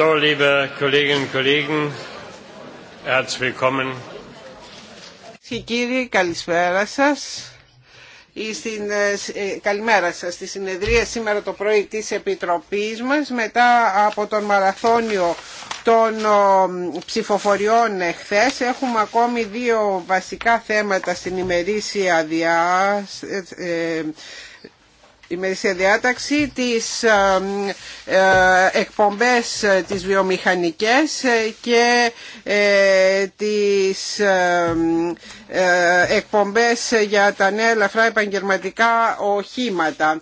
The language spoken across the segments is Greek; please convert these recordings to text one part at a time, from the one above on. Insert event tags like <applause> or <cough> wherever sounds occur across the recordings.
So, liebe καλησπέρα σας. Ε, ε, καλημέρα σας στη συνεδρία σήμερα το πρωί τη Επιτροπής μας μετά από τον μαραθώνιο των ψηφοφοριών εχθές. Έχουμε ακόμη δύο βασικά θέματα στην ημερήσια διά, ημερήσια διάταξη τις ε, εκπομπές ε, τις βιομηχανικές ε, και τις εκπομπές για τα νέα ελαφρά επαγγελματικά οχήματα.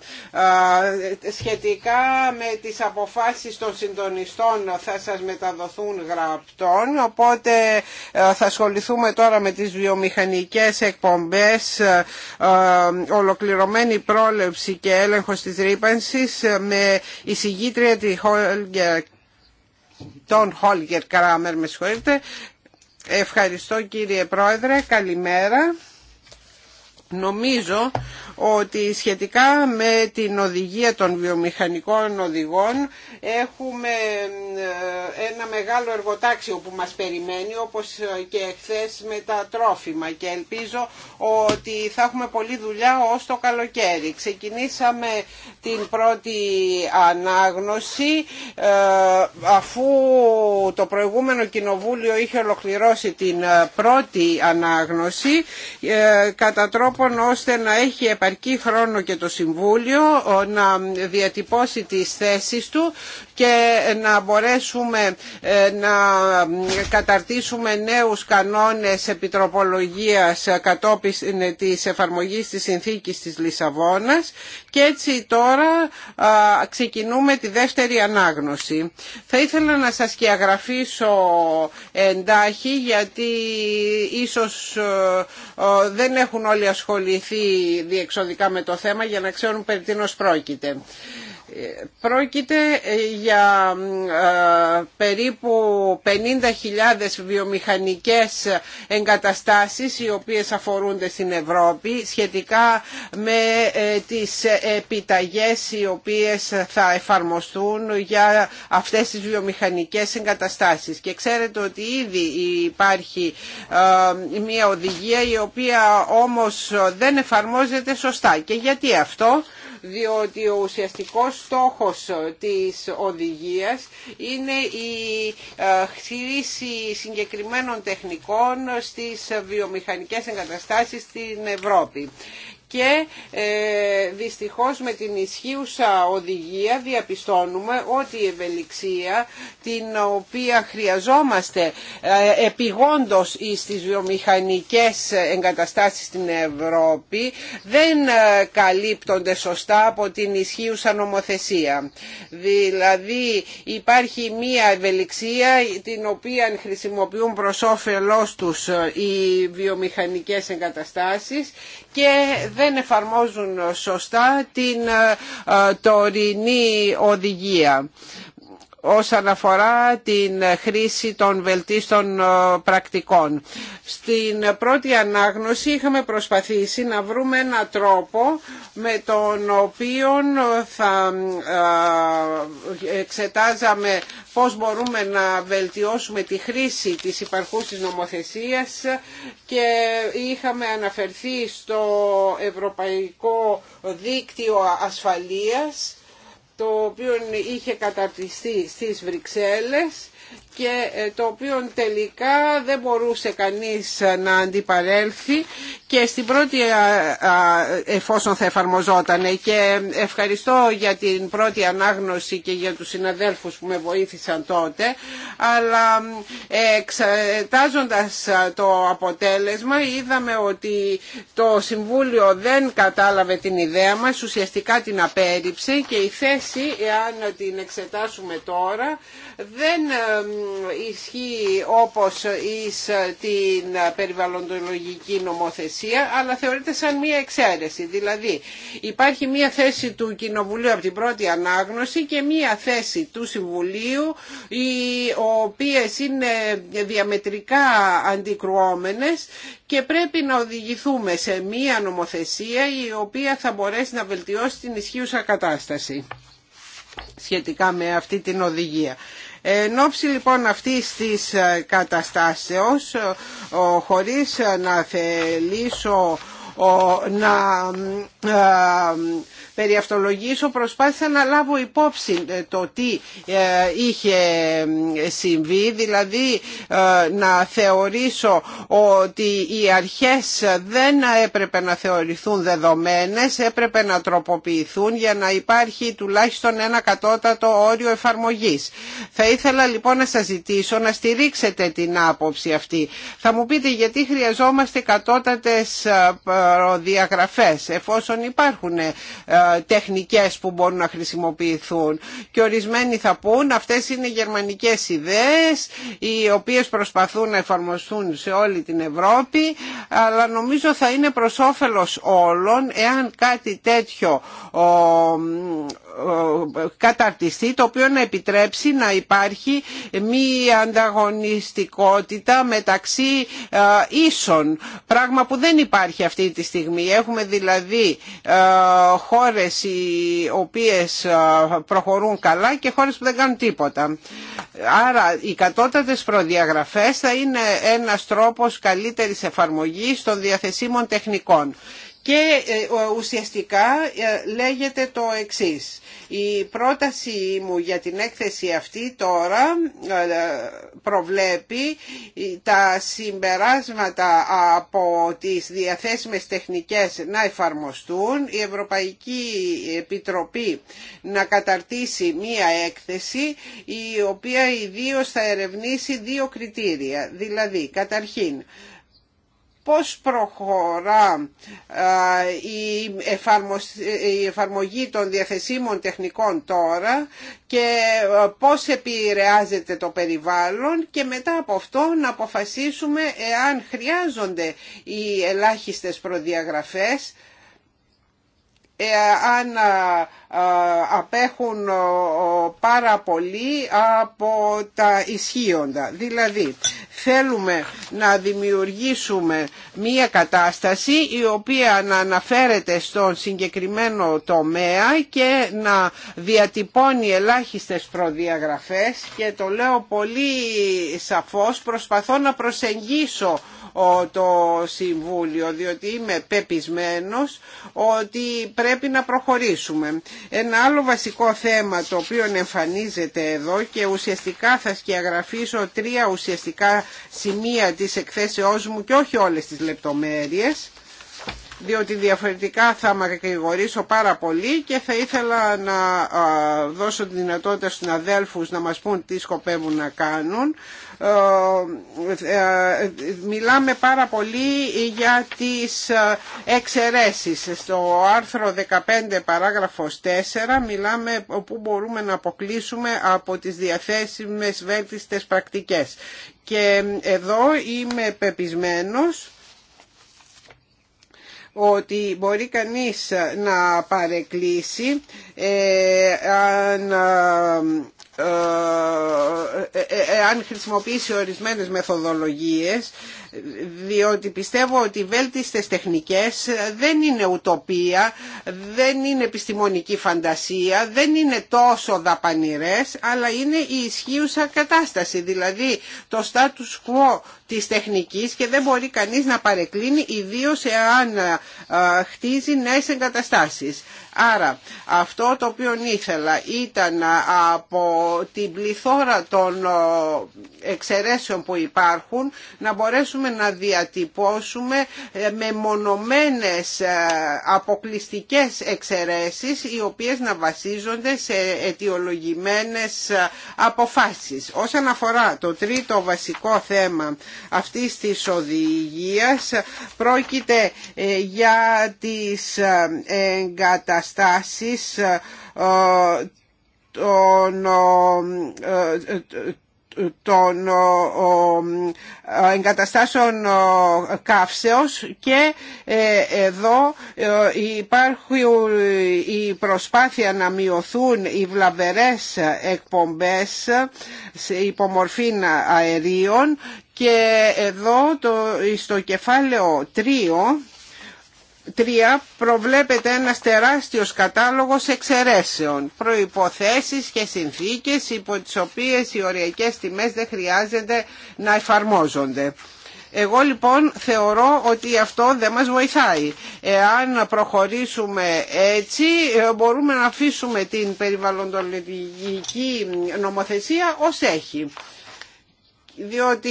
Σχετικά με τις αποφάσεις των συντονιστών θα σας μεταδοθούν γραπτών, οπότε θα ασχοληθούμε τώρα με τις βιομηχανικές εκπομπές, ολοκληρωμένη πρόληψη και έλεγχος της ρήπανσης ε, με εισηγήτρια τη Χόλγκερ, τον Χόλγερ Κράμερ, με συγχωρείτε. Ευχαριστώ κύριε Πρόεδρε, καλημέρα. Νομίζω ότι σχετικά με την οδηγία των βιομηχανικών οδηγών έχουμε ε, ένα μεγάλο εργοτάξιο που μας περιμένει όπως ε, και εχθές με τα τρόφιμα και ελπίζω ότι θα έχουμε πολλή δουλειά ως το καλοκαίρι. Ξεκινήσαμε την πρώτη ανάγνωση ε, αφού το προηγούμενο κοινοβούλιο είχε ολοκληρώσει την πρώτη ανάγνωση κατά τρόπον ώστε να έχει επαρκή χρόνο και το Συμβούλιο να διατυπώσει τις θέσεις του και να μπορέσουμε ε, να καταρτήσουμε νέους κανόνες επιτροπολογίας ε, κατόπιν ε, της εφαρμογής της συνθήκης της Λισαβόνας και έτσι τώρα ξεκινούμε τη δεύτερη ανάγνωση. Θα ήθελα να σας και εντάχει γιατί ίσως δεν έχουν όλοι ασχοληθεί διεξοδικά με το θέμα για να ξέρουν περί τίνος πρόκειται. Πρόκειται ε, για ε, περίπου 50.000 βιομηχανικές εγκαταστάσεις οι οποίες αφορούνται στην Ευρώπη σχετικά με ε, τις επιταγές οι οποίες θα εφαρμοστούν για αυτές τις βιομηχανικές εγκαταστάσεις. Και ξέρετε ότι ήδη υπάρχει μια οδηγία η οποία όμως δεν εφαρμόζεται σωστά. Και γιατί αυτό διότι ο ουσιαστικός στόχος της οδηγίας είναι η ε, χρήση συγκεκριμένων τεχνικών στις βιομηχανικές εγκαταστάσεις στην Ευρώπη και ε, δυστυχώς με την ισχύουσα οδηγία διαπιστώνουμε ότι η ευελιξία την οποία χρειαζόμαστε ε, επιγόντως στις βιομηχανικές εγκαταστάσεις στην Ευρώπη δεν ε, καλύπτονται σωστά από την ισχύουσα νομοθεσία. Δηλαδή υπάρχει μία ευελιξία την οποία χρησιμοποιούν προς όφελός τους οι βιομηχανικές εγκαταστάσεις και δεν εφαρμόζουν σωστά την ε, ε, τωρινή οδηγία όσον αφορά την χρήση των βελτίστων ε, πρακτικών. Στην πρώτη ανάγνωση είχαμε προσπαθήσει να βρούμε ένα τρόπο με τον οποίο θα ε, εξετάζαμε πώς μπορούμε να βελτιώσουμε τη χρήση της υπαρχούσης νομοθεσίας και είχαμε αναφερθεί στο Ευρωπαϊκό Δίκτυο Ασφαλείας το οποίο είχε καταρτιστεί στις Βρυξέλλες και ε, το οποίο τελικά δεν μπορούσε κανείς ε, να αντιπαρέλθει και στην πρώτη εφόσον θα εφαρμοζόταν και ε, ευχαριστώ για την πρώτη ανάγνωση και για τους συναδέλφους που με βοήθησαν τότε αλλά εξετάζοντας το αποτέλεσμα είδαμε ότι το Συμβούλιο δεν κατάλαβε την ιδέα μας ουσιαστικά την απέρριψε και η θέση εάν την εξετάσουμε τώρα δεν ισχύει όπως εις ε, την περιβαλλοντολογική νομοθεσία αλλά θεωρείται σαν μία εξαίρεση. Δηλαδή υπάρχει μία θέση του Κοινοβουλίου από την πρώτη ανάγνωση και μία θέση του Συμβουλίου οι οποίες είναι διαμετρικά αντικρουόμενες και πρέπει να οδηγηθούμε σε μία νομοθεσία η οποία θα μπορέσει να βελτιώσει την ισχύουσα κατάσταση σχετικά με αυτή την οδηγία. Εν ώψη λοιπόν αυτής της ε, καταστάσεως, ε, χωρίς να θελήσω να ε, περί προσπάθησα να λάβω υπόψη ε, το τι ε, είχε συμβεί, δηλαδή ε, να θεωρήσω ότι οι αρχές δεν έπρεπε να θεωρηθούν δεδομένες, έπρεπε να τροποποιηθούν για να υπάρχει τουλάχιστον ένα κατώτατο όριο εφαρμογής. Θα ήθελα λοιπόν να σας ζητήσω να στηρίξετε την άποψη αυτή. Θα μου πείτε γιατί χρειαζόμαστε κατώτατες προδιαγραφές εφόσον υπάρχουν τεχνικές που μπορούν να χρησιμοποιηθούν. Και ορισμένοι θα πούν αυτές είναι γερμανικές ιδέες οι οποίες προσπαθούν να εφαρμοστούν σε όλη την Ευρώπη αλλά νομίζω θα είναι προς όφελος όλων εάν κάτι τέτοιο καταρτιστεί το οποίο να επιτρέψει να υπάρχει μία ανταγωνιστικότητα μεταξύ ίσων πράγμα που δεν υπάρχει αυτή τη στιγμή. Έχουμε δηλαδή χώρες οι οποίες προχωρούν καλά και χώρες που δεν κάνουν τίποτα. Άρα οι κατώτατες προδιαγραφές θα είναι ένας τρόπος καλύτερης εφαρμογής των διαθεσίμων τεχνικών. Και ε, ουσιαστικά ε, λέγεται το εξής η πρόταση μου για την έκθεση αυτή τώρα ε, προβλέπει ε, τα συμπεράσματα από τις διαθέσιμες τεχνικές να εφαρμοστούν, η Ευρωπαϊκή Επιτροπή να καταρτήσει μία έκθεση η οποία ιδίως θα ερευνήσει δύο κριτήρια. Δηλαδή, καταρχήν, πώς προχωρά η εφαρμογή των διαθεσίμων τεχνικών τώρα και πώς επηρεάζεται το περιβάλλον και μετά από αυτό να αποφασίσουμε εάν χρειάζονται οι ελάχιστες προδιαγραφές ε, αν ε, ε, απέχουν πάρα πολύ από τα ισχύοντα. Δηλαδή θέλουμε να δημιουργήσουμε μία κατάσταση η οποία να αναφέρεται στον συγκεκριμένο τομέα και να διατυπώνει ελάχιστες προδιαγραφές και το λέω πολύ σαφώς προσπαθώ να προσεγγίσω το Συμβούλιο διότι είμαι πεπισμένος ότι πρέπει να προχωρήσουμε. Ένα άλλο βασικό θέμα το οποίο εμφανίζεται εδώ και ουσιαστικά θα σκιαγραφίσω τρία ουσιαστικά σημεία της εκθέσεώς μου και όχι όλες τις λεπτομέρειες διότι διαφορετικά θα μακρηγορήσω πάρα πολύ και θα ήθελα να δώσω τη δυνατότητα στους αδέλφους να μας πούν τι σκοπεύουν να κάνουν. Ε, μιλάμε πάρα πολύ για τις εξαιρέσεις. Στο άρθρο 15 παράγραφος 4 μιλάμε που μπορούμε να αποκλείσουμε από τις διαθέσιμες βέλτιστες πρακτικές. Και εδώ είμαι πεπισμένος ότι μπορεί κανείς να παρεκκλήσει ε, αν ε, ε, ε, αν χρησιμοποιήσει ορισμένες μεθοδολογίες διότι πιστεύω ότι οι βέλτιστες τεχνικές δεν είναι ουτοπία, δεν είναι επιστημονική φαντασία, δεν είναι τόσο δαπανηρές, αλλά είναι η ισχύουσα κατάσταση, δηλαδή το status quo της τεχνικής και δεν μπορεί κανείς να παρεκκλίνει ιδίως εάν ε, χτίζει νέες εγκαταστάσεις. Άρα αυτό το οποίο ήθελα ήταν από την πληθώρα των ε, εξαιρέσεων που υπάρχουν να μπορέσουμε να διατυπώσουμε ε, με μονομένες ε, αποκλειστικές εξαιρέσεις οι οποίες να βασίζονται σε αιτιολογημένες αποφάσεις. Όσον αφορά το τρίτο βασικό θέμα αυτής της οδηγίας πρόκειται για τις εγκαταστάσεις καταστάσεις ε, ε, των, ε, των εγκαταστάσεων καύσεως και εδώ υπάρχει η προσπάθεια να μειωθούν οι βλαβερές εκπομπές υπομορφή αερίων και εδώ το, στο κεφάλαιο 3 Τρία, προβλέπεται ένας τεράστιος κατάλογος εξαιρέσεων, προϋποθέσεις και συνθήκες υπό τις οποίες οι οριακές τιμές δεν χρειάζεται να εφαρμόζονται. Εγώ λοιπόν θεωρώ ότι αυτό δεν μας βοηθάει. Εάν προχωρήσουμε έτσι ε, μπορούμε να αφήσουμε την περιβαλλοντολογική νομοθεσία ως έχει διότι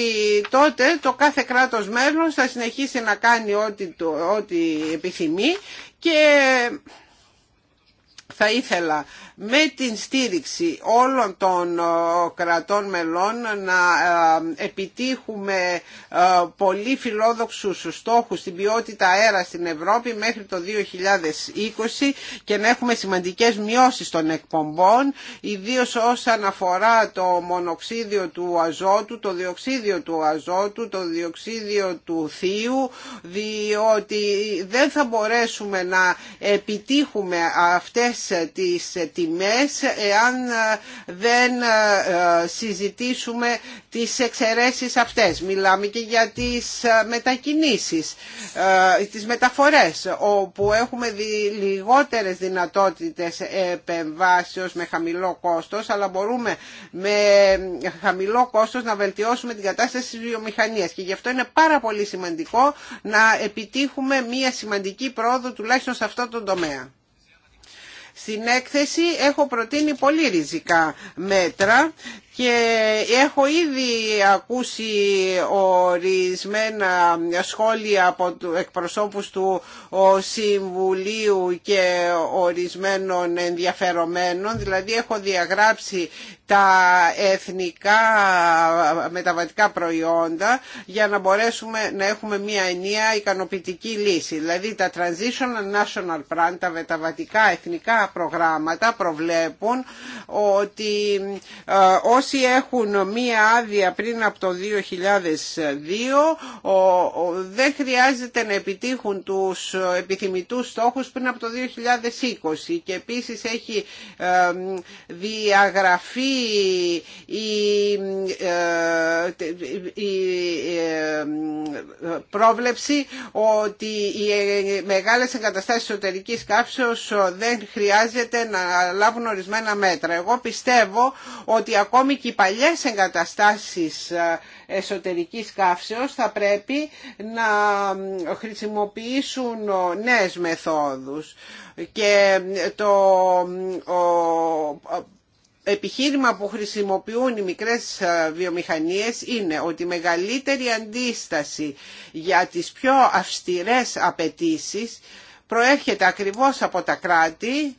τότε το κάθε κράτος μέλος θα συνεχίσει να κάνει ό,τι, ό,τι επιθυμεί και θα ήθελα με την στήριξη όλων των ε, κρατών μελών να ε, επιτύχουμε ε, πολύ φιλόδοξους στόχους στην ποιότητα αέρα στην Ευρώπη μέχρι το 2020 και να έχουμε σημαντικές μειώσεις των εκπομπών ιδίως όσον αφορά το μονοξίδιο του αζότου, το διοξίδιο του αζότου, το διοξίδιο του θείου διότι δεν θα μπορέσουμε να επιτύχουμε αυτές τις τιμές εάν ε, δεν ε, συζητήσουμε τις εξαιρέσεις αυτές. Μιλάμε και για τις ε, μετακινήσεις, τις μεταφορές, όπου έχουμε λιγότερες δυνατότητες επεμβάσεως με χαμηλό κόστος, αλλά μπορούμε με χαμηλό κόστος να βελτιώσουμε την κατάσταση της βιομηχανίας. Και γι' αυτό είναι πάρα πολύ σημαντικό να επιτύχουμε μια σημαντική πρόοδο τουλάχιστον σε αυτό το τομέα. Στην έκθεση έχω προτείνει πολύ ριζικά μέτρα και έχω ήδη ακούσει ορισμένα σχόλια από εκπροσώπους του Συμβουλίου και ορισμένων ενδιαφερομένων, δηλαδή έχω διαγράψει τα εθνικά μεταβατικά προϊόντα για να μπορέσουμε να έχουμε μια ενιαία ικανοποιητική λύση. Δηλαδή τα Transitional National Plan, τα μεταβατικά εθνικά προγράμματα προβλέπουν ότι ε, ως όσοι έχουν μία άδεια πριν από το 2002 δεν χρειάζεται να επιτύχουν τους επιθυμητούς στόχους πριν από το 2020 και επίσης έχει διαγραφεί η ε, πρόβλεψη ότι οι μεγάλες εγκαταστάσεις εσωτερικής κάψεως δεν χρειάζεται να λάβουν ορισμένα μέτρα. Εγώ πιστεύω ότι ακόμη και οι παλιές εγκαταστάσεις ε, εσωτερικής καύσεως θα πρέπει να χρησιμοποιήσουν νέες μεθόδους και ε, το επιχείρημα που χρησιμοποιούν οι μικρές ε, βιομηχανίες είναι ότι η μεγαλύτερη αντίσταση για τις πιο αυστηρές απαιτήσεις προέρχεται ακριβώς από τα κράτη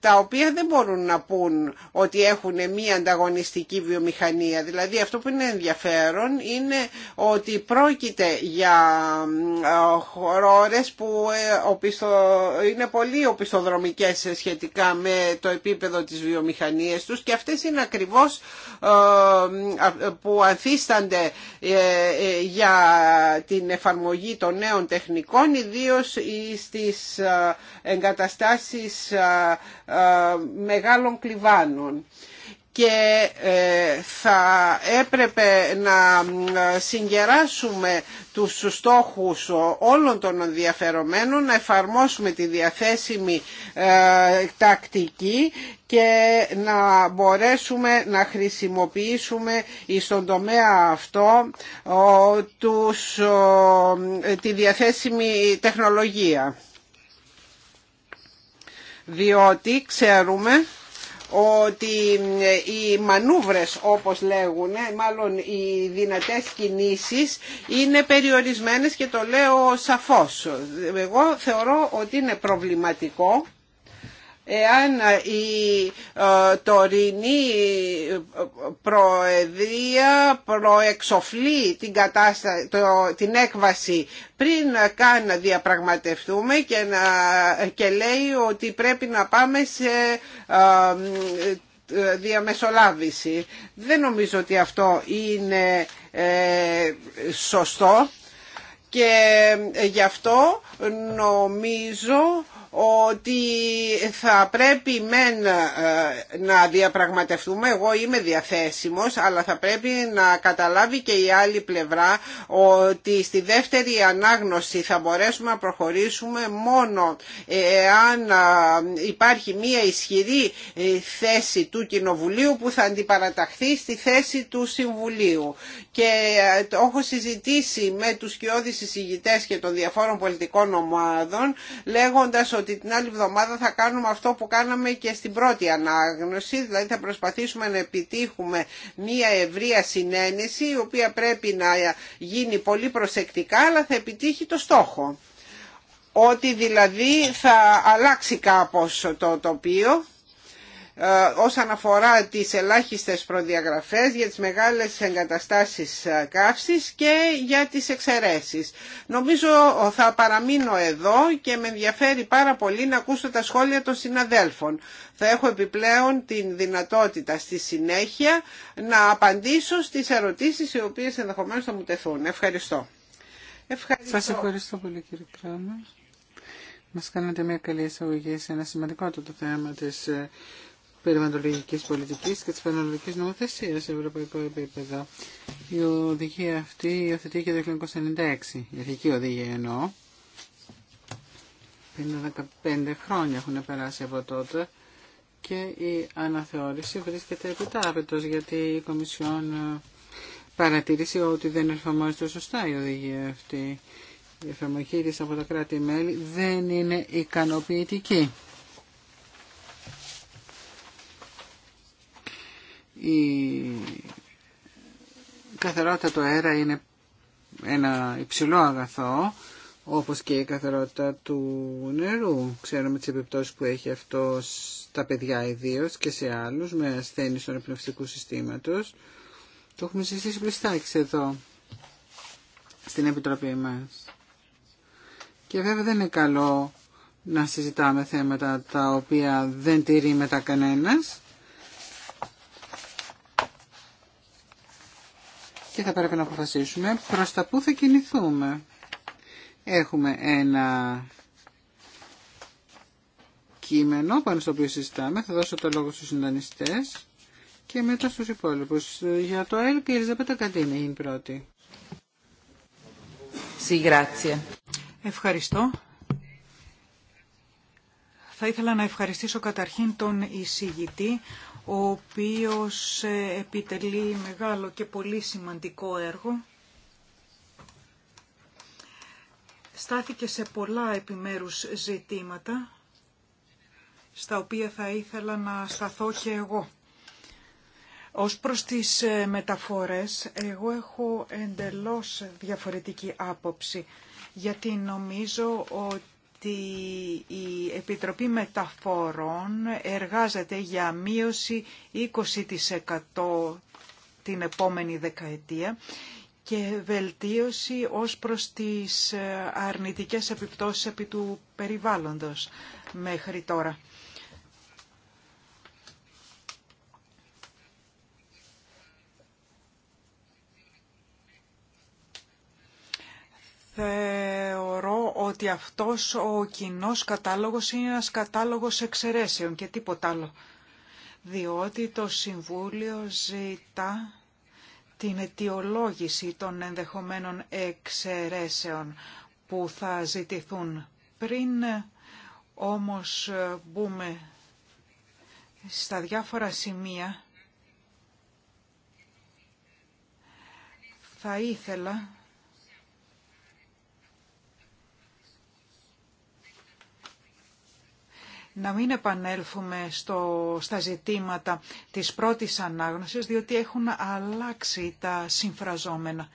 τα οποία δεν μπορούν να πούν ότι έχουν μία ανταγωνιστική βιομηχανία. Δηλαδή αυτό που είναι ενδιαφέρον είναι ότι πρόκειται για χώρες που ε, είναι πολύ οπισθοδρομικές σχετικά με το επίπεδο της βιομηχανίας τους και αυτές είναι ακριβώς ε, που ανθίστανται ε, για την εφαρμογή των νέων τεχνικών ιδίως στις εγκαταστάσεις ε, μεγάλων κλιβάνων και ε, θα έπρεπε να ε, συγκεράσουμε τους στόχους όλων των ενδιαφερομένων, να εφαρμόσουμε τη διαθέσιμη τακτική και να μπορέσουμε να χρησιμοποιήσουμε στον τομέα αυτό τους, τη διαθέσιμη τεχνολογία διότι ξέρουμε ότι οι μανούβρες όπως λέγουν, μάλλον οι δυνατές κινήσεις είναι περιορισμένες και το λέω σαφώς. Εγώ θεωρώ ότι είναι προβληματικό εάν η ε, τωρινή προεδρία προεξοφλεί την, κατάστα... το... την έκβαση πριν καν να διαπραγματευτούμε και, να... και λέει ότι πρέπει να πάμε σε ε, ε, διαμεσολάβηση. Δεν νομίζω ότι αυτό είναι σωστό και γι' αυτό νομίζω ότι θα πρέπει μεν ε, να διαπραγματευτούμε, εγώ είμαι διαθέσιμος, αλλά θα πρέπει να καταλάβει και η άλλη πλευρά ότι στη δεύτερη ανάγνωση θα μπορέσουμε να προχωρήσουμε μόνο αν ε, υπάρχει μία ισχυρή ε, θέση του Κοινοβουλίου που θα αντιπαραταχθεί στη θέση του Συμβουλίου και ε, το έχω συζητήσει με τους κοιόδης εισηγητές και των διαφόρων πολιτικών ομάδων λέγοντας ότι την άλλη εβδομάδα θα κάνουμε αυτό που κάναμε και στην πρώτη ανάγνωση δηλαδή θα προσπαθήσουμε να επιτύχουμε μια ευρεία συνένεση η οποία πρέπει να γίνει πολύ προσεκτικά αλλά θα επιτύχει το στόχο ότι δηλαδή θα αλλάξει κάπως το τοπίο ε, όσον αφορά τις ελάχιστες προδιαγραφές για τις μεγάλες εγκαταστάσεις ε, καύσης και για τις εξαιρέσεις. Νομίζω ε, θα παραμείνω εδώ και με ενδιαφέρει πάρα πολύ να ακούσω τα σχόλια των συναδέλφων. Θα έχω επιπλέον την δυνατότητα στη συνέχεια να απαντήσω στις ερωτήσεις οι οποίες ενδεχομένως θα μου τεθούν. Ευχαριστώ. Ευχαριστώ. Σας ευχαριστώ πολύ κύριε Κράμα. Μας κάνατε μια καλή εισαγωγή σε ένα σημαντικό το θέμα της περιβαλλοντική πολιτική και τη περιβαλλοντική Νομοθεσία, σε ευρωπαϊκό επίπεδο. Η οδηγία αυτή υιοθετεί και το 1996, η αρχική οδηγία εννοώ. 15 χρόνια έχουν περάσει από τότε και η αναθεώρηση βρίσκεται επιτάπητο γιατί η Κομισιόν ε, παρατήρησε ότι δεν εφαρμόζεται σωστά η οδηγία αυτή. Η εφαρμογή της από τα κράτη-μέλη δεν είναι ικανοποιητική. Η καθαρότητα του αέρα είναι ένα υψηλό αγαθό, όπως και η καθαρότητα του νερού. Ξέρουμε τις επιπτώσεις που έχει αυτό στα παιδιά ιδίω και σε άλλους με ασθένειες των αναπνευστικού συστήματος. Το έχουμε συζητήσει πλειστάκι εδώ, στην Επιτροπή μας. Και βέβαια δεν είναι καλό να συζητάμε θέματα τα οποία δεν τηρεί μετά κανένας. και θα πρέπει να αποφασίσουμε προς τα που θα κινηθούμε. Έχουμε ένα κείμενο πάνω στο οποίο συζητάμε. Θα δώσω το λόγο στους συντανιστές και μετά στους υπόλοιπους. Για το ΕΛ η είναι η πρώτη. Ευχαριστώ. Θα ήθελα να ευχαριστήσω καταρχήν τον εισηγητή ο οποίος ε, επιτελεί μεγάλο και πολύ σημαντικό έργο. Στάθηκε σε πολλά επιμέρους ζητήματα, στα οποία θα ήθελα να σταθώ και εγώ. Ως προς τις ε, μεταφορές, εγώ έχω εντελώς διαφορετική άποψη, γιατί νομίζω ότι ότι η Επιτροπή Μεταφορών εργάζεται για μείωση 20% την επόμενη δεκαετία και βελτίωση ως προς τις αρνητικές επιπτώσεις επί του περιβάλλοντος μέχρι τώρα. θεωρώ ότι αυτός ο κοινό κατάλογος είναι ένας κατάλογος εξαιρέσεων και τίποτα άλλο. Διότι το Συμβούλιο ζητά την αιτιολόγηση των ενδεχομένων εξαιρέσεων που θα ζητηθούν. Πριν όμως μπούμε στα διάφορα σημεία, θα ήθελα να μην επανέλθουμε στο, στα ζητήματα της πρώτης ανάγνωσης, διότι έχουν αλλάξει τα συμφραζόμενα.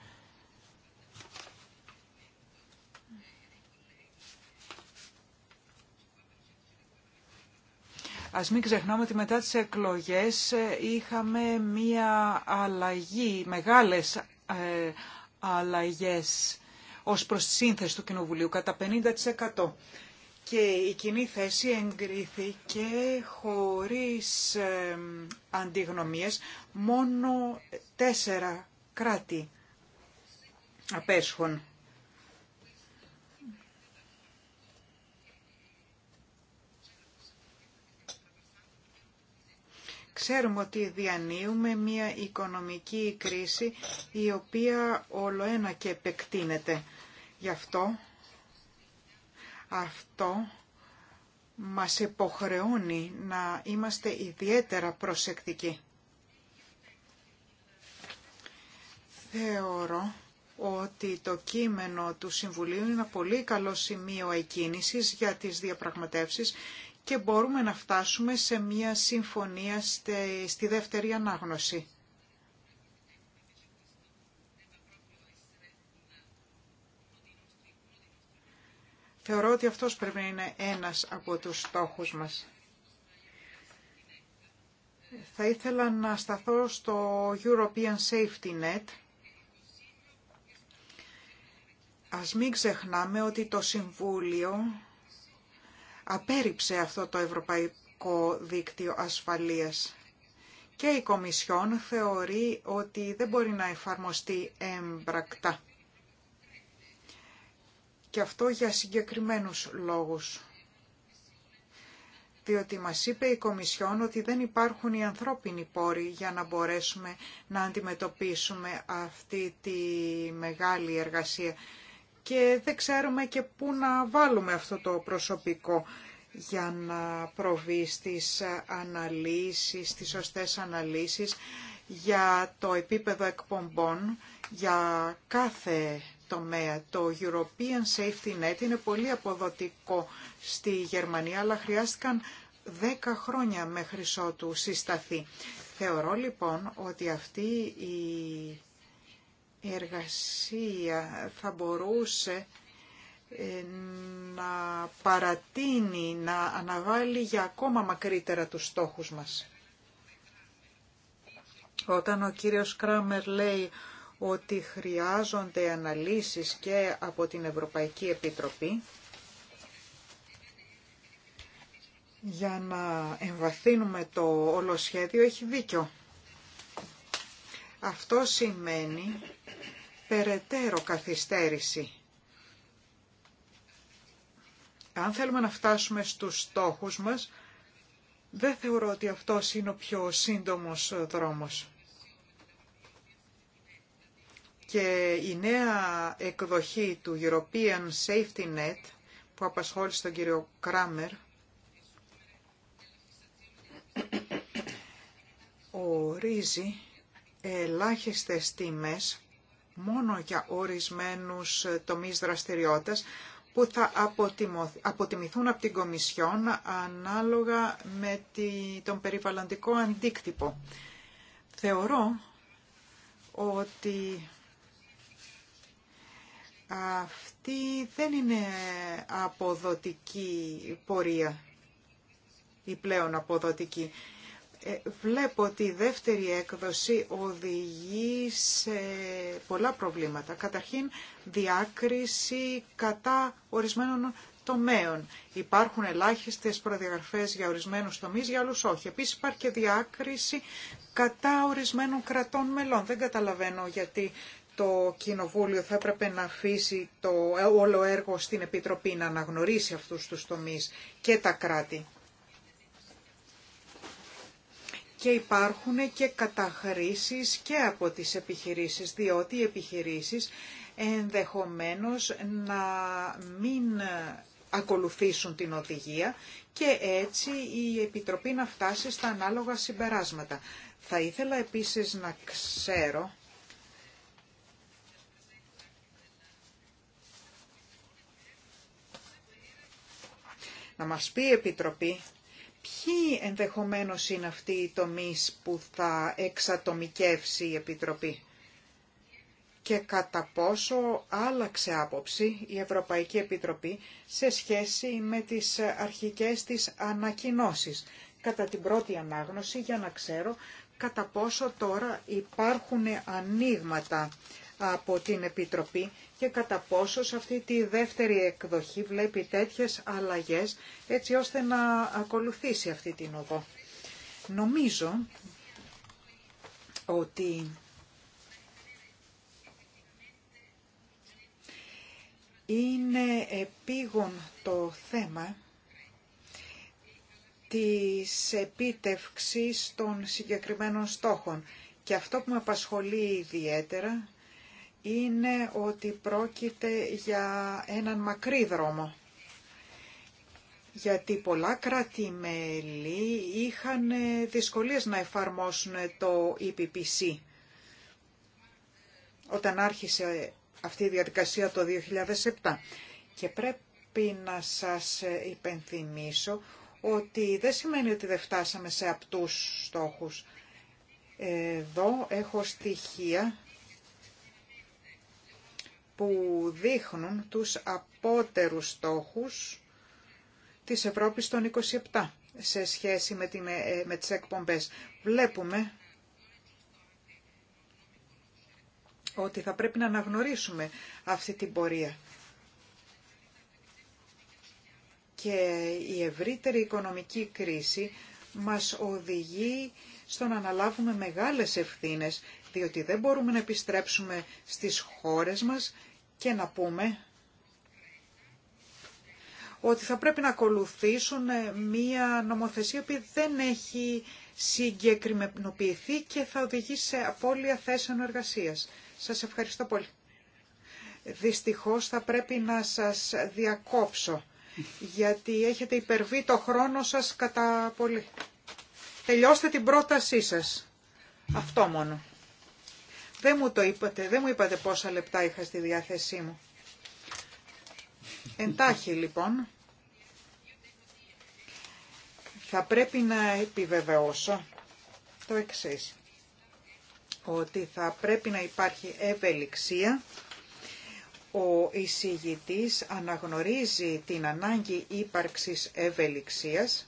Ας μην ξεχνάμε ότι μετά τις εκλογές ε, είχαμε μία αλλαγή, μεγάλες ε, αλλαγές ως προς τη σύνθεση του Κοινοβουλίου, κατά 50% και η κοινή θέση εγκρίθηκε χωρίς αντιγνωμίες μόνο τέσσερα κράτη απέσχουν. Ξέρουμε ότι διανύουμε μια οικονομική κρίση η οποία όλο ένα και επεκτείνεται. Γι' αυτό αυτό μας υποχρεώνει να είμαστε ιδιαίτερα προσεκτικοί. Θεωρώ ότι το κείμενο του Συμβουλίου είναι ένα πολύ καλό σημείο εκκίνησης για τις διαπραγματεύσεις και μπορούμε να φτάσουμε σε μια συμφωνία στη δεύτερη ανάγνωση. Θεωρώ ότι αυτός πρέπει να είναι ένας από τους στόχους μας. Θα ήθελα να σταθώ στο European Safety Net. Ας μην ξεχνάμε ότι το Συμβούλιο απέριψε αυτό το Ευρωπαϊκό Δίκτυο Ασφαλείας και η Κομισιόν θεωρεί ότι δεν μπορεί να εφαρμοστεί έμπρακτα. Και αυτό για συγκεκριμένους λόγους. Διότι μας είπε η Κομισιόν ότι δεν υπάρχουν οι ανθρώπινοι πόροι για να μπορέσουμε να αντιμετωπίσουμε αυτή τη μεγάλη εργασία. Και δεν ξέρουμε και πού να βάλουμε αυτό το προσωπικό για να προβεί στις αναλύσεις, στις σωστές αναλύσεις για το επίπεδο εκπομπών για κάθε τομέα. Το European Safety Net είναι πολύ αποδοτικό στη Γερμανία, αλλά χρειάστηκαν 10 χρόνια μέχρι ότου συσταθεί. Θεωρώ λοιπόν ότι αυτή η εργασία θα μπορούσε ε, να παρατείνει, να αναβάλει για ακόμα μακρύτερα τους στόχους μας. Όταν ο κύριος Κράμερ λέει ότι χρειάζονται αναλύσεις και από την Ευρωπαϊκή Επιτροπή για να εμβαθύνουμε το όλο σχέδιο έχει δίκιο. Αυτό σημαίνει περαιτέρω καθυστέρηση. Αν θέλουμε να φτάσουμε στους στόχους μας, δεν θεωρώ ότι αυτό είναι ο πιο σύντομος δρόμος και η νέα εκδοχή του European Safety Net που απασχόλησε τον κύριο Κράμερ ορίζει ελάχιστες τιμές μόνο για ορισμένους τομείς δραστηριότητας που θα αποτιμηθούν από την Κομισιόν ανάλογα με τον περιβαλλοντικό αντίκτυπο. Θεωρώ ότι αυτή δεν είναι αποδοτική πορεία ή πλέον αποδοτική. Ε, βλέπω ότι η δεύτερη έκδοση οδηγεί σε πολλά προβλήματα. Καταρχήν, διάκριση κατά ορισμένων τομέων. Υπάρχουν ελάχιστες προδιαγραφές για ορισμένους τομείς, για άλλους όχι. Επίσης υπάρχει και διάκριση κατά ορισμένων κρατών μελών. Δεν καταλαβαίνω γιατί το Κοινοβούλιο θα έπρεπε να αφήσει το όλο έργο στην Επιτροπή να αναγνωρίσει αυτούς τους τομείς και τα κράτη. Και υπάρχουν και καταχρήσεις και από τις επιχειρήσεις, διότι οι επιχειρήσεις ενδεχομένως να μην ακολουθήσουν την οδηγία και έτσι η Επιτροπή να φτάσει στα ανάλογα συμπεράσματα. Θα ήθελα επίσης να ξέρω να μας πει η Επιτροπή ποιοι ενδεχομένως είναι αυτοί οι τομείς που θα εξατομικεύσει η Επιτροπή και κατά πόσο άλλαξε άποψη η Ευρωπαϊκή Επιτροπή σε σχέση με τις αρχικές της ανακοινώσεις κατά την πρώτη ανάγνωση για να ξέρω κατά πόσο τώρα υπάρχουν ανοίγματα από την Επιτροπή και κατά πόσο σε αυτή τη δεύτερη εκδοχή βλέπει τέτοιες αλλαγές έτσι ώστε να ακολουθήσει αυτή την οδό. Νομίζω ότι είναι επίγον το θέμα της επίτευξης των συγκεκριμένων στόχων. Και αυτό που με απασχολεί ιδιαίτερα είναι ότι πρόκειται για έναν μακρύ δρόμο. Γιατί πολλά κράτη-μέλη είχαν ε, δυσκολίες να εφαρμόσουν το EPPC όταν άρχισε αυτή η διαδικασία το 2007. Και πρέπει να σας ε, υπενθυμίσω ότι δεν σημαίνει ότι δεν φτάσαμε σε απτούς στόχους. Εδώ έχω στοιχεία που δείχνουν τους απότερους στόχους της Ευρώπης των 27 σε σχέση με, τη, ε, με τις εκπομπές. Βλέπουμε ότι θα πρέπει να αναγνωρίσουμε αυτή την πορεία. Και η ευρύτερη οικονομική κρίση μας οδηγεί στο να αναλάβουμε μεγάλες ευθύνες, διότι δεν μπορούμε να επιστρέψουμε στις χώρες μας και να πούμε ότι θα πρέπει να ακολουθήσουν ε, μία νομοθεσία που δεν έχει συγκεκριμενοποιηθεί και θα οδηγήσει σε απώλεια θέσεων εργασίας. Σας ευχαριστώ πολύ. Δυστυχώς θα πρέπει να σας διακόψω, γιατί έχετε υπερβεί το χρόνο σας κατά πολύ. Τελειώστε την πρότασή σας. Αυτό μόνο. Δεν μου το είπατε, δεν μου είπατε πόσα λεπτά είχα στη διάθεσή μου. Εντάχει λοιπόν, θα πρέπει να επιβεβαιώσω το εξής, ότι θα πρέπει να υπάρχει ευελιξία ο εισηγητής αναγνωρίζει την ανάγκη ύπαρξης ευελιξίας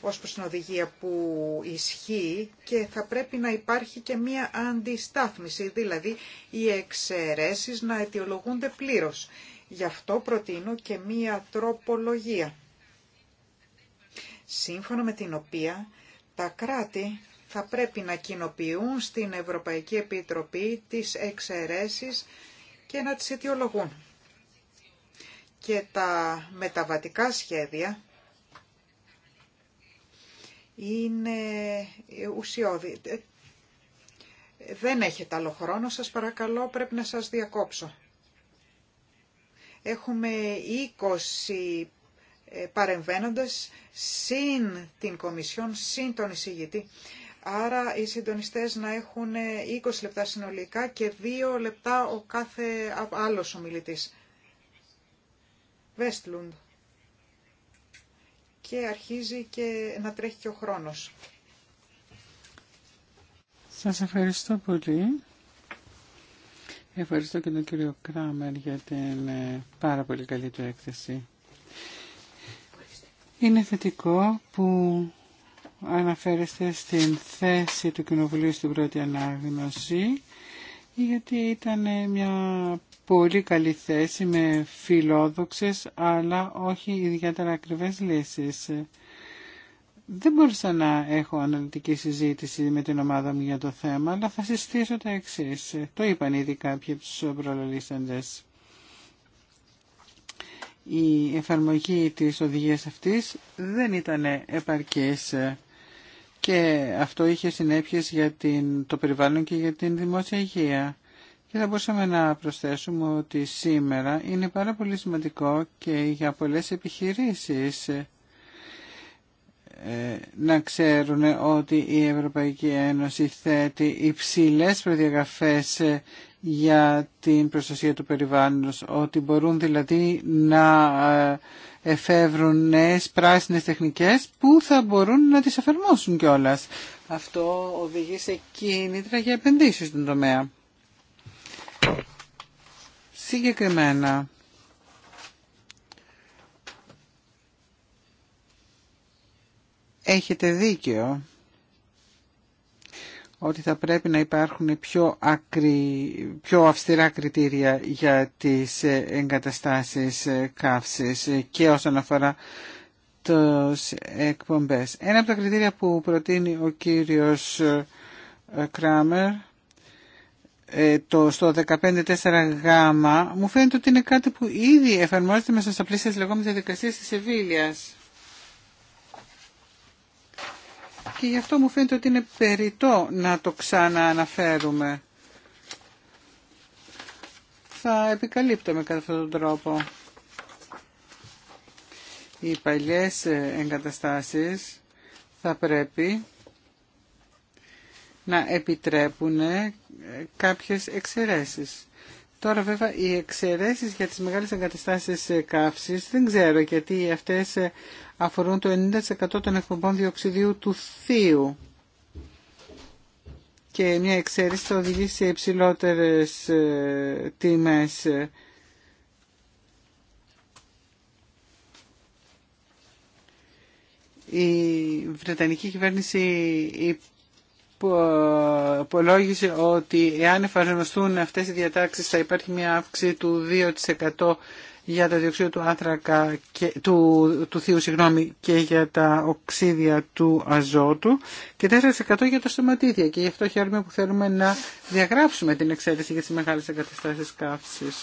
ως προς την οδηγία που ισχύει και θα πρέπει να υπάρχει και μία αντιστάθμιση, δηλαδή οι εξαιρεσει να αιτιολογούνται πλήρως. Γι' αυτό προτείνω και μία τροπολογία, σύμφωνα με την οποία τα κράτη θα πρέπει να κοινοποιούν στην Ευρωπαϊκή Επιτροπή τις εξαιρεσει και να τις αιτιολογούν. Και τα μεταβατικά σχέδια είναι ουσιώδη. Δεν έχετε άλλο χρόνο, σας παρακαλώ, πρέπει να σας διακόψω. Έχουμε 20 ε, παρεμβαίνοντες, συν την Κομισιόν, συν τον εισηγητή. Άρα οι συντονιστές να έχουν 20 λεπτά συνολικά και 2 λεπτά ο κάθε άλλος ομιλητής. Βέστλουντ και αρχίζει και να τρέχει και ο χρόνος. Σας ευχαριστώ πολύ. Ευχαριστώ και τον κύριο Κράμερ για την ε, πάρα πολύ καλή του έκθεση. Είναι θετικό που αναφέρεστε στην θέση του Κοινοβουλίου στην πρώτη ανάγνωση γιατί ήταν μια πολύ καλή θέση με φιλόδοξες αλλά όχι ιδιαίτερα ακριβές λύσεις. Δεν μπορούσα να έχω αναλυτική συζήτηση με την ομάδα μου για το θέμα, αλλά θα συστήσω τα εξή. Το είπαν ήδη κάποιοι από τους Η εφαρμογή της οδηγίας αυτής δεν ήταν επαρκής και αυτό είχε συνέπειες για την, το περιβάλλον και για την δημόσια υγεία. Και θα μπορούσαμε να προσθέσουμε ότι σήμερα είναι πάρα πολύ σημαντικό και για πολλές επιχειρήσεις ε, να ξέρουν ότι η Ευρωπαϊκή Ένωση θέτει υψηλές προδιαγραφές ε, για την προστασία του περιβάλλοντος, ότι μπορούν δηλαδή να ε, εφεύρουν νέες πράσινες τεχνικές που θα μπορούν να τις εφαρμόσουν κιόλας. Αυτό οδηγεί σε κίνητρα για επενδύσεις στον τομέα. Συγκεκριμένα, έχετε δίκιο ότι θα πρέπει να υπάρχουν πιο, ακρι... πιο αυστηρά κριτήρια για τις εγκαταστάσεις καύσης και όσον αφορά τις εκπομπές. Ένα από τα κριτήρια που προτείνει ο κύριος Κράμερ ε, το, στο 15.4 γάμα μου φαίνεται ότι είναι κάτι που ήδη εφαρμόζεται μέσα στα πλαίσια της λεγόμενης διαδικασίας της Σεβίλιας. Και γι' αυτό μου φαίνεται ότι είναι περιττό να το ξανααναφέρουμε. Θα επικαλύπτουμε κατά αυτόν τον τρόπο. Οι παλιές ε, εγκαταστάσεις θα πρέπει να επιτρέπουν ε, κάποιες εξαιρέσεις. Τώρα βέβαια οι εξαιρέσεις για τις μεγάλες εγκαταστάσεις ε, καύσης δεν ξέρω γιατί αυτές ε, αφορούν το 90% των εκπομπών διοξιδίου του θείου και μια εξαίρεση θα οδηγήσει σε υψηλότερες τιμές. Η Βρετανική κυβέρνηση που απολόγισε ε, ότι εάν εφαρμοστούν αυτές οι διατάξεις θα υπάρχει μια αύξηση του 2% για το διοξείδιο του άνθρακα και, του, του θείου και για τα οξύδια του αζότου και 4% για τα σωματίδια και γι' αυτό χαίρομαι που θέλουμε να διαγράψουμε την εξαίρεση για τις μεγάλες εγκαταστάσεις καύσης.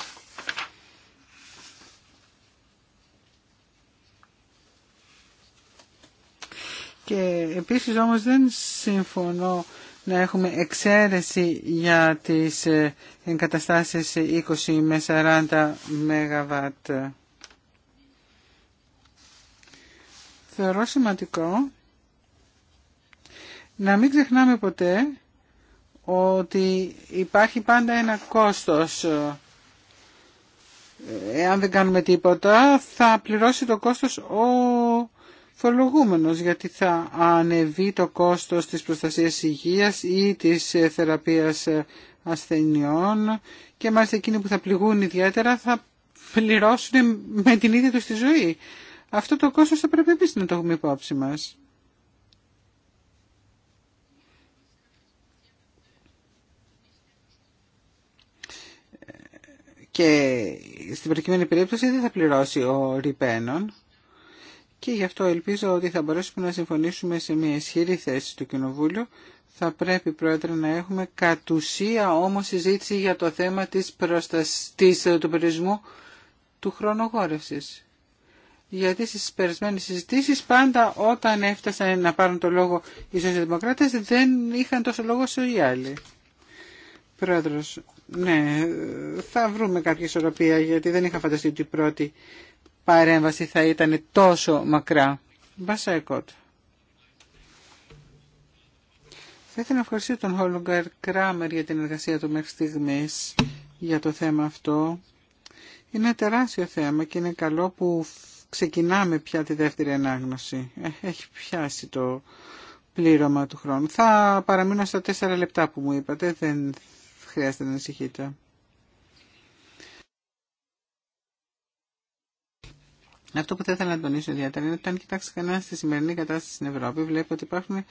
Και επίσης όμως δεν συμφωνώ να έχουμε εξαίρεση για τις ε, εγκαταστάσεις 20 με 40 ΜΒ. Θεωρώ σημαντικό να μην ξεχνάμε ποτέ ότι υπάρχει πάντα ένα κόστος. Εάν δεν κάνουμε τίποτα θα πληρώσει το κόστος ο φορολογούμενος γιατί θα ανεβεί το κόστος της προστασίας υγείας ή της ε, θεραπείας ε, ασθενειών και μάλιστα εκείνοι που θα πληγούν ιδιαίτερα θα πληρώσουν με την ίδια τους τη ζωή. Αυτό το κόστος θα πρέπει επίσης να το έχουμε υπόψη μας. Και στην προκειμένη περίπτωση δεν θα πληρώσει ο Ριπένον και γι' αυτό ελπίζω ότι θα μπορέσουμε να συμφωνήσουμε σε μια ισχυρή θέση του Κοινοβούλιο. Θα πρέπει, Πρόεδρε, να έχουμε κατ' ουσία όμως συζήτηση για το θέμα της, προστασίας ε, του περιορισμού του χρονογόρευσης. Γιατί στις περισμένες συζητήσεις πάντα όταν έφτασαν να πάρουν το λόγο οι σοσιαλδημοκράτες δεν είχαν τόσο λόγο όσο οι άλλοι. Πρόεδρος, ναι, θα βρούμε κάποια ισορροπία γιατί δεν είχα φανταστεί ότι η πρώτη παρέμβαση θα ήταν τόσο μακρά. Μπασέκοτ. Θα ήθελα να ευχαριστήσω τον Χόλογκαρ Κράμερ για την εργασία του μέχρι στιγμή για το θέμα αυτό. Είναι τεράστιο θέμα και είναι καλό που ξεκινάμε πια τη δεύτερη ανάγνωση. Ε, έχει πιάσει το πλήρωμα του χρόνου. Θα παραμείνω στα τέσσερα λεπτά που μου είπατε, δεν χρειάζεται να ανησυχείτε. Ναι, αυτό που θα ήθελα να τονίσω ιδιαίτερα είναι ότι αν κοιτάξει κανένα στη σημερινή κατάσταση στην Ευρώπη, βλέπει ότι υπάρχουν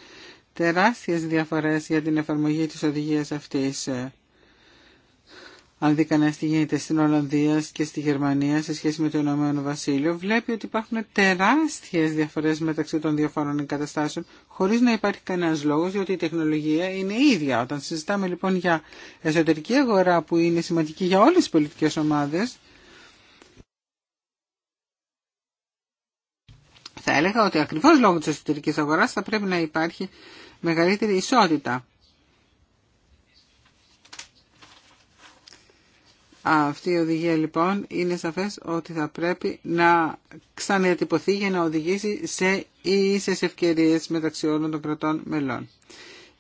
τεράστιε διαφορέ για την εφαρμογή τη οδηγία αυτή. Ε, αν δει κανένα τι γίνεται στην Ολλανδία και στη Γερμανία σε σχέση με το Ηνωμένο Βασίλειο, βλέπει ότι υπάρχουν τεράστιε διαφορέ μεταξύ των διαφόρων εγκαταστάσεων, χωρί να υπάρχει κανένα λόγο διότι η τεχνολογία είναι ίδια. Όταν συζητάμε λοιπόν για εσωτερική αγορά που είναι σημαντική για όλε τι πολιτικέ ομάδε. Θα έλεγα ότι ακριβώς λόγω της εσωτερικής αγοράς θα πρέπει να υπάρχει μεγαλύτερη ισότητα. Αυτή η οδηγία λοιπόν είναι σαφές ότι θα πρέπει να ξαναδιατυπωθεί για να οδηγήσει σε ίσες ευκαιρίες μεταξύ όλων των κρατών μελών.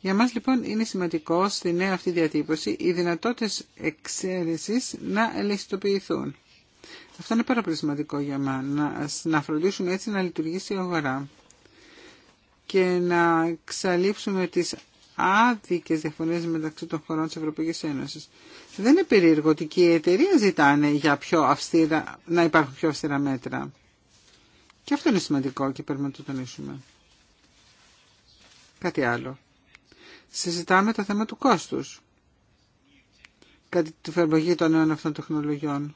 Για μας λοιπόν είναι σημαντικό στη νέα αυτή διατύπωση οι δυνατότητες εξαίρεσης να ελεγχιστοποιηθούν. Αυτό είναι πάρα πολύ σημαντικό για μας, να φροντίσουμε έτσι να λειτουργήσει η αγορά και να ξαλείψουμε τις άδικες διαφωνίες μεταξύ των χωρών της Ευρωπαϊκής Ένωσης. Δεν είναι περίεργο ότι και οι εταιρείε ζητάνε για πιο αυστήρα, να υπάρχουν πιο αυστηρά μέτρα. Και αυτό είναι σημαντικό και πρέπει να το τονίσουμε. Κάτι άλλο. Συζητάμε το θέμα του κόστους Κάτι τη εφαρμογή των νέων αυτών τεχνολογιών.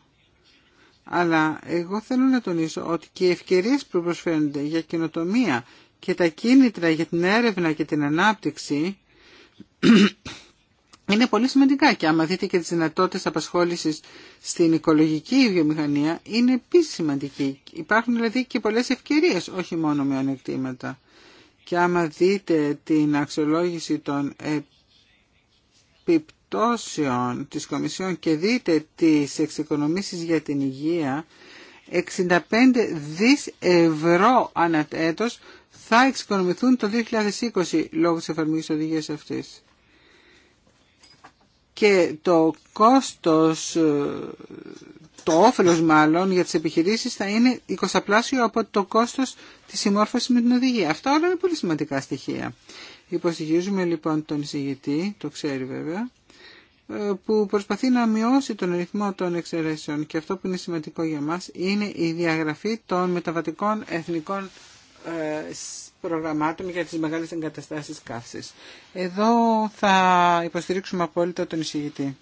Αλλά εγώ θέλω να τονίσω ότι και οι ευκαιρίες που προσφέρονται για καινοτομία και τα κίνητρα για την έρευνα και την ανάπτυξη <clears throat> είναι πολύ σημαντικά και άμα δείτε και τις δυνατότητες απασχόλησης στην οικολογική βιομηχανία είναι επίσης σημαντική. Υπάρχουν δηλαδή και πολλές ευκαιρίες, όχι μόνο με ανεκτήματα. Και άμα δείτε την αξιολόγηση των επιπτώσεων επιπτώσεων της Κομισιόν και δείτε τις εξοικονομήσεις για την υγεία, 65 δις ευρώ ανά έτος θα εξοικονομηθούν το 2020 λόγω της εφαρμογής οδηγίας αυτής. Και το κόστος, το όφελος μάλλον για τις επιχειρήσεις θα είναι 20 πλάσιο από το κόστος της συμμόρφωσης με την οδηγία. Αυτά όλα είναι πολύ σημαντικά στοιχεία. υποστηρίζουμε λοιπόν τον εισηγητή, το ξέρει βέβαια, που προσπαθεί να μειώσει τον ρυθμό των εξαιρέσεων και αυτό που είναι σημαντικό για μας είναι η διαγραφή των μεταβατικών εθνικών ε, προγραμμάτων για τις μεγάλες εγκαταστάσεις καύσης. Εδώ θα υποστηρίξουμε απόλυτα τον εισηγητή.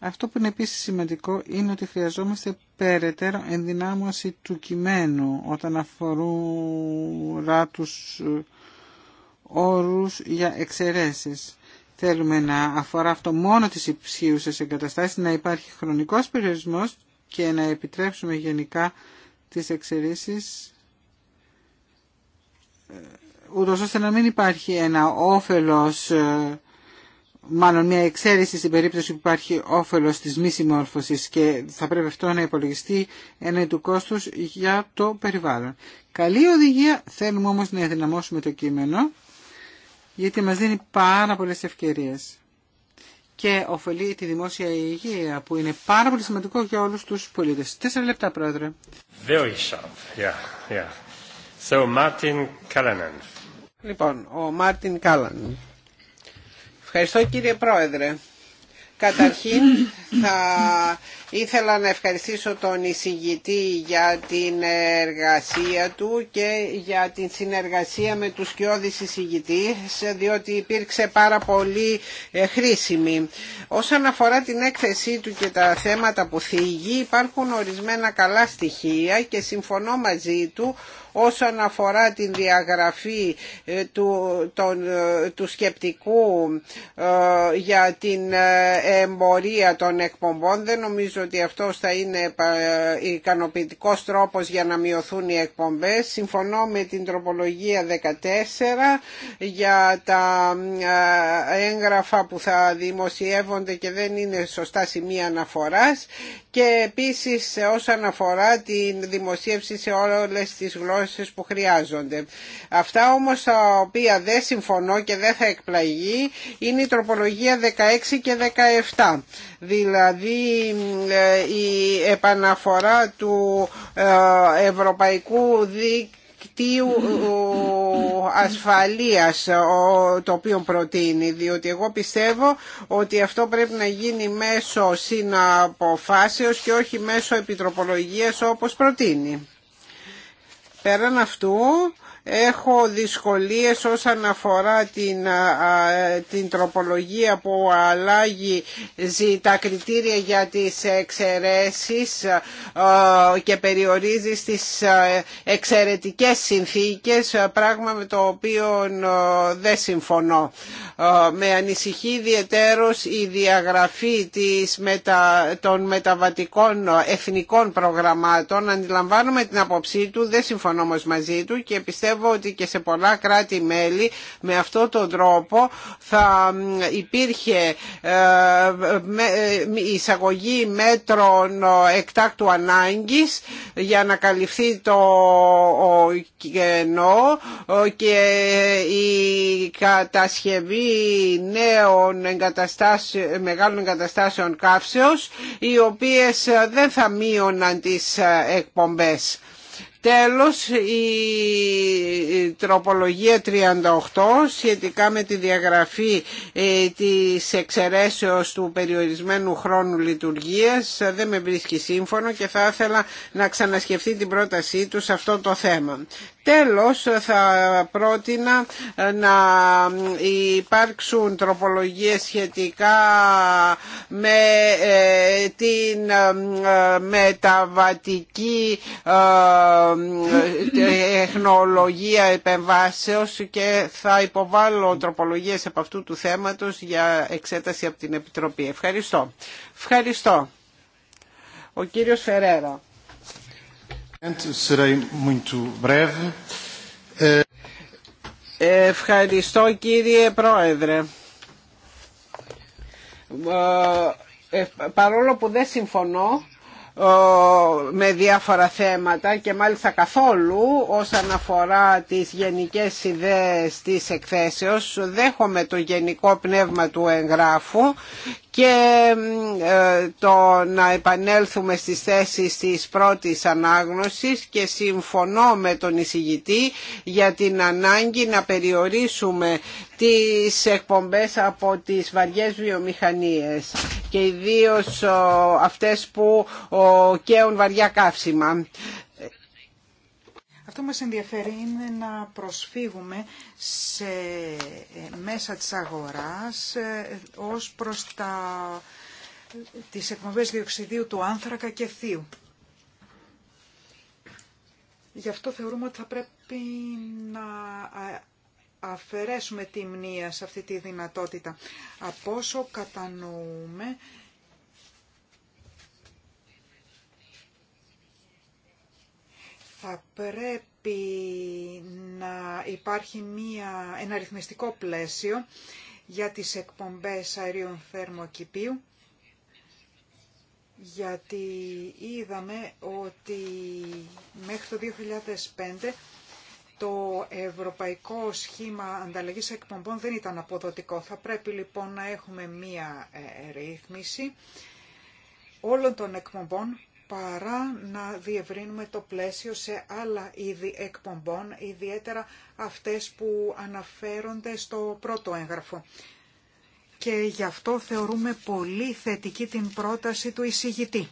Αυτό που είναι επίσης σημαντικό είναι ότι χρειαζόμαστε περαιτέρω ενδυνάμωση του κειμένου όταν αφορούν ε, τους ε, όρους για εξαιρέσεις θέλουμε να αφορά αυτό μόνο τις υψίουσες εγκαταστάσεις, να υπάρχει χρονικός περιορισμός και να επιτρέψουμε γενικά τις εξαιρήσεις ε, ούτως ώστε να μην υπάρχει ένα όφελος, ε, μάλλον μια εξαίρεση στην περίπτωση που υπάρχει όφελος της μη συμμόρφωσης και θα πρέπει αυτό να υπολογιστεί ένα του κόστους για το περιβάλλον. Καλή οδηγία, θέλουμε όμως να ενδυναμώσουμε το κείμενο γιατί μας δίνει πάρα πολλές ευκαιρίες και ωφελεί τη δημόσια υγεία που είναι πάρα πολύ σημαντικό για όλους τους πολίτες. Τέσσερα λεπτά πρόεδρε. Very sharp. Yeah, yeah. So Martin Λοιπόν, ο Μάρτιν Κάλλαν. Ευχαριστώ κύριε πρόεδρε. Καταρχήν θα ήθελα να ευχαριστήσω τον εισηγητή για την εργασία του και για την συνεργασία με τους κοιόδης εισηγητής διότι υπήρξε πάρα πολύ ε, χρήσιμη. Όσον αφορά την έκθεσή του και τα θέματα που θίγει υπάρχουν ορισμένα καλά στοιχεία και συμφωνώ μαζί του όσον αφορά την διαγραφή ε, του, ε, του σκεπτικού ε, για την εμπορία των εκπομπών. Δεν νομίζω ότι αυτό θα είναι ικανοποιητικό τρόπος για να μειωθούν οι εκπομπές. Συμφωνώ με την τροπολογία 14 για τα έγγραφα που θα δημοσιεύονται και δεν είναι σωστά σημεία αναφοράς και επίσης όσον αφορά την δημοσίευση σε όλες τις γλώσσες όσες που χρειάζονται. Αυτά όμως τα οποία δεν συμφωνώ και δεν θα εκπλαγεί είναι η τροπολογία 16 και 17. Δηλαδή ε, η επαναφορά του ε, Ευρωπαϊκού Δίκτυου δικτύου ε, ασφαλείας το οποίο προτείνει διότι εγώ πιστεύω ότι αυτό πρέπει να γίνει μέσω συναποφάσεως και όχι μέσω επιτροπολογίας όπως προτείνει. Πέραν αυτού Έχω δυσκολίες όσον αφορά την, την τροπολογία που αλλάγει τα κριτήρια για τις εξαιρέσεις και περιορίζει στις εξαιρετικές συνθήκες, πράγμα με το οποίο δεν συμφωνώ. Με ανησυχεί ιδιαιτέρως η διαγραφή της των μεταβατικών εθνικών προγραμμάτων. Αντιλαμβάνομαι την αποψή του, δεν συμφωνώ μαζί του και πιστεύω ότι και σε πολλά κράτη-μέλη με αυτόν τον τρόπο θα υπήρχε ε, ε, εισαγωγή μέτρων ε, εκτάκτου ανάγκης για να καλυφθεί το κενό και η κατασκευή νέων εγκαταστάσεων, μεγάλων εγκαταστάσεων καύσεως οι οποίες δεν θα μείωναν τις εκπομπές. Τέλος, η τροπολογία 38 σχετικά με τη διαγραφή ε, της εξαιρέσεως του περιορισμένου χρόνου λειτουργίας δεν με βρίσκει σύμφωνο και θα ήθελα να ξανασκεφτεί την πρότασή του σε αυτό το θέμα. Τέλος θα πρότεινα ε, να υπάρξουν τροπολογίες σχετικά με ε, την ε, μεταβατική τεχνολογία επεμβάσεως και θα υποβάλω τροπολογίες από αυτού του θέματος για εξέταση από την Επιτροπή. Ευχαριστώ. Ευχαριστώ. Ο κύριος Φερέρα. Ευχαριστώ κύριε Πρόεδρε. Ε, ε, παρόλο που δεν συμφωνώ ε, με διάφορα θέματα και μάλιστα καθόλου όσον αφορά τις γενικές ιδέες της εκθέσεως δέχομαι το γενικό πνεύμα του εγγράφου και ε, το να επανέλθουμε στις θέσεις της πρώτης ανάγνωσης και συμφωνώ με τον εισηγητή για την ανάγκη να περιορίσουμε τις εκπομπές από τις βαριές βιομηχανίες και ιδίως αυτές που καίουν βαριά καύσιμα. Αυτό μας ενδιαφέρει είναι να προσφύγουμε σε ε, μέσα της αγοράς ε, ως προς τα, τις εκπομπές διοξιδίου του άνθρακα και θείου. Γι' αυτό θεωρούμε ότι θα πρέπει να ε, αφαιρέσουμε τη μνήμα σε αυτή τη δυνατότητα. Από όσο κατανοούμε, θα πρέπει να υπάρχει μία, ένα ρυθμιστικό πλαίσιο για τις εκπομπές αερίων θερμοκηπίου γιατί είδαμε ότι μέχρι το 2005 το ευρωπαϊκό σχήμα ανταλλαγής εκπομπών δεν ήταν αποδοτικό. Θα πρέπει λοιπόν να έχουμε μία ε, ρύθμιση όλων των εκπομπών παρά να διευρύνουμε το πλαίσιο σε άλλα είδη εκπομπών, ιδιαίτερα αυτές που αναφέρονται στο πρώτο έγγραφο. Και γι' αυτό θεωρούμε πολύ θετική την πρόταση του εισηγητή.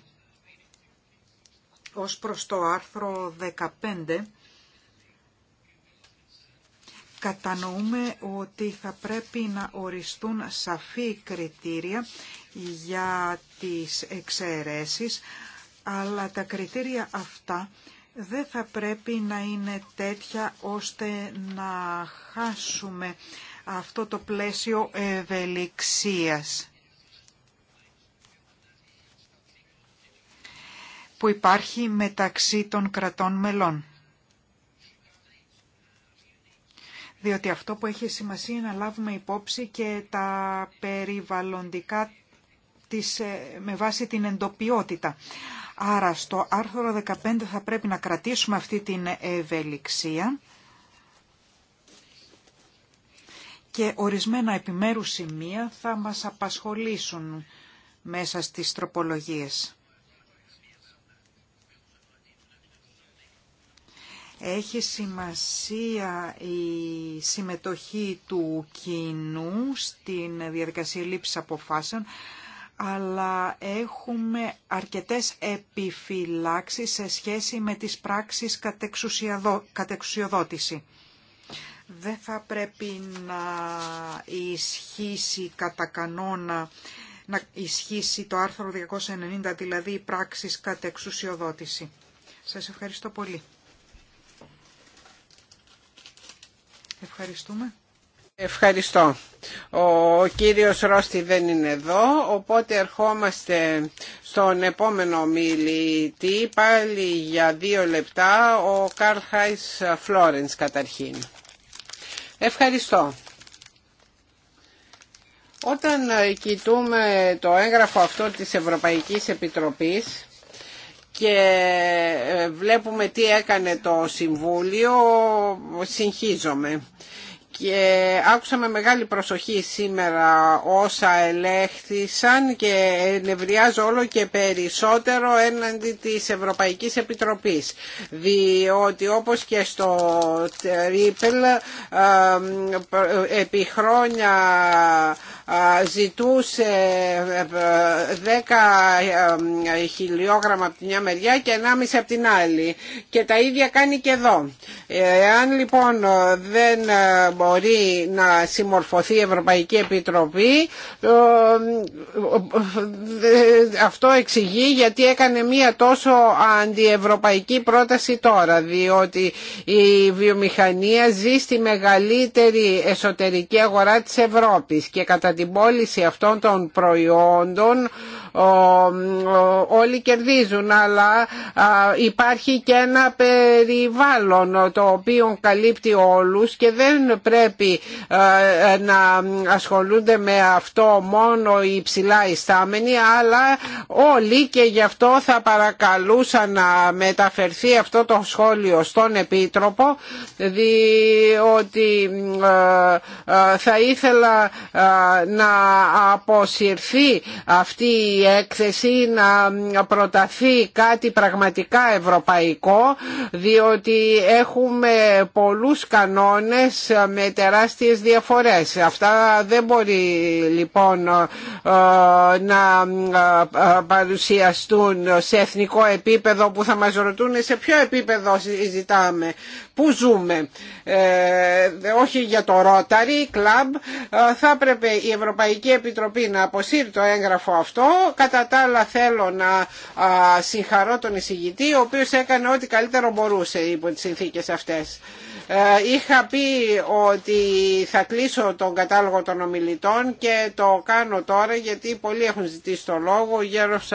Ως προς το άρθρο 15, κατανοούμε ότι θα πρέπει να οριστούν σαφή κριτήρια για τις εξαιρέσεις, αλλά τα κριτήρια αυτά δεν θα πρέπει να είναι τέτοια ώστε να χάσουμε αυτό το πλαίσιο ευελιξίας που υπάρχει μεταξύ των κρατών μελών. Διότι αυτό που έχει σημασία είναι να λάβουμε υπόψη και τα περιβαλλοντικά της, ε, με βάση την εντοπιότητα. Άρα στο άρθρο 15 θα πρέπει να κρατήσουμε αυτή την ευελιξία και ορισμένα επιμέρου σημεία θα μας απασχολήσουν μέσα στις τροπολογίες. Έχει σημασία η συμμετοχή του κοινού στην διαδικασία λήψης αποφάσεων, αλλά έχουμε αρκετές επιφυλάξεις σε σχέση με τις πράξεις κατεξουσιοδότηση. Δεν θα πρέπει να ισχύσει κατά κανόνα να ισχύσει το άρθρο 290, δηλαδή οι πράξεις κατεξουσιοδότηση. Σας ευχαριστώ πολύ. Ευχαριστούμε. Ευχαριστώ. Ο κύριος Ρώστη δεν είναι εδώ, οπότε ερχόμαστε στον επόμενο μιλητή, πάλι για δύο λεπτά, ο Καρλ Χάις Φλόρενς καταρχήν. Ευχαριστώ. Όταν κοιτούμε το έγγραφο αυτό της Ευρωπαϊκής Επιτροπής, και βλέπουμε τι έκανε το Συμβούλιο, συγχύζομαι και άκουσα με μεγάλη προσοχή σήμερα όσα ελέγχθησαν και ενευριάζω όλο και περισσότερο έναντι της Ευρωπαϊκής Επιτροπής διότι όπως και στο Τρίπελ ε, επί χρόνια ζητούσε 10 ε, ε, ε, χιλιόγραμμα από τη μια μεριά και 1,5 από την άλλη. Και τα ίδια κάνει και εδώ. Αν λοιπόν δεν μπορεί να συμμορφωθεί η Ευρωπαϊκή Επιτροπή, αυτό εξηγεί γιατί έκανε μία τόσο αντιευρωπαϊκή πρόταση τώρα, διότι η βιομηχανία ζει στη μεγαλύτερη εσωτερική αγορά της Ευρώπης και κατά την πώληση αυτών των προϊόντων όλοι κερδίζουν αλλά υπάρχει και ένα περιβάλλον το οποίο καλύπτει όλους και δεν πρέπει να ασχολούνται με αυτό μόνο οι ψηλά ιστάμενοι αλλά όλοι και γι' αυτό θα παρακαλούσα να μεταφερθεί αυτό το σχόλιο στον Επίτροπο διότι θα ήθελα να αποσυρθεί αυτή η έκθεση να προταθεί κάτι πραγματικά ευρωπαϊκό διότι έχουμε πολλούς κανόνες με τεράστιες διαφορές. Αυτά δεν μπορεί λοιπόν ε, να ε, παρουσιαστούν σε εθνικό επίπεδο που θα μας ρωτούν σε ποιο επίπεδο συζητάμε, πού ζούμε. Ε, όχι για το Rotary Club ε, θα έπρεπε η Ευρωπαϊκή Επιτροπή να αποσύρει το έγγραφο αυτό κατά τα άλλα θέλω να συγχαρώ τον εισηγητή ο οποίος έκανε ό,τι καλύτερο μπορούσε υπό τις συνθήκες αυτές ε, είχα πει ότι θα κλείσω τον κατάλογο των ομιλητών και το κάνω τώρα γιατί πολλοί έχουν ζητήσει το λόγο. ο Γέρος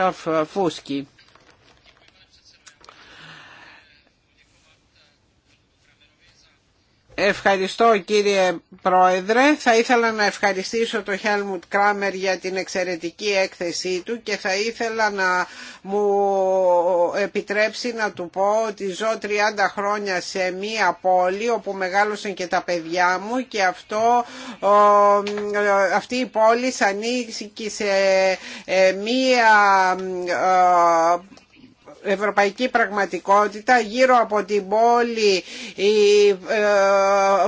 Φούσκι. Ευχαριστώ κύριε Πρόεδρε. Θα ήθελα να ευχαριστήσω τον Χέλμουτ Κράμερ για την εξαιρετική έκθεσή του και θα ήθελα να μου επιτρέψει να του πω ότι ζω 30 χρόνια σε μία πόλη όπου μεγάλωσαν και τα παιδιά μου και αυτό, αυτή η πόλη ανήκει σε ε, μία ευρωπαϊκή πραγματικότητα. Γύρω από την πόλη ε,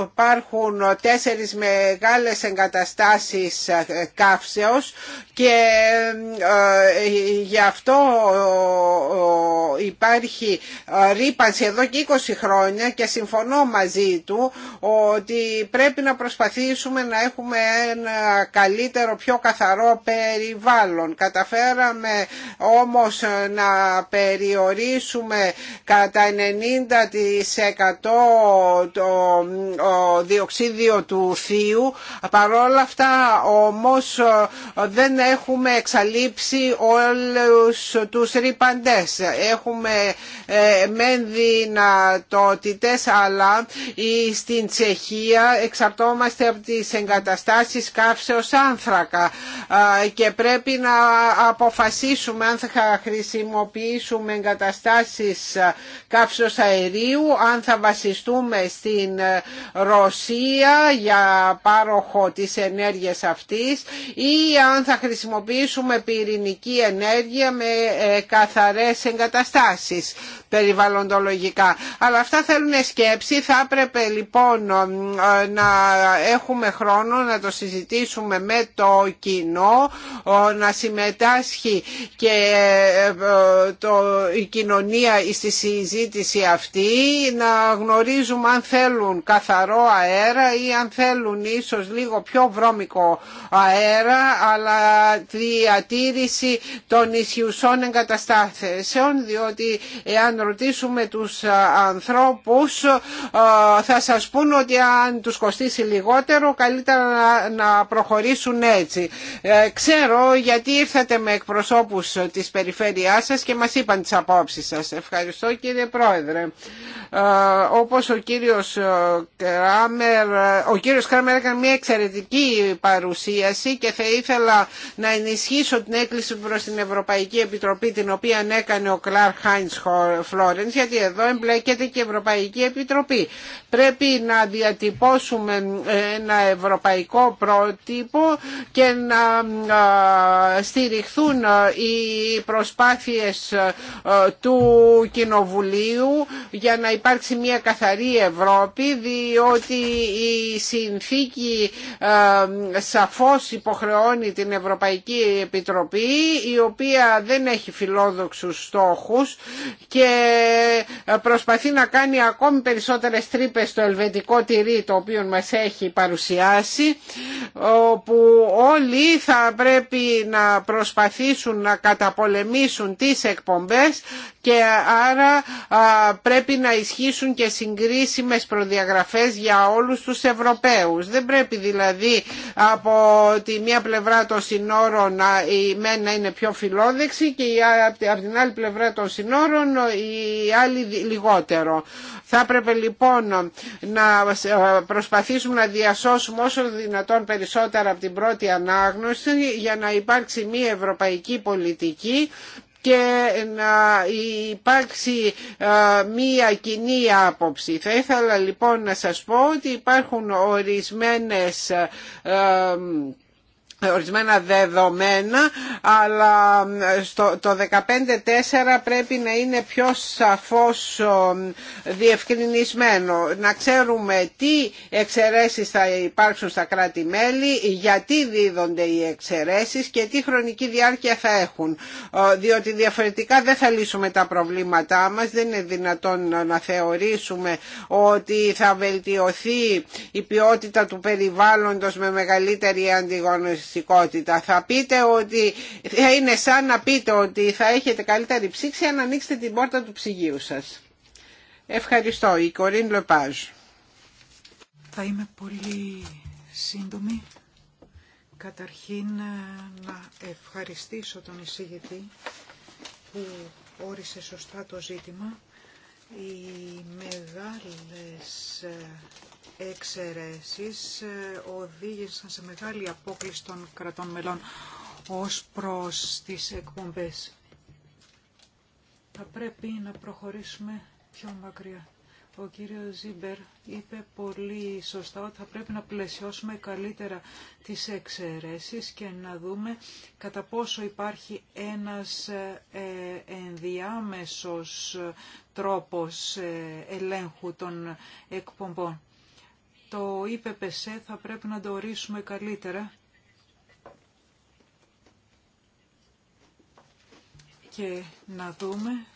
υπάρχουν τέσσερις μεγάλες εγκαταστάσεις ε, καύσεως και ε, γι' αυτό υπάρχει ρήπανση εδώ και 20 χρόνια και συμφωνώ μαζί του ότι πρέπει να προσπαθήσουμε να έχουμε ένα καλύτερο, πιο καθαρό περιβάλλον. Καταφέραμε όμως να περιμένουμε περιορίσουμε κατά 90% το διοξίδιο του θείου. Παρόλα αυτά όμως δεν έχουμε εξαλείψει όλους τους ρηπαντές. Έχουμε ε, μεν δυνατότητες αλλά στην Τσεχία εξαρτώμαστε από τις εγκαταστάσεις καύσεως άνθρακα και πρέπει να αποφασίσουμε αν θα χρησιμοποιήσουμε εγκαταστάσεις ε, καύσεως αερίου αν θα βασιστούμε στην ε, Ρωσία για πάροχο της ενέργειας αυτής ή αν θα χρησιμοποιήσουμε πυρηνική ενέργεια με ε, καθαρές εγκαταστάσεις περιβαλλοντολογικά. Αλλά αυτά θέλουν σκέψη. Θα έπρεπε λοιπόν ε, να έχουμε χρόνο να το συζητήσουμε με το κοινό, να συμμετάσχει και ε, ε, το, η κοινωνία στη συζήτηση αυτή, να γνωρίζουμε αν θέλουν καθαρό αέρα ή αν θέλουν ίσως λίγο πιο βρώμικο αέρα, αλλά διατήρηση των ισχυουσών εγκαταστάσεων, διότι εάν ρωτήσουμε τους ανθρώπους θα σας πούν ότι αν τους κοστίσει λιγότερο καλύτερα να προχωρήσουν έτσι. Ε, ξέρω γιατί ήρθατε με εκπροσώπους της περιφέρειάς σας και μας είπαν τις απόψεις σας. Ευχαριστώ κύριε Πρόεδρε. Ε, όπως ο κύριος ε, Κράμερ, ε, ο κύριος Κράμερ έκανε μια εξαιρετική παρουσίαση και θα ήθελα να ενισχύσω την έκκληση προς την Ευρωπαϊκή Επιτροπή την οποία έκανε ο Κλάρ Χάιντς Φλόρενς γιατί εδώ εμπλέκεται και η Ευρωπαϊκή Επιτροπή. Πρέπει να διατυπώσουμε ένα ευρωπαϊκό πρότυπο και να στηριχθούν οι προσπάθειες του Κοινοβουλίου για να υπάρξει μια καθαρή Ευρώπη διότι η συνθήκη ε, σαφώς υποχρεώνει την Ευρωπαϊκή Επιτροπή η οποία δεν έχει φιλόδοξους στόχους και ε, προσπαθεί να κάνει ακόμη περισσότερες τρύπες στο ελβετικό τυρί το οποίο μας έχει παρουσιάσει όπου όλοι θα πρέπει να προσπαθήσουν να καταπολεμήσουν τις εκπομπές και ε, άρα πρέπει να ισχύσουν και συγκρίσιμες προδιαγραφές για όλους τους Ευρωπαίους. Δεν πρέπει δηλαδή από τη μία πλευρά των συνόρων η μένα είναι πιο φιλόδεξη και η, από την άλλη πλευρά των συνόρων η άλλη λιγότερο. Θα έπρεπε λοιπόν να ε, προσπαθήσουμε να διασώσουμε όσο δυνατόν περισσότερα από την πρώτη ανάγνωση για να υπάρξει μια ευρωπαϊκή πολιτική και να υπάρξει μία κοινή άποψη. Θα ήθελα λοιπόν να σας πω ότι υπάρχουν ορισμένες ορισμένα δεδομένα αλλά στο, το 15-4 πρέπει να είναι πιο σαφώς διευκρινισμένο να ξέρουμε τι εξαιρέσεις θα υπάρξουν στα κράτη-μέλη γιατί δίδονται οι εξαιρέσεις και τι χρονική διάρκεια θα έχουν διότι διαφορετικά δεν θα λύσουμε τα προβλήματά μας δεν είναι δυνατόν να θεωρήσουμε ότι θα βελτιωθεί η ποιότητα του περιβάλλοντος με μεγαλύτερη αντιγόνωση. Θα πείτε ότι θα είναι σαν να πείτε ότι θα έχετε καλύτερη ψήξη αν ανοίξετε την πόρτα του ψυγείου σας. Ευχαριστώ. Η Κορίν Λεπάζ. Θα είμαι πολύ σύντομη. Καταρχήν να ευχαριστήσω τον εισηγητή που όρισε σωστά το ζήτημα. Οι μεγάλες εξαιρέσεις ε, οδήγησαν σε μεγάλη απόκληση των κρατών μελών ως προς τις εκπομπές. Θα πρέπει να προχωρήσουμε πιο μακριά. Ο κύριος Ζίμπερ είπε πολύ σωστά ότι θα πρέπει να πλαισιώσουμε καλύτερα τις εξαιρέσεις και να δούμε κατά πόσο υπάρχει ένας ε, ε, ενδιάμεσος τρόπος ελέγχου των εκπομπών. Το IPPS θα πρέπει να το ορίσουμε καλύτερα και να δούμε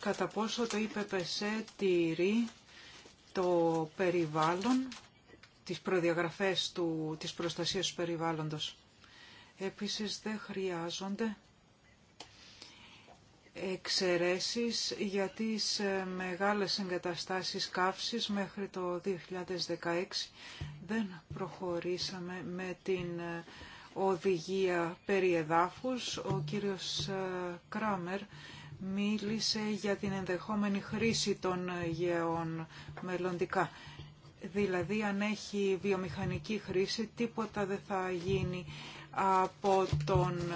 κατά πόσο το ΙΠΠΣ τηρεί το περιβάλλον, τις προδιαγραφές του, της προστασίας του περιβάλλοντος. Επίσης δεν χρειάζονται εξαιρέσεις για τις ε, μεγάλες εγκαταστάσεις καύσης μέχρι το 2016 δεν προχωρήσαμε με την ε, οδηγία περί εδάφους. Ο κύριος ε, Κράμερ μίλησε για την ενδεχόμενη χρήση των γεών μελλοντικά. Δηλαδή αν έχει βιομηχανική χρήση τίποτα δεν θα γίνει από τον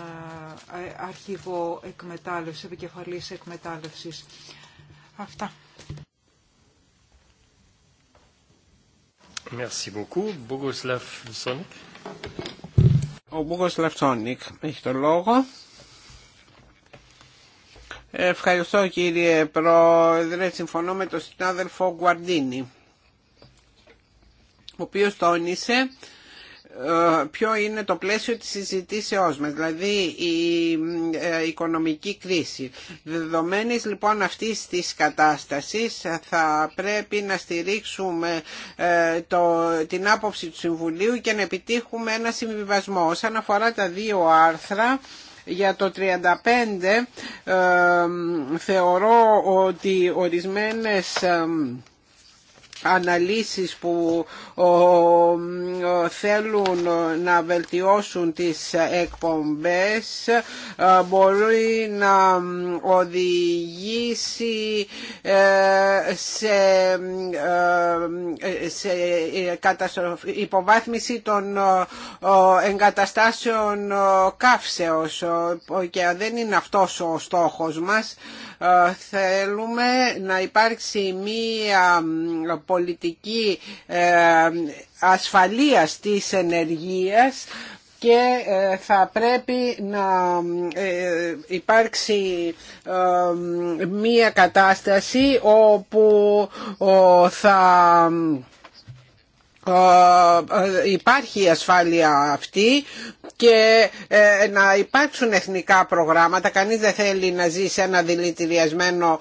ε, αρχηγό εκμετάλλευσης, επικεφαλής εκμετάλλευσης. Αυτά. Merci beaucoup. Bogoslav Sonic. Ο Bogoslav Σόνικ έχει το λόγο. Ευχαριστώ κύριε Πρόεδρε. Συμφωνώ με τον συνάδελφο Γκουαρντίνη ο οποίος τόνισε ε, ποιο είναι το πλαίσιο της συζητήσεώς μας, δηλαδή η ε, οικονομική κρίση. Δεδομένης λοιπόν αυτής της κατάστασης θα πρέπει να στηρίξουμε ε, το, την άποψη του Συμβουλίου και να επιτύχουμε ένα συμβιβασμό. Όσον αφορά τα δύο άρθρα, για το 35 θεωρώ ότι ορισμένες αναλύσεις που θέλουν να βελτιώσουν τις εκπομπές ε, μπορεί να οδηγήσει ε, σε, ε, σε υποβάθμιση των εγκαταστάσεων καύσεως και δεν είναι αυτός ο στόχος μας ε, θέλουμε να υπάρξει μία πολιτική ε, ασφαλείας της ενεργείας και ε, θα πρέπει να υπάρξει μία κατάσταση όπου θα υπάρχει η ασφάλεια αυτή και ε, να υπάρξουν εθνικά προγράμματα. Κανείς δεν θέλει να ζει σε ένα δηλητηριασμένο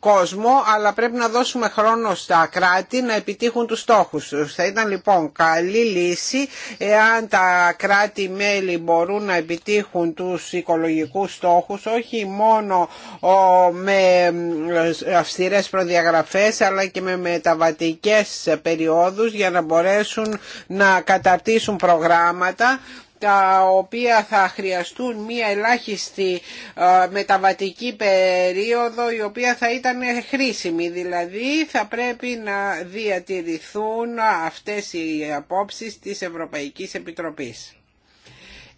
κόσμο, αλλά πρέπει να δώσουμε χρόνο στα κράτη να επιτύχουν τους στόχους τους. Θα ήταν λοιπόν καλή λύση εάν τα κράτη-μέλη μπορούν να επιτύχουν τους οικολογικούς στόχους, όχι μόνο με αυστηρές προδιαγραφές, αλλά και με μεταβατικές περιόδους για να μπορέσουν να καταρτήσουν προγράμματα τα οποία θα χρειαστούν μία ελάχιστη μεταβατική περίοδο η οποία θα ήταν χρήσιμη. Δηλαδή θα πρέπει να διατηρηθούν αυτές οι απόψεις της Ευρωπαϊκής Επιτροπής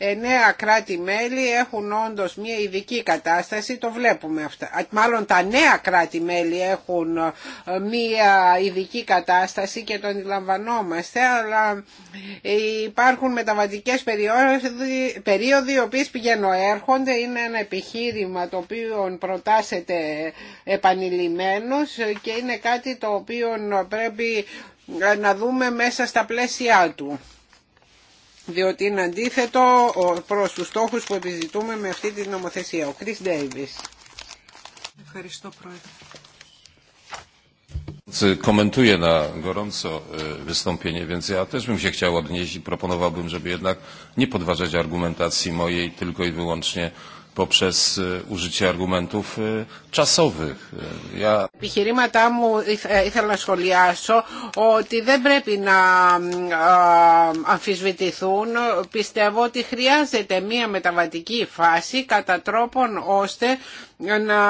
νεα κρατη κράτη-μέλη έχουν όντως μια ειδική κατάσταση, το βλέπουμε αυτά. Μάλλον τα νέα κράτη-μέλη έχουν ε, μια ειδική κατάσταση και το αντιλαμβανόμαστε, αλλά ε, υπάρχουν μεταβατικές περιόδοι, οι οποίες πηγαίνουν έρχονται, είναι ένα επιχείρημα το οποίο προτάσσεται επανειλημμένος και είναι κάτι το οποίο πρέπει να δούμε μέσα στα πλαίσια του διότι είναι αντίθετο προς τους στόχους που επιζητούμε με αυτή την νομοθεσία. Ο Chris Davis. Ευχαριστώ Πρόεδρε. Komentuję na gorąco wystąpienie, więc ja też bym się chciał odnieść i proponowałbym, żeby jednak nie podważać argumentacji mojej tylko i wyłącznie poprzez e, e, e, Επιχειρήματά μου ε, ήθελα να σχολιάσω ότι δεν πρέπει να αμφισβητηθούν. Πιστεύω ότι χρειάζεται μία μεταβατική φάση κατά τρόπον ώστε να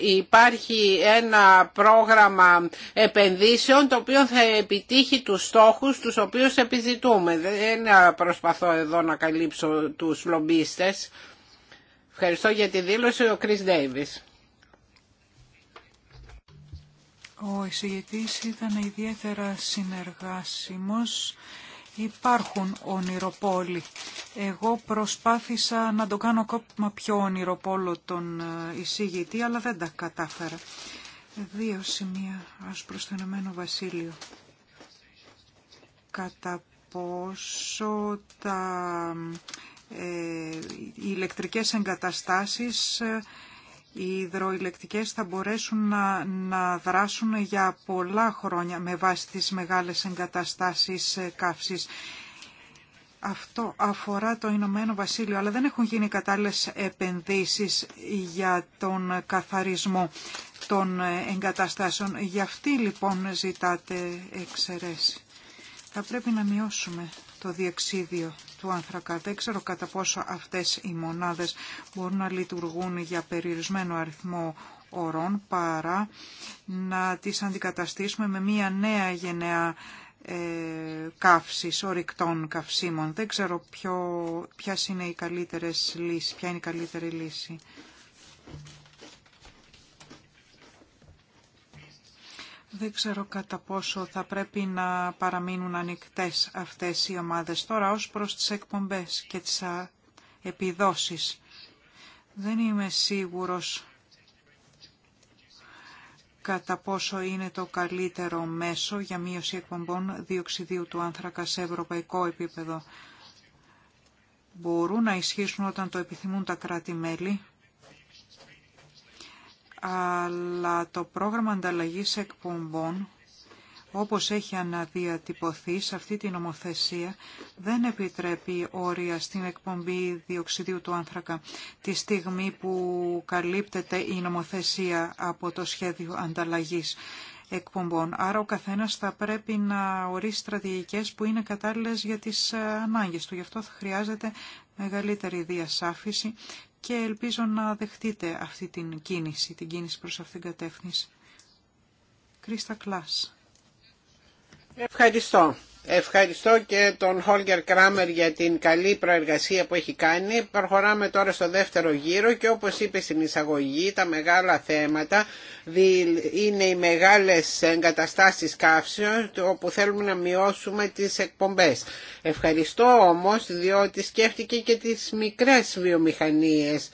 υπάρχει ένα πρόγραμμα επενδύσεων το οποίο θα επιτύχει τους στόχους τους οποίους επιζητούμε. Δεν προσπαθώ εδώ να καλύψω τους λομπίστες. Ευχαριστώ για τη δήλωση ο Κρίς Ντέιβις. Ο εισηγητής ήταν ιδιαίτερα συνεργάσιμος. Υπάρχουν ονειροπόλοι. Εγώ προσπάθησα να το κάνω ακόμα πιο ονειροπόλο τον ε, εισηγητή, αλλά δεν τα κατάφερα. Δύο σημεία ως προς το Ηνωμένο Βασίλειο. Κατά πόσο τα ε, οι ηλεκτρικές εγκαταστάσεις, ε, οι υδροηλεκτικές θα μπορέσουν να, να δράσουν για πολλά χρόνια με βάση τις μεγάλες εγκαταστάσεις ε, καύσης. Αυτό αφορά το Ηνωμένο Βασίλειο, αλλά δεν έχουν γίνει κατάλληλες επενδύσεις για τον καθαρισμό των εγκαταστάσεων. Γι' αυτή λοιπόν ζητάτε εξαιρέση. Θα πρέπει να μειώσουμε το διεξίδιο του άνθρακα. Δεν ξέρω κατά πόσο αυτές οι μονάδες μπορούν να λειτουργούν για περιορισμένο αριθμό ορών παρά να τις αντικαταστήσουμε με μια νέα γενναία ε, καύσης, ορυκτών καυσίμων. Δεν ξέρω ποιο, είναι οι καλύτερες λύση ποια είναι η καλύτερη λύση. Δεν ξέρω κατά πόσο θα πρέπει να παραμείνουν ανοιχτές αυτές οι ομάδες τώρα ως προς τις εκπομπές και τις επιδόσεις. Δεν είμαι σίγουρος κατά πόσο είναι το καλύτερο μέσο για μείωση εκπομπών διοξιδίου του άνθρακα σε ευρωπαϊκό επίπεδο. Μπορούν να ισχύσουν όταν το επιθυμούν τα κράτη-μέλη αλλά το πρόγραμμα ανταλλαγής εκπομπών όπως έχει αναδιατυπωθεί σε αυτή την νομοθεσία, δεν επιτρέπει όρια στην εκπομπή διοξιδίου του άνθρακα τη στιγμή που καλύπτεται η νομοθεσία από το σχέδιο ανταλλαγής εκπομπών. Άρα ο καθένας θα πρέπει να ορίσει στρατηγικές που είναι κατάλληλες για τις ανάγκες του. Γι' αυτό θα χρειάζεται μεγαλύτερη διασάφηση και ελπίζω να δεχτείτε αυτή την κίνηση, την κίνηση προς αυτήν την κατεύθυνση. Κρίστα Κλάς. Ευχαριστώ. Ευχαριστώ και τον Χόλγκερ Κράμερ για την καλή προεργασία που έχει κάνει. Προχωράμε τώρα στο δεύτερο γύρο και όπως είπε στην εισαγωγή τα μεγάλα θέματα είναι οι μεγάλες εγκαταστάσεις καύσεων όπου θέλουμε να μειώσουμε τις εκπομπές. Ευχαριστώ όμως διότι σκέφτηκε και τις μικρές βιομηχανίες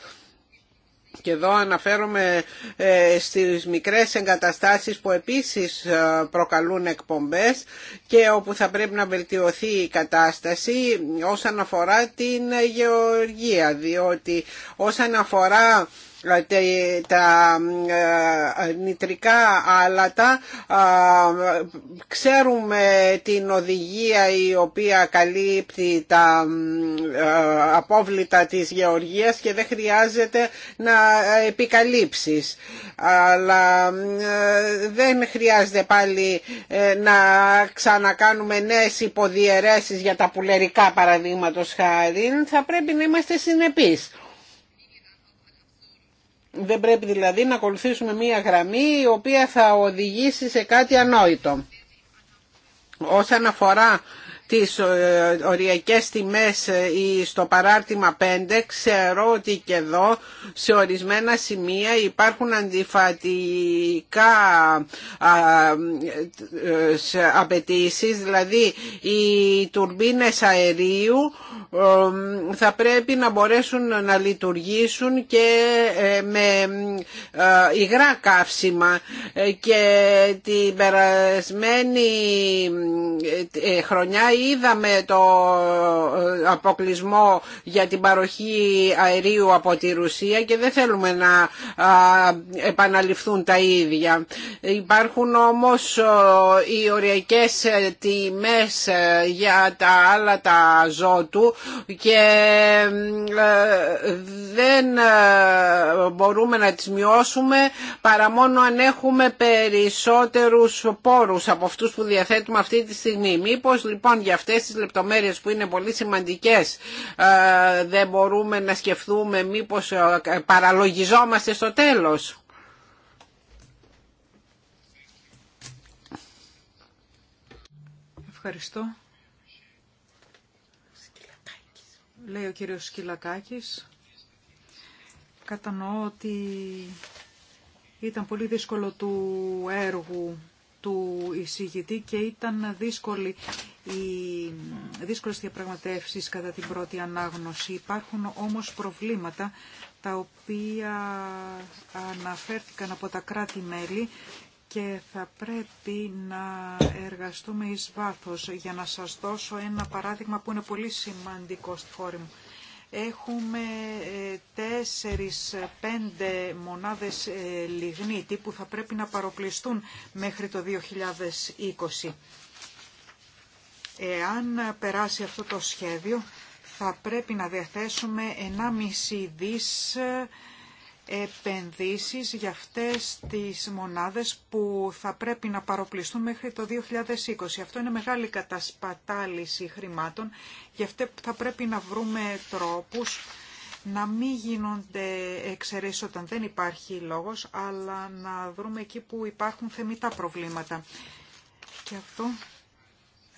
και εδώ αναφέρομαι ε, στις μικρές εγκαταστάσεις που επίσης ε, προκαλούν εκπομπές και όπου θα πρέπει να βελτιωθεί η κατάσταση όσον αφορά την γεωργία, διότι όσον αφορά τα ε, ε, νητρικά άλατα ε, ξέρουμε την οδηγία η οποία καλύπτει τα απόβλητα της γεωργίας και δεν χρειάζεται να επικαλύψεις αλλά δεν χρειάζεται πάλι να ξανακάνουμε νέες υποδιαιρέσεις για τα πουλερικά παραδείγματος χάρη θα πρέπει να είμαστε συνεπείς δεν πρέπει δηλαδή να ακολουθήσουμε μία γραμμή η οποία θα οδηγήσει σε κάτι ανόητο. Όσον αφορά τις ε, οριακές τιμές ε, στο παράρτημα 5 ξέρω ότι και εδώ σε ορισμένα σημεία υπάρχουν αντιφατικά ε, απαιτήσει, δηλαδή οι τουρμπίνες αερίου θα πρέπει να μπορέσουν να λειτουργήσουν και με υγρά καύσιμα και την περασμένη χρονιά είδαμε το ε, αποκλεισμό για την παροχή αερίου από τη Ρουσία και δεν θέλουμε να επαναληφθούν τα ίδια. Υπάρχουν όμως ε, οι οριακές ε, τιμές για τα άλλα τα ζώτου και δεν μπορούμε να τις μειώσουμε παρά μόνο αν έχουμε περισσότερους πόρους από αυτούς που διαθέτουμε αυτή τη στιγμή. Μήπως λοιπόν για αυτές τις λεπτομέρειες που είναι πολύ σημαντικές ε, δεν μπορούμε να σκεφτούμε μήπως ε, παραλογιζόμαστε στο τέλος. Ευχαριστώ. Λέει ο κύριος Σκυλακάκης. Κατανοώ ότι ήταν πολύ δύσκολο του έργου του εισηγητή και ήταν δύσκολη οι δύσκολες διαπραγματεύσεις κατά την πρώτη ανάγνωση. Υπάρχουν όμως προβλήματα τα οποία αναφέρθηκαν από τα κράτη-μέλη και θα πρέπει να εργαστούμε εις βάθος. Για να σας δώσω ένα παράδειγμα που είναι πολύ σημαντικό στη χώρα μου. εχουμε ε, τέσσερις πέντε μονάδες ε, λιγνίτη που θα πρέπει να παροπλιστούν μέχρι το 2020. Εάν περάσει αυτό το σχέδιο θα πρέπει να διαθέσουμε 1,5 δις ε, επενδύσεις για αυτές τις μονάδες που θα πρέπει να παροπλιστούν μέχρι το 2020. Αυτό είναι μεγάλη κατασπατάληση χρημάτων, γι' αυτό θα πρέπει να βρούμε τρόπους να μην γίνονται εξαιρέσεις όταν δεν υπάρχει λόγος, αλλά να βρούμε εκεί που υπάρχουν θεμητά προβλήματα. Και αυτό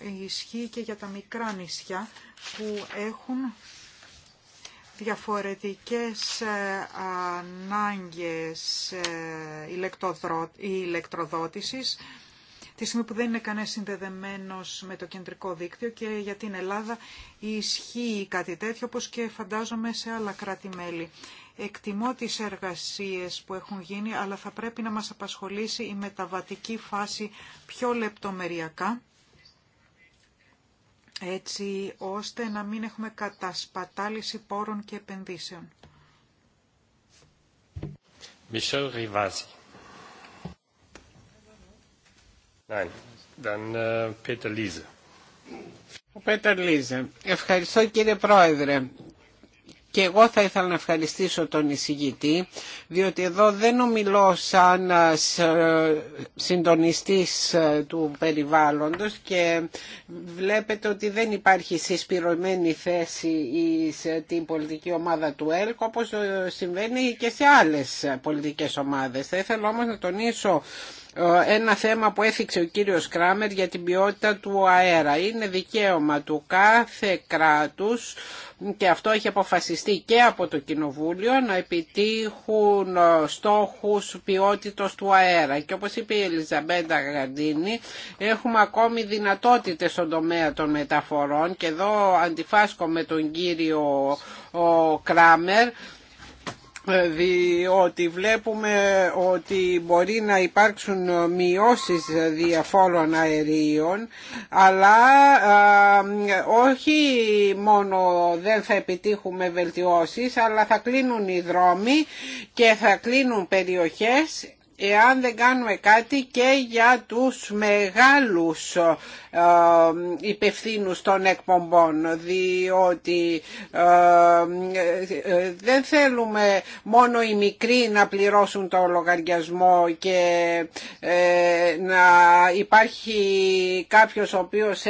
ισχύει και για τα μικρά νησιά που έχουν διαφορετικές ε, ανάγκες ε, ηλεκτροδότησης τη στιγμή που δεν είναι κανένα συνδεδεμένος με το κεντρικό δίκτυο και για την Ελλάδα ισχύει κάτι τέτοιο όπως και φαντάζομαι σε άλλα κράτη-μέλη. Εκτιμώ τις εργασίες που έχουν γίνει αλλά θα πρέπει να μας απασχολήσει η μεταβατική φάση πιο λεπτομεριακά έτσι ώστε να μην έχουμε κατασπατάληση πόρων και επενδύσεων. Michel Rivasi. Nein, dann Ο äh, Πέτερ Ευχαριστώ κύριε Πρόεδρε. Και εγώ θα ήθελα να ευχαριστήσω τον εισηγητή, διότι εδώ δεν ομιλώ σαν ε, συντονιστής ε, του περιβάλλοντος και βλέπετε ότι δεν υπάρχει συσπηρωμένη θέση στην πολιτική ομάδα του ΕΛΚ, όπως ε, συμβαίνει και σε άλλες πολιτικές ομάδες. Θα ήθελα όμως να τονίσω ε, ένα θέμα που έθιξε ο κύριος Κράμερ για την ποιότητα του αέρα. Είναι δικαίωμα του κάθε κράτους και αυτό έχει αποφασιστεί και από το Κοινοβούλιο να επιτύχουν ε, στόχους ποιότητος του αέρα. Και όπως είπε η Ελιζαμπέντα Γαντίνη, έχουμε ακόμη δυνατότητες στον τομέα των μεταφορών και εδώ αντιφάσκω με τον κύριο Κράμερ ε, διότι βλέπουμε ότι μπορεί να υπάρξουν μειώσεις διαφόρων αερίων αλλά όχι μόνο δεν θα επιτύχουμε βελτιώσεις αλλά θα κλείνουν οι δρόμοι και θα κλείνουν περιοχές εάν δεν κάνουμε κάτι και για τους μεγάλους υπευθύνους των εκπομπών διότι δεν θέλουμε μόνο οι μικροί να πληρώσουν το λογαριασμό και ε, να υπάρχει κάποιος ο οποίος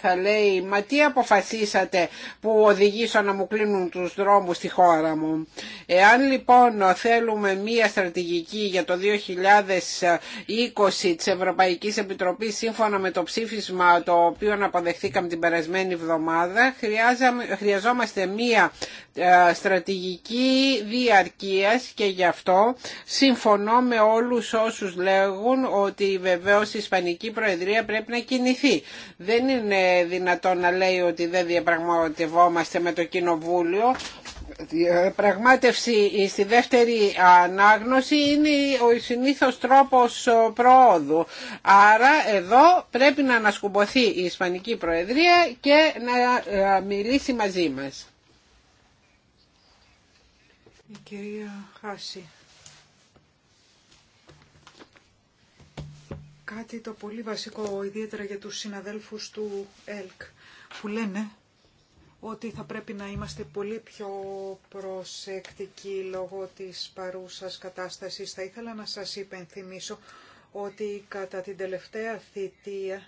θα λέει «Μα τι αποφασίσατε που οδηγήσω να μου κλείνουν τους δρόμους στη χώρα μου». Εάν λοιπόν θέλουμε μία στρατηγική για το 2020 της Ευρωπαϊκής Επιτροπής σύμφωνα με το ψήφισμα το οποίο αποδεχθήκαμε την περασμένη εβδομάδα χρειαζόμαστε μία ε, στρατηγική διαρκείας και γι' αυτό συμφωνώ με όλους όσους λέγουν ότι βεβαίως η Ισπανική Προεδρία πρέπει να κινηθεί. Δεν είναι δυνατόν να λέει ότι δεν διαπραγματευόμαστε με το Κοινοβούλιο πραγμάτευση στη δεύτερη ανάγνωση είναι ο συνήθως τρόπος προόδου. Άρα εδώ πρέπει να ανασκουμποθεί η Ισπανική Προεδρία και να ε, μιλήσει μαζί μας. Η κυρία Χάση. Κάτι το πολύ βασικό, ιδιαίτερα για τους συναδέλφους του ΕΛΚ, που λένε ότι θα πρέπει να είμαστε πολύ πιο προσεκτικοί λόγω της παρούσας κατάστασης. Θα ήθελα να σας υπενθυμίσω ότι κατά την τελευταία θητεία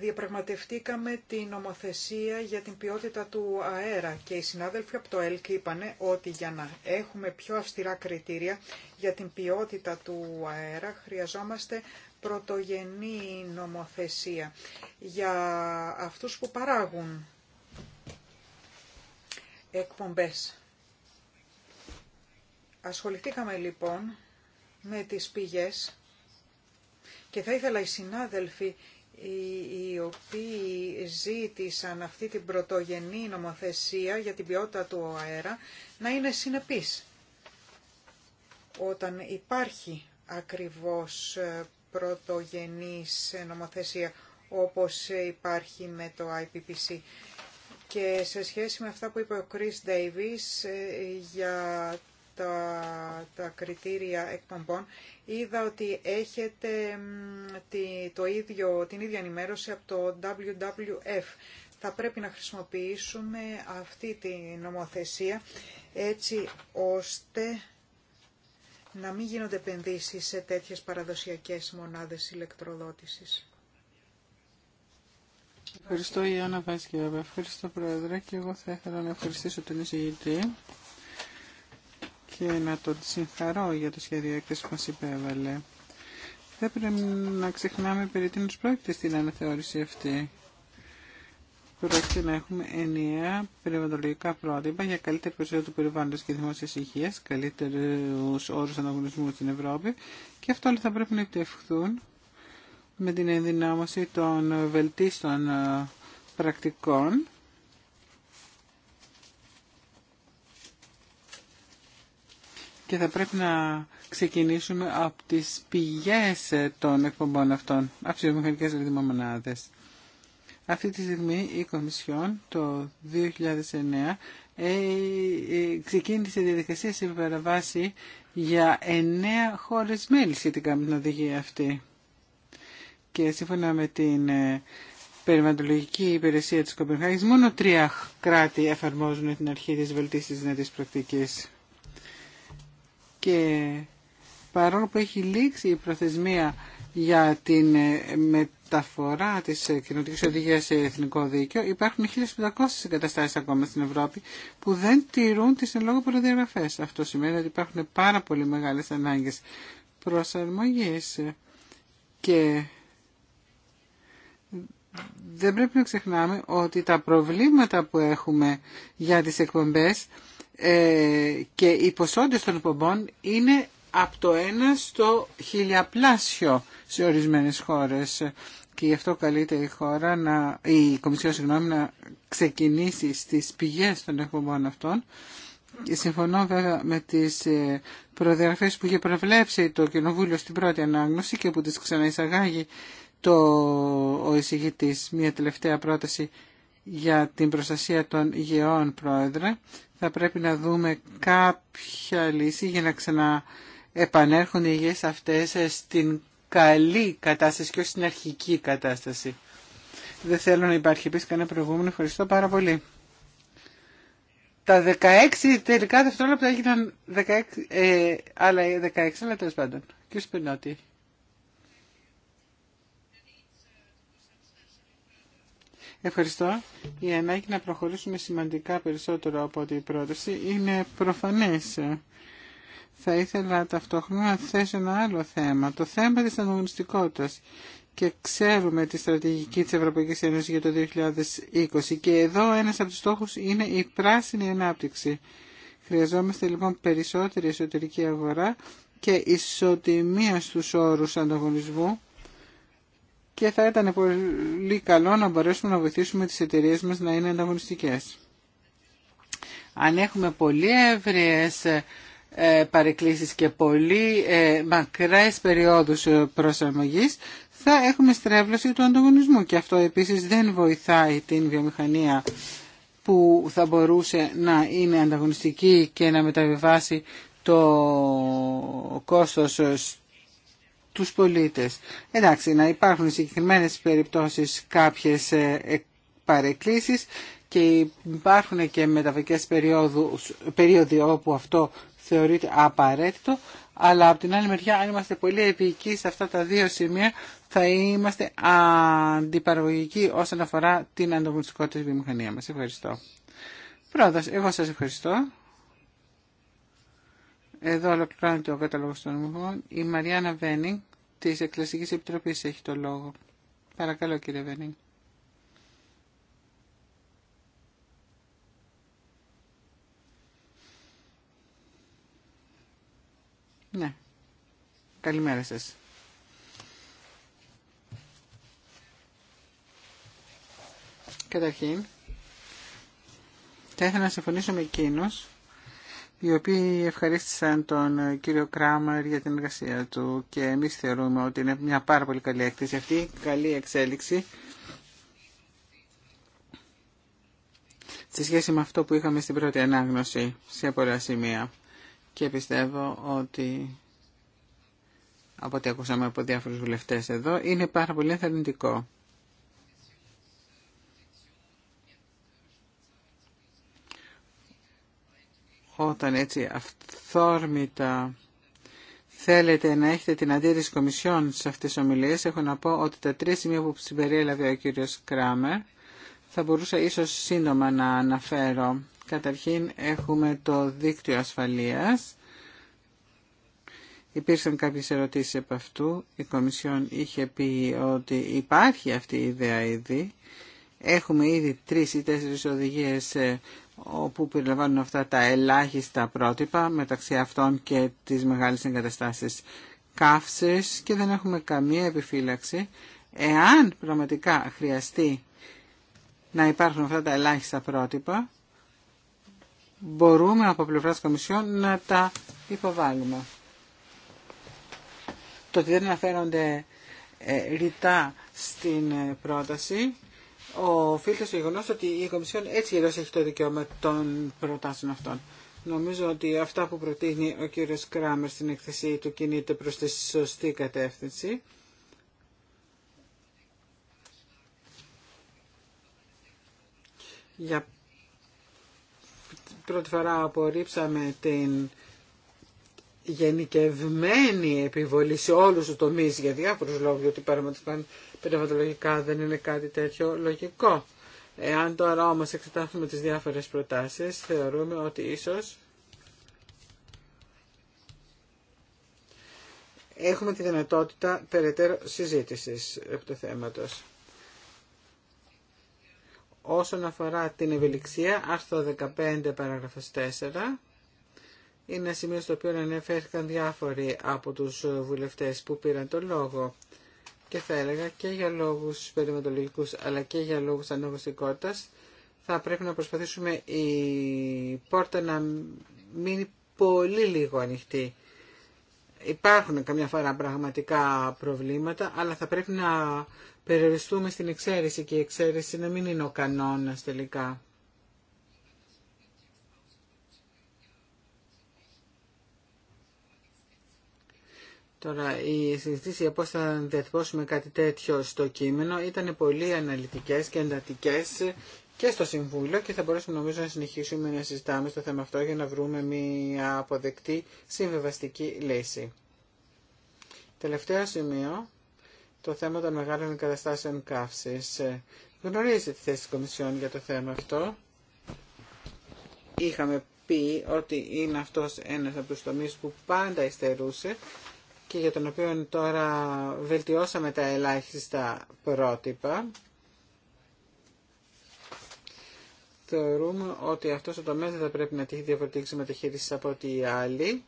διαπραγματευτήκαμε την νομοθεσία για την ποιότητα του αέρα και οι συνάδελφοι από το ΕΛΚ είπανε ότι για να έχουμε πιο αυστηρά κριτήρια για την ποιότητα του αέρα χρειαζόμαστε πρωτογενή νομοθεσία για αυτούς που παράγουν εκπομπές. Ασχοληθήκαμε λοιπόν με τις πηγές και θα ήθελα οι συνάδελφοι οι οποίοι ζήτησαν αυτή την πρωτογενή νομοθεσία για την ποιότητα του αέρα να είναι συνεπείς. Όταν υπάρχει ακριβώς ε, πρωτογενής νομοθεσία όπως ε, υπάρχει με το IPPC. Και σε σχέση με αυτά που είπε ο Chris Davis ε, για τα, κριτήρια εκπομπών, είδα ότι έχετε το ίδιο, την ίδια ενημέρωση από το WWF. Θα πρέπει να χρησιμοποιήσουμε αυτή τη νομοθεσία έτσι ώστε να μην γίνονται επενδύσεις σε τέτοιες παραδοσιακές μονάδες ηλεκτροδότησης. Ευχαριστώ η Άννα Ευχαριστώ Πρόεδρε και εγώ θα ήθελα να ευχαριστήσω τον εισηγητή και να τον συγχαρώ για το σχέδιο έκθεση που μας υπέβαλε. Δεν πρέπει να ξεχνάμε περί τίνος πρόκειται στην αναθεώρηση αυτή. Πρόκειται να έχουμε ενιαία περιβαλλοντολογικά πρότυπα για καλύτερη προσοχή του περιβάλλοντο και δημόσια υγεία, καλύτερου όρου ανταγωνισμού στην Ευρώπη και αυτό όλοι θα πρέπει να επιτευχθούν με την ενδυνάμωση των βελτίστων ε, πρακτικών και θα πρέπει να ξεκινήσουμε από τις πηγές ε, των εκπομπών αυτών, από τις μηχανικές δηλαδή, μονάδες. Αυτή τη στιγμή η Κομισιόν το 2009 ε, ξεκίνησε διαδικασία σε παραβάση για εννέα χώρες μέλη σχετικά με την οδηγία αυτή και σύμφωνα με την ε, περιβαλλοντική υπηρεσία της Κοπενχάγης μόνο τρία κράτη εφαρμόζουν την αρχή της βελτίστης δυνατής πρακτικής. Και παρόλο που έχει λήξει η προθεσμία για την ε, μεταφορά της ε, κοινωτικής οδηγίας σε εθνικό δίκαιο, υπάρχουν 1.500 εγκαταστάσεις ακόμα στην Ευρώπη που δεν τηρούν τις εν λόγω προδιαγραφές. Αυτό σημαίνει ότι υπάρχουν πάρα πολύ μεγάλες ανάγκες προσαρμογής και δεν πρέπει να ξεχνάμε ότι τα προβλήματα που έχουμε για τις εκπομπές ε, και οι ποσότητες των εκπομπών είναι από το ένα στο χιλιαπλάσιο σε ορισμένες χώρες και γι' αυτό καλείται η χώρα να, η Κομισιόν συγγνώμη, να ξεκινήσει στις πηγές των εκπομπών αυτών και συμφωνώ βέβαια με τις ε, προδιαγραφές που είχε προβλέψει το Κοινοβούλιο στην πρώτη ανάγνωση και που τις ξαναεισαγάγει το, ο εισηγητής μια τελευταία πρόταση για την προστασία των υγεών πρόεδρε. Θα πρέπει να δούμε κάποια λύση για να ξαναεπανέρχουν οι υγείες αυτές στην καλή κατάσταση και όχι στην αρχική κατάσταση. Δεν θέλω να υπάρχει επίσης κανένα προηγούμενο. Ευχαριστώ πάρα πολύ. Τα 16 τελικά δευτερόλεπτα έγιναν 16, ε, άλλα 16, αλλά τέλος πάντων. Κύριε Σπινότη. Ευχαριστώ. Η ανάγκη να προχωρήσουμε σημαντικά περισσότερο από την πρόταση είναι προφανές. Θα ήθελα ταυτόχρονα να θέσω ένα άλλο θέμα, το θέμα της ανταγωνιστικότητας. Και ξέρουμε τη στρατηγική της Ευρωπαϊκής Ένωσης για το 2020 και εδώ ένας από τους στόχους είναι η πράσινη ανάπτυξη. Χρειαζόμαστε λοιπόν περισσότερη εσωτερική αγορά και ισοτιμία στους όρους ανταγωνισμού και θα ήταν πολύ καλό να μπορέσουμε να βοηθήσουμε τις εταιρείες μας να είναι ανταγωνιστικές. Αν έχουμε πολύ ε, παρεκκλήσεις και πολύ ε, μακρές περιόδους ε, προσαρμογής, θα έχουμε στρέβλωση του ανταγωνισμού και αυτό επίσης δεν βοηθάει την βιομηχανία που θα μπορούσε να είναι ανταγωνιστική και να μεταβιβάσει το κόστος ε, τους πολίτες. Εντάξει, να υπάρχουν συγκεκριμένες περιπτώσεις κάποιες ε, ε, παρεκκλήσεις και υπάρχουν και μεταβικές περίοδοι όπου αυτό θεωρείται απαραίτητο, αλλά από την άλλη μεριά αν είμαστε πολύ επικοί σε αυτά τα δύο σημεία θα είμαστε αντιπαραγωγικοί όσον αφορά την ανταγωνιστικότητα της βιομηχανία μας. Ευχαριστώ. Πρόεδρος, εγώ σας ευχαριστώ. Εδώ ολοκληρώνεται ο κατάλογο των ομιλητών. Η Μαριάννα Βένινγκ τη Εκκλησική Επιτροπή έχει το λόγο. Παρακαλώ, κύριε Βένινγκ. Ναι. Καλημέρα σας. Καταρχήν, θα ήθελα να συμφωνήσω με εκείνους οι οποίοι ευχαρίστησαν τον ε, κύριο Κράμερ για την εργασία του και εμείς θεωρούμε ότι είναι μια πάρα πολύ καλή εκτίση, αυτή, καλή εξέλιξη σε σχέση με αυτό που είχαμε στην πρώτη ανάγνωση σε πολλά σημεία και πιστεύω ότι από ό,τι ακούσαμε από διάφορους βουλευτές εδώ είναι πάρα πολύ ενθαρρυντικό. όταν έτσι αυθόρμητα θέλετε να έχετε την αντίρρηση Κομισιόν σε αυτές τις ομιλίες, έχω να πω ότι τα τρία σημεία που συμπεριέλαβε ο κύριος Κράμερ θα μπορούσα ίσως σύντομα να αναφέρω. Καταρχήν έχουμε το δίκτυο ασφαλείας. Υπήρξαν κάποιες ερωτήσεις από αυτού. Η Κομισιόν είχε πει ότι υπάρχει αυτή η ιδέα ήδη. Έχουμε ήδη τρεις ή τέσσερις οδηγίες ε, όπου περιλαμβάνουν αυτά τα ελάχιστα πρότυπα μεταξύ αυτών και τις μεγάλες εγκαταστάσεις καύσης και δεν έχουμε καμία επιφύλαξη εάν πραγματικά χρειαστεί να υπάρχουν αυτά τα ελάχιστα πρότυπα μπορούμε από πλευράς Κομισιόν να τα υποβάλουμε. Το ότι δεν αναφέρονται ε, ρητά στην ε, πρόταση ο οφείλεται στο γεγονό ότι η Κομισιόν έτσι γελώς έχει το δικαίωμα των προτάσεων αυτών. Νομίζω ότι αυτά που προτείνει ο κύριο Κράμερ στην εκθεσή του κινείται προ τη σωστή κατεύθυνση. Για πρώτη φορά απορρίψαμε την γενικευμένη επιβολή σε όλους τους τομείς για διάφορους λόγους, γιατί πραγματικά πνευματολογικά δεν είναι κάτι τέτοιο λογικό. Εάν τώρα όμως εξετάσουμε τις διάφορες προτάσεις, θεωρούμε ότι ίσως έχουμε τη δυνατότητα περαιτέρω συζήτησης από το θέματος. Όσον αφορά την ευελιξία, άρθρο 15 παραγραφος 4, είναι ένα σημείο στο οποίο ανέφερθηκαν διάφοροι από τους βουλευτές που πήραν το λόγο και θα έλεγα και για λόγους περιβαλλοντολογικούς αλλά και για λόγους αναγνωστικότητας θα πρέπει να προσπαθήσουμε η πόρτα να μείνει πολύ λίγο ανοιχτή. Υπάρχουν καμιά φορά πραγματικά προβλήματα, αλλά θα πρέπει να περιοριστούμε στην εξαίρεση και η εξαίρεση να μην είναι ο κανόνας τελικά. Τώρα, η συζητήση για πώ θα διατυπώσουμε κάτι τέτοιο στο κείμενο ήταν πολύ αναλυτικέ και εντατικέ και στο Συμβούλιο και θα μπορέσουμε νομίζω να συνεχίσουμε να συζητάμε στο θέμα αυτό για να βρούμε μια αποδεκτή συμβεβαστική λύση. Τελευταίο σημείο, το θέμα των μεγάλων εγκαταστάσεων καύση. Γνωρίζετε τη θέση τη Κομισιόν για το θέμα αυτό. Είχαμε πει ότι είναι αυτός ένας από τους τομείς που πάντα ειστερούσε και για τον οποίο τώρα βελτιώσαμε τα ελάχιστα πρότυπα. Θεωρούμε ότι αυτός ο τομέας δεν θα πρέπει να τύχει διαφορετική μεταχείριση από ό,τι οι άλλοι.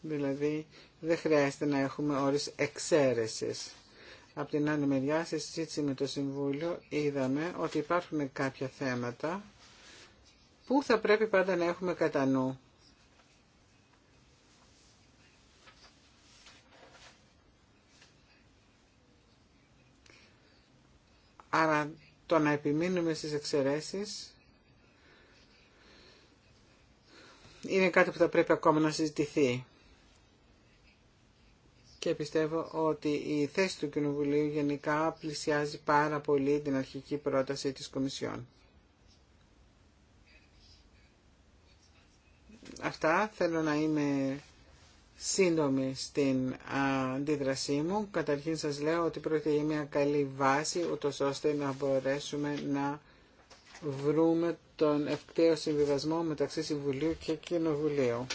Δηλαδή δεν χρειάζεται να έχουμε όρις εξαίρεσης. Από την άλλη μεριά, σε συζήτηση με το Συμβούλιο είδαμε ότι υπάρχουν κάποια θέματα που θα πρέπει πάντα να έχουμε κατά νου. Άρα το να επιμείνουμε στις εξαιρέσεις είναι κάτι που θα πρέπει ακόμα να συζητηθεί. Και πιστεύω ότι η θέση του Κοινοβουλίου γενικά πλησιάζει πάρα πολύ την αρχική πρόταση της Κομισιόν. Αυτά θέλω να είμαι σύντομη στην αντίδρασή μου. Καταρχήν σας λέω ότι πρόκειται για μια καλή βάση, ούτως ώστε να μπορέσουμε να βρούμε τον ευκταίο συμβιβασμό μεταξύ Συμβουλίου και Κοινοβουλίου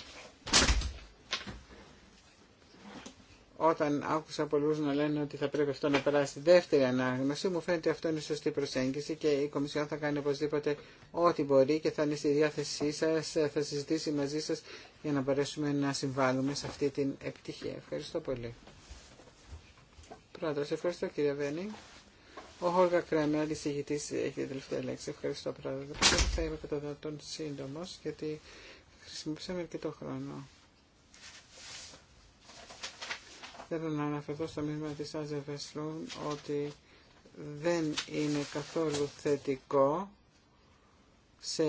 όταν άκουσα πολλούς να λένε ότι θα πρέπει αυτό να περάσει στη δεύτερη ανάγνωση, μου φαίνεται ότι αυτό είναι σωστή προσέγγιση και η Κομισιόν θα κάνει οπωσδήποτε ό,τι μπορεί και θα είναι στη διάθεσή σας, θα συζητήσει μαζί σας για να μπορέσουμε να συμβάλλουμε σε αυτή την επιτυχία. Ευχαριστώ πολύ. Πρόεδρος, ευχαριστώ κύριε Βένι. Ο Χόλγα Κρέμερ, εισηγητή, έχει την τελευταία λέξη. Ευχαριστώ, πρόεδρε. Θα είμαι κατά τον σύντομο, γιατί χρησιμοποιήσαμε αρκετό χρόνο. Θέλω να αναφερθώ στο μήνυμα της Άζε Βεσλούν ότι δεν είναι καθόλου θετικό σε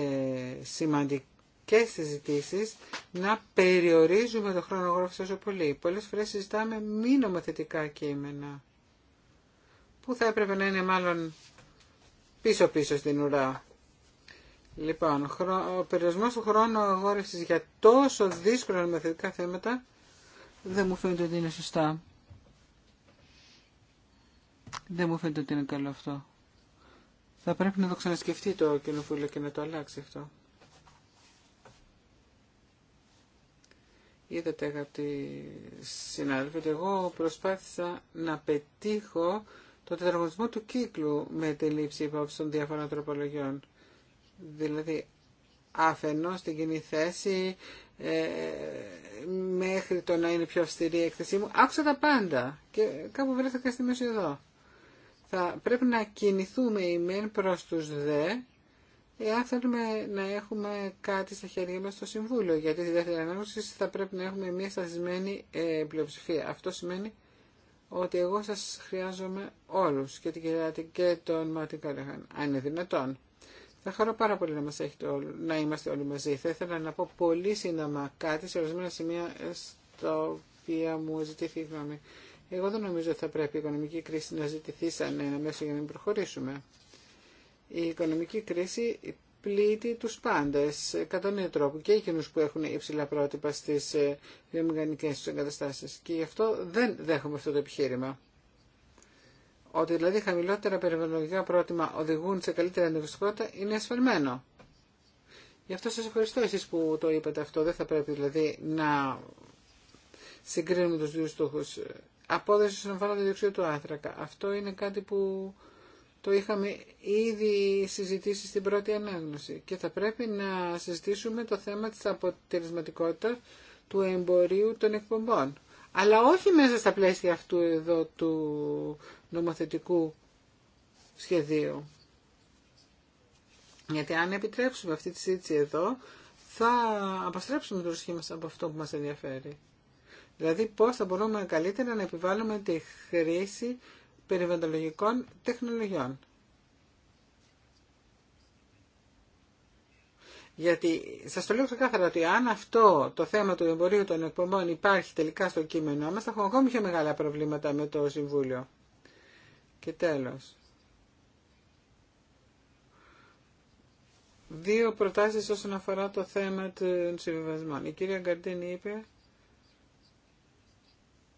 σημαντικές συζητήσεις να περιορίζουμε το χρόνο τόσο πολύ. Πολλές φορές συζητάμε μη νομοθετικά κείμενα που θα έπρεπε να είναι μάλλον πίσω-πίσω στην ουρά. Λοιπόν, ο περιορισμό του χρόνου αγόρευση για τόσο δύσκολα νομοθετικά θέματα δεν μου φαίνεται ότι είναι σωστά. Δεν μου φαίνεται ότι είναι καλό αυτό. Θα πρέπει να το ξανασκεφτεί το κοινοβούλιο και να το αλλάξει αυτό. Είδατε αγαπητοί συνάδελφοι ότι εγώ προσπάθησα να πετύχω το τετραγωνισμό του κύκλου με τη λήψη υπόψη των διαφορών τροπολογιών. Δηλαδή αφενός στην κοινή θέση ε, μέχρι το να είναι πιο αυστηρή η έκθεσή μου, άκουσα τα πάντα και κάπου βρέθηκα στη μέση εδώ. Θα πρέπει να κινηθούμε ημέν προς τους δε, εάν θέλουμε να έχουμε κάτι στα χέρια μας στο Συμβούλιο, γιατί στη δεύτερη ανάγνωση θα πρέπει να έχουμε μια σταθισμένη ε, πλειοψηφία. Αυτό σημαίνει ότι εγώ σας χρειάζομαι όλους και, την κυρία, και τον Μάρτιν Καλεχάν, αν είναι δυνατόν. Θα χαρώ πάρα πολύ να, μας να είμαστε όλοι μαζί. Θα ήθελα να πω πολύ σύντομα κάτι σε ορισμένα σημεία στα οποία μου ζητήθηκε η γνώμη. Εγώ δεν νομίζω ότι θα πρέπει η οικονομική κρίση να ζητηθεί σαν ένα μέσο για να μην προχωρήσουμε. Η οικονομική κρίση πλήττει τους πάντες, κατά νέο τρόπο, και εκείνους που έχουν υψηλά πρότυπα στις ε, βιομηχανικές τους εγκαταστάσεις. Και γι' αυτό δεν δέχομαι αυτό το επιχείρημα. Ότι δηλαδή χαμηλότερα περιβαλλοντικά πρότυπα οδηγούν σε καλύτερη ανταγωνιστικότητα είναι ασφαλμένο. Γι' αυτό σας ευχαριστώ εσείς που το είπατε αυτό. Δεν θα πρέπει δηλαδή να συγκρίνουμε τους δύο στόχους. Απόδοση στον αφορά το του άνθρακα. Αυτό είναι κάτι που το είχαμε ήδη συζητήσει στην πρώτη ανάγνωση και θα πρέπει να συζητήσουμε το θέμα της αποτελεσματικότητας του εμπορίου των εκπομπών. Αλλά όχι μέσα στα πλαίσια αυτού εδώ του νομοθετικού σχεδίου. Γιατί αν επιτρέψουμε αυτή τη σύντηση εδώ, θα αποστρέψουμε το ρωσική από αυτό που μας ενδιαφέρει. Δηλαδή πώς θα μπορούμε καλύτερα να επιβάλλουμε τη χρήση περιβαλλοντολογικών τεχνολογιών. Γιατί σας το λέω ξεκάθαρα ότι αν αυτό το θέμα του εμπορίου των εκπομπών υπάρχει τελικά στο κείμενό μα, θα έχουμε ακόμη πιο μεγάλα προβλήματα με το Συμβούλιο. Και τέλος. Δύο προτάσεις όσον αφορά το θέμα των συμβιβασμών. Η κυρία Γκαρντίνη είπε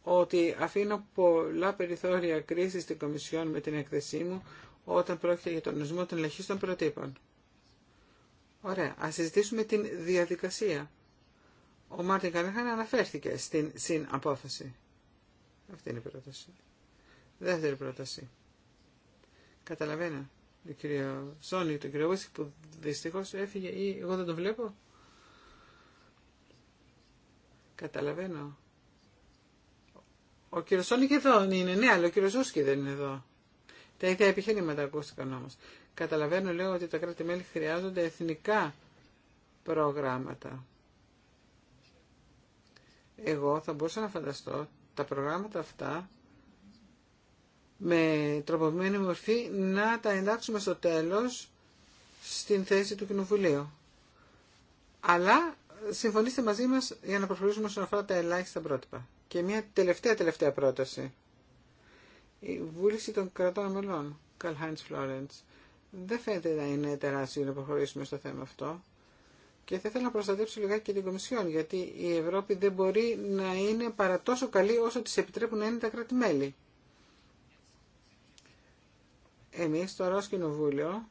ότι αφήνω πολλά περιθώρια κρίση στην Κομισιόν με την έκθεσή μου όταν πρόκειται για τον ορισμό των ελαχίστων προτύπων. Ωραία, ας συζητήσουμε την διαδικασία. Ο Μάρτιν Κανέχαν αναφέρθηκε στην συναπόφαση. Αυτή είναι η πρόταση. Δεύτερη πρόταση. Καταλαβαίνω Ο κύριο Σόνι, τον κύριο Βούσκι που δυστυχώ έφυγε ή εγώ δεν τον βλέπω. Καταλαβαίνω. Ο κύριο και εδώ είναι, ναι, αλλά ο κύριο Ζούσκι δεν είναι εδώ. Τα ίδια επιχειρήματα ακούστηκαν όμω. Καταλαβαίνω, λέω, ότι τα κράτη-μέλη χρειάζονται εθνικά προγράμματα. Εγώ θα μπορούσα να φανταστώ τα προγράμματα αυτά με τροποποιημένη μορφή να τα εντάξουμε στο τέλος στην θέση του Κοινοβουλίου. Αλλά συμφωνήστε μαζί μας για να προχωρήσουμε όσον αφορά τα ελάχιστα πρότυπα. Και μια τελευταία τελευταία πρόταση. Η βούληση των κρατών μελών, Καλ Χάιντς Φλόρεντς, δεν φαίνεται να είναι τεράστιο να προχωρήσουμε στο θέμα αυτό. Και θα ήθελα να προστατεύσω λιγάκι και την Κομισιόν, γιατί η Ευρώπη δεν μπορεί να είναι παρά τόσο καλή όσο τις επιτρέπουν να είναι τα κράτη-μέλη. Εμείς το κοινοβούλιο,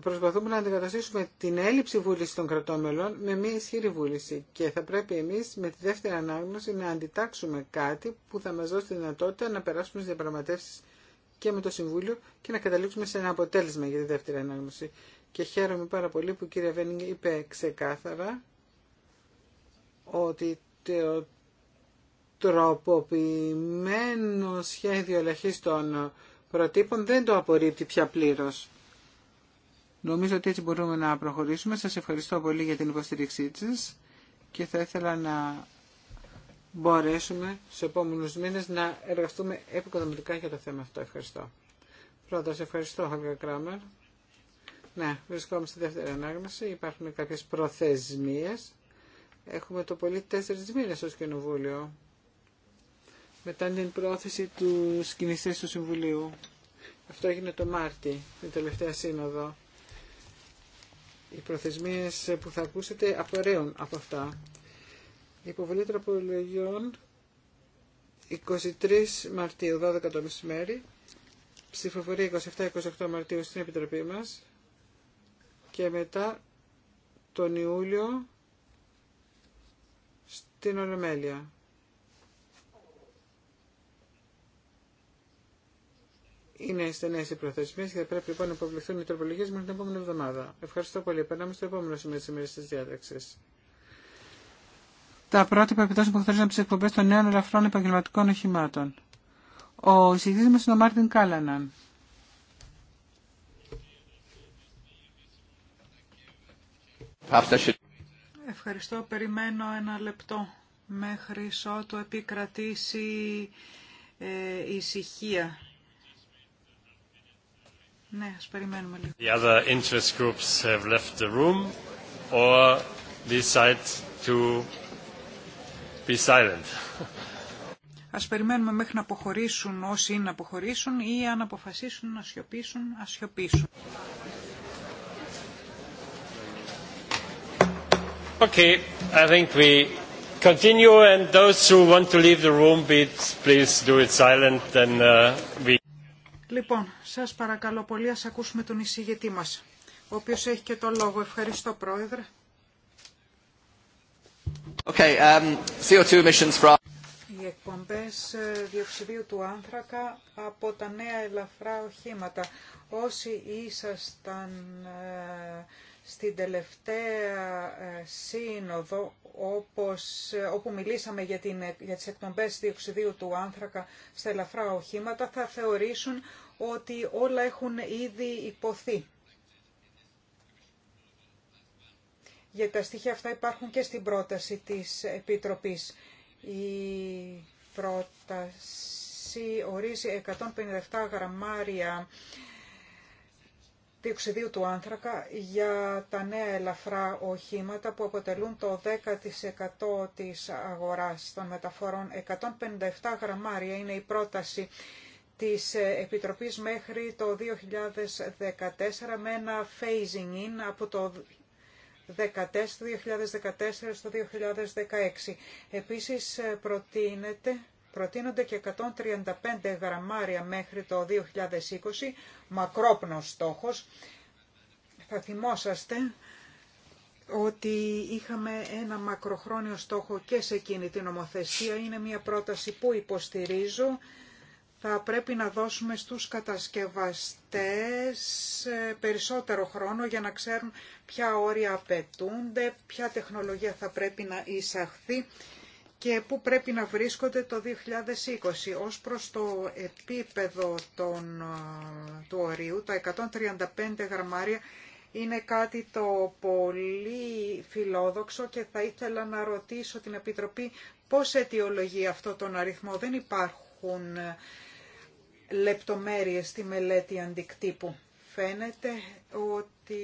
προσπαθούμε να αντικαταστήσουμε την έλλειψη βούληση των κρατών μελών με μια ισχυρή βούληση και θα πρέπει εμείς με τη δεύτερη ανάγνωση να αντιτάξουμε κάτι που θα μας δώσει τη δυνατότητα να περάσουμε στις διαπραγματεύσεις και με το Συμβούλιο και να καταλήξουμε σε ένα αποτέλεσμα για τη δεύτερη ανάγνωση. Και χαίρομαι πάρα πολύ που η κυρία Βένιγκ είπε ξεκάθαρα ότι το τροποποιημένο σχέδιο ελεγχής των προτύπων δεν το απορρίπτει πια πλήρως. Νομίζω ότι έτσι μπορούμε να προχωρήσουμε. Σας ευχαριστώ πολύ για την υποστήριξή σας και θα ήθελα να μπορέσουμε στους επόμενους μήνες να εργαστούμε επικοδομητικά για το θέμα αυτό. Ευχαριστώ. Πρώτα, σε ευχαριστώ, Χαλκα Κράμερ. Ναι, βρισκόμαστε στη δεύτερη ανάγνωση. Υπάρχουν κάποιες προθεσμίες. Έχουμε το πολύ τέσσερις μήνες ως Κοινοβούλιο μετά την πρόθεση του σκηνιστή του Συμβουλίου. Αυτό έγινε το Μάρτι, την τελευταία σύνοδο. Οι προθεσμίες που θα ακούσετε απορρέουν από αυτά. Η υποβολή τροπολογιών 23 Μαρτίου, 12 το μεσημέρι, ψηφοφορία 27-28 Μαρτίου στην Επιτροπή μας και μετά τον Ιούλιο στην Ολομέλεια. Είναι στενέ οι προθεσμίε και θα πρέπει λοιπόν να υποβληθούν οι τροπολογίε μέχρι την επόμενη εβδομάδα. Ευχαριστώ πολύ. Περνάμε στο επόμενο σημείο τη ημέρα τη διάταξη. Τα πρότυπα επιδόσεων που χωρίζουν από τι εκπομπέ των νέων ελαφρών επαγγελματικών οχημάτων. Ο εισηγητή μα είναι ο Μάρτιν Κάλαναν. Ευχαριστώ. Περιμένω ένα λεπτό μέχρι ότου επικρατήσει ε, ησυχία ναι, ας περιμένουμε λίγο. The other interest groups have left the room or decide to be silent. Ας περιμένουμε μέχρι να αποχωρήσουν όσοι είναι να αποχωρήσουν ή αν αποφασίσουν να σιωπήσουν, να σιωπήσουν. Okay, I think we continue and those who want to leave the room, please do it silent, then we Λοιπόν, σας παρακαλώ πολύ, ας ακούσουμε τον εισηγητή μας, ο οποίος έχει και το λόγο. Ευχαριστώ, Πρόεδρε. Okay, um, CO2 emissions from... Οι εκπομπές ε, διοξιδίου του άνθρακα από τα νέα ελαφρά οχήματα. Όσοι ήσασταν ε, στην τελευταία ε, σύνοδο, όπως, ε, όπου μιλήσαμε για, την, ε, για τις εκπομπές διοξιδίου του άνθρακα στα ελαφρά οχήματα, θα θεωρήσουν ότι όλα έχουν ήδη υποθεί. Γιατί τα στοιχεία αυτά υπάρχουν και στην πρόταση της Επιτροπής. Η πρόταση ορίζει 157 γραμμάρια διοξιδίου του άνθρακα για τα νέα ελαφρά οχήματα που αποτελούν το 10% της αγοράς των μεταφορών. 157 γραμμάρια είναι η πρόταση της Επιτροπής μέχρι το 2014 με ένα phasing in από το 2014 στο 2016. Επίσης προτείνεται προτείνονται και 135 γραμμάρια μέχρι το 2020, μακρόπνος στόχος. Θα θυμόσαστε ότι είχαμε ένα μακροχρόνιο στόχο και σε εκείνη την νομοθεσία. Είναι μια πρόταση που υποστηρίζω. Θα πρέπει να δώσουμε στους κατασκευαστές ε, περισσότερο χρόνο για να ξέρουν ποια όρια απαιτούνται, ποια τεχνολογία θα πρέπει να εισαχθεί και πού πρέπει να βρίσκονται το 2020 ως προς το επίπεδο των, του ορίου. Τα 135 γραμμάρια είναι κάτι το πολύ φιλόδοξο και θα ήθελα να ρωτήσω την Επιτροπή πώς αιτιολογεί αυτό τον αριθμό. Δεν υπάρχουν ε, λεπτομέρειες στη μελέτη αντικτύπου. Φαίνεται ότι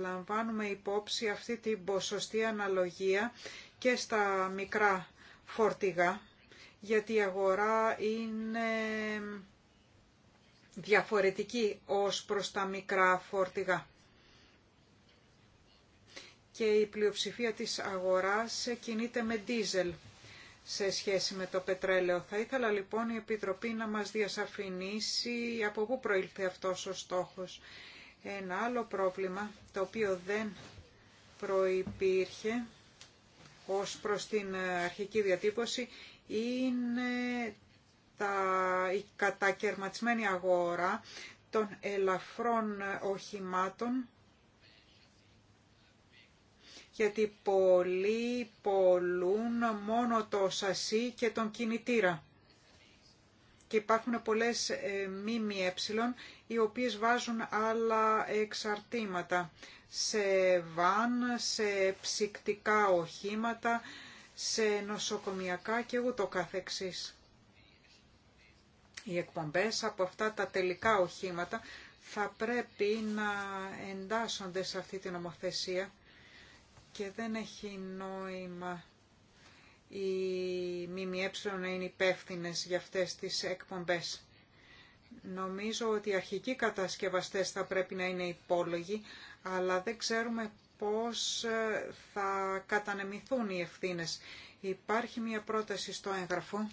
λαμβάνουμε υπόψη αυτή την ποσοστή αναλογία και στα μικρά φορτηγά, γιατί η αγορά είναι διαφορετική ως προς τα μικρά φορτηγά. Και η πλειοψηφία της αγοράς κινείται με δίζελ σε σχέση με το πετρέλαιο. Θα ήθελα λοιπόν η Επιτροπή να μας διασαφηνίσει από πού προήλθε αυτός ο στόχος. Ένα άλλο πρόβλημα το οποίο δεν προϋπήρχε ως προς την ε, αρχική διατύπωση είναι τα, η κατακαιρματισμένη αγορά των ελαφρών ε, οχημάτων γιατί πολλοί πολλούν μόνο το σασί και τον κινητήρα. Και υπάρχουν πολλές ε, μήμοι ε, οι οποίες βάζουν άλλα εξαρτήματα σε βαν, σε ψυκτικά οχήματα, σε νοσοκομιακά και ούτω καθεξής. Οι εκπομπές από αυτά τα τελικά οχήματα θα πρέπει να εντάσσονται σε αυτή την ομοθεσία και δεν έχει νόημα οι ΜΜΕ να είναι υπεύθυνε για αυτές τις εκπομπές. Νομίζω ότι οι αρχικοί κατασκευαστές θα πρέπει να είναι υπόλογοι, αλλά δεν ξέρουμε πώς ε, θα κατανεμηθούν οι ευθύνες. Υπάρχει μια πρόταση στο έγγραφο,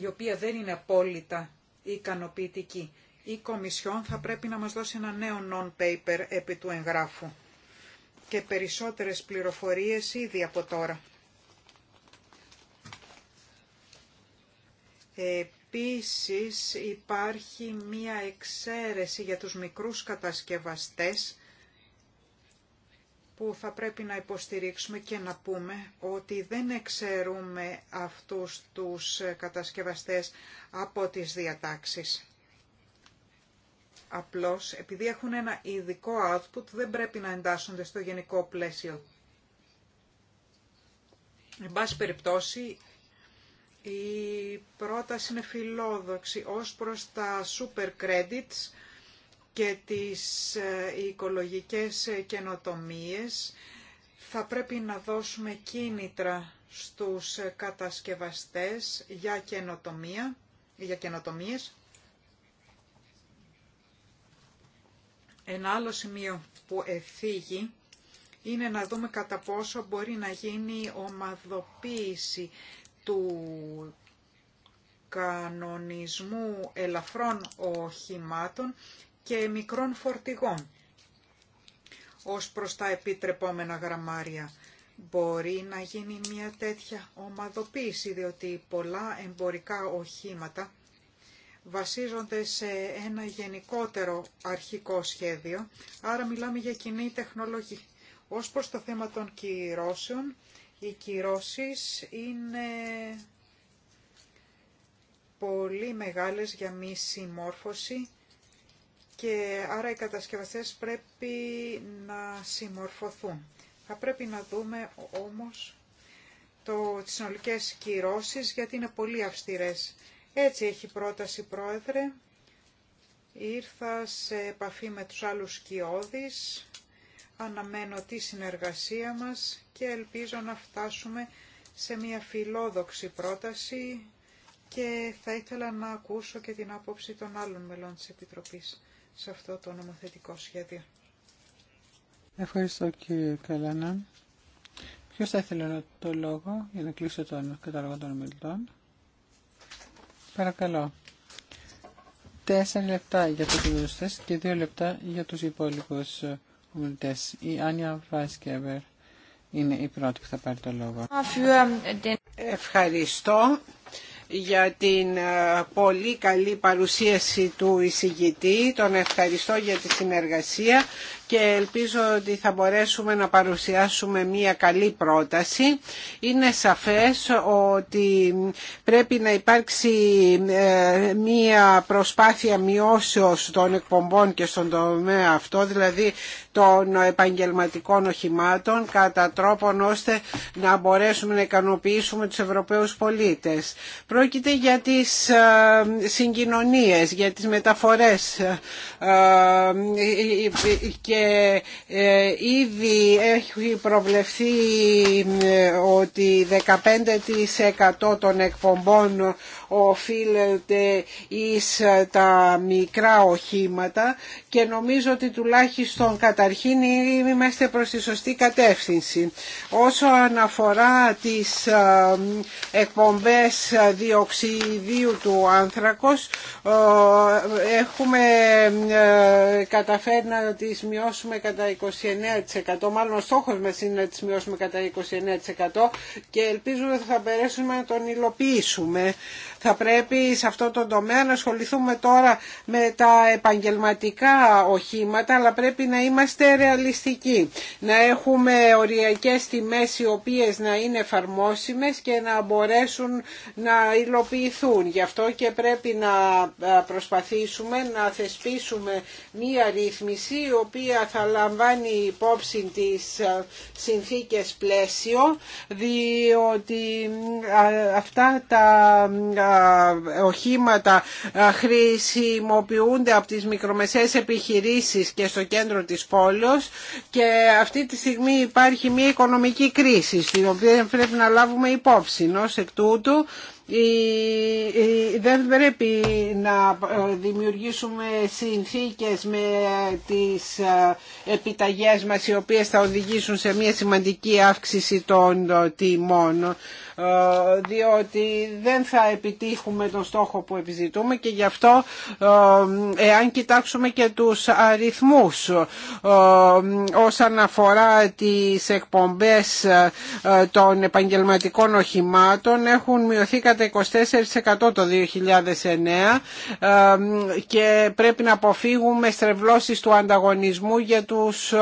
η οποία δεν είναι απόλυτα ικανοποιητική. Η Κομισιόν θα πρέπει να μας δώσει ένα νέο non-paper επί του εγγράφου και περισσότερες πληροφορίες ήδη από τώρα. Επίσης υπάρχει μία εξαίρεση για τους μικρούς κατασκευαστές που θα πρέπει να υποστηρίξουμε και να πούμε ότι δεν εξαιρούμε αυτούς τους κατασκευαστές από τις διατάξεις. Απλώς, επειδή έχουν ένα ειδικό output, δεν πρέπει να εντάσσονται στο γενικό πλαίσιο. Εν πάση περιπτώσει, η πρόταση είναι φιλόδοξη ως προς τα super credits και τις ε, οικολογικές ε, καινοτομίες. Θα πρέπει να δώσουμε κίνητρα στους ε, κατασκευαστές για καινοτομία, για καινοτομίες. Ένα άλλο σημείο που εφήγει είναι να δούμε κατά πόσο μπορεί να γίνει ομαδοποίηση του κανονισμού ελαφρών οχημάτων και μικρών φορτηγών ως προς τα επιτρεπόμενα γραμμάρια. Μπορεί να γίνει μια τέτοια ομαδοποίηση, διότι πολλά εμπορικά οχήματα βασίζονται σε ένα γενικότερο αρχικό σχέδιο, άρα μιλάμε για κοινή τεχνολογία. Ως προς το θέμα των κυρώσεων, οι κυρώσεις είναι πολύ μεγάλες για μη συμμόρφωση και άρα οι κατασκευαστές πρέπει να συμμορφωθούν. Θα πρέπει να δούμε όμως το, τις συνολικές γιατί είναι πολύ αυστηρές. Έτσι έχει πρόταση πρόεδρε. Ήρθα σε επαφή με τους άλλους κοιόδης αναμένω τη συνεργασία μας και ελπίζω να φτάσουμε σε μια φιλόδοξη πρόταση και θα ήθελα να ακούσω και την άποψη των άλλων μελών της Επιτροπής σε αυτό το νομοθετικό σχέδιο. Ευχαριστώ κύριε Καλάνα. Ποιος θα ήθελε το λόγο για να κλείσω τον κατάλογο των μελών. Παρακαλώ. Τέσσερα λεπτά για τους ομιλητές και δύο λεπτά για τους υπόλοιπους. Η Άνια Βάσκεβερ είναι η πρώτη που θα πάρει το λόγο. Ε, Ευχαριστώ για την ε, πολύ καλή παρουσίαση του εισηγητή. Τον ευχαριστώ για τη συνεργασία και ελπίζω ότι θα μπορέσουμε να παρουσιάσουμε μια καλή πρόταση. Είναι σαφές ότι πρέπει να υπάρξει ε, μια προσπάθεια μειώσεως των εκπομπών και στον τομέα αυτό, δηλαδή των επαγγελματικών οχημάτων κατά τρόπον ώστε να μπορέσουμε να ικανοποιήσουμε τους Ευρωπαίους πολίτες. Πρόκειται για τις ε, συγκοινωνίες, για τις μεταφορές ε, ε, και ήδη έχει προβλεφθεί ότι 15% των εκπομπών οφείλεται εις ε, τα μικρά οχήματα και νομίζω ότι τουλάχιστον καταρχήν είμαστε προς τη σωστή κατεύθυνση. Όσο αναφορά τις ε, εκπομπές διοξιδίου του άνθρακος ε, έχουμε καταφέρει να τις μειώσουμε κατά 29% μάλλον ο στόχος μας είναι να τις μειώσουμε κατά 29% και ελπίζουμε ότι θα περάσουμε να τον υλοποιήσουμε. Θα πρέπει σε αυτό το τομέα να ασχοληθούμε τώρα με τα επαγγελματικά οχήματα, αλλά πρέπει να είμαστε ρεαλιστικοί. Να έχουμε οριακές τιμές οι οποίες να είναι εφαρμόσιμες και να μπορέσουν να υλοποιηθούν. Γι' αυτό και πρέπει να ε, προσπαθήσουμε να θεσπίσουμε μία ρύθμιση η οποία θα λαμβάνει υπόψη τις ε, συνθήκες πλαίσιο διότι ε, αυτά τα οχήματα χρησιμοποιούνται από τις μικρομεσαίες επιχειρήσεις και στο κέντρο της πόλεως και αυτή τη στιγμή υπάρχει μια οικονομική κρίση στην οποία πρέπει να λάβουμε υπόψη ως εκ τούτου δεν πρέπει να ε, δημιουργήσουμε συνθήκες με τις ε, επιταγές μας οι οποίες θα οδηγήσουν σε μια σημαντική αύξηση των ε, τιμών. Ε, διότι δεν θα επιτύχουμε τον στόχο που επιζητούμε και γι' αυτό ε, εάν κοιτάξουμε και τους αριθμούς ε, όσον αφορά τις εκπομπές των επαγγελματικών οχημάτων έχουν μειωθεί κατά 24% το 2009 και πρέπει να αποφύγουμε στρεβλώσεις του ανταγωνισμού για τους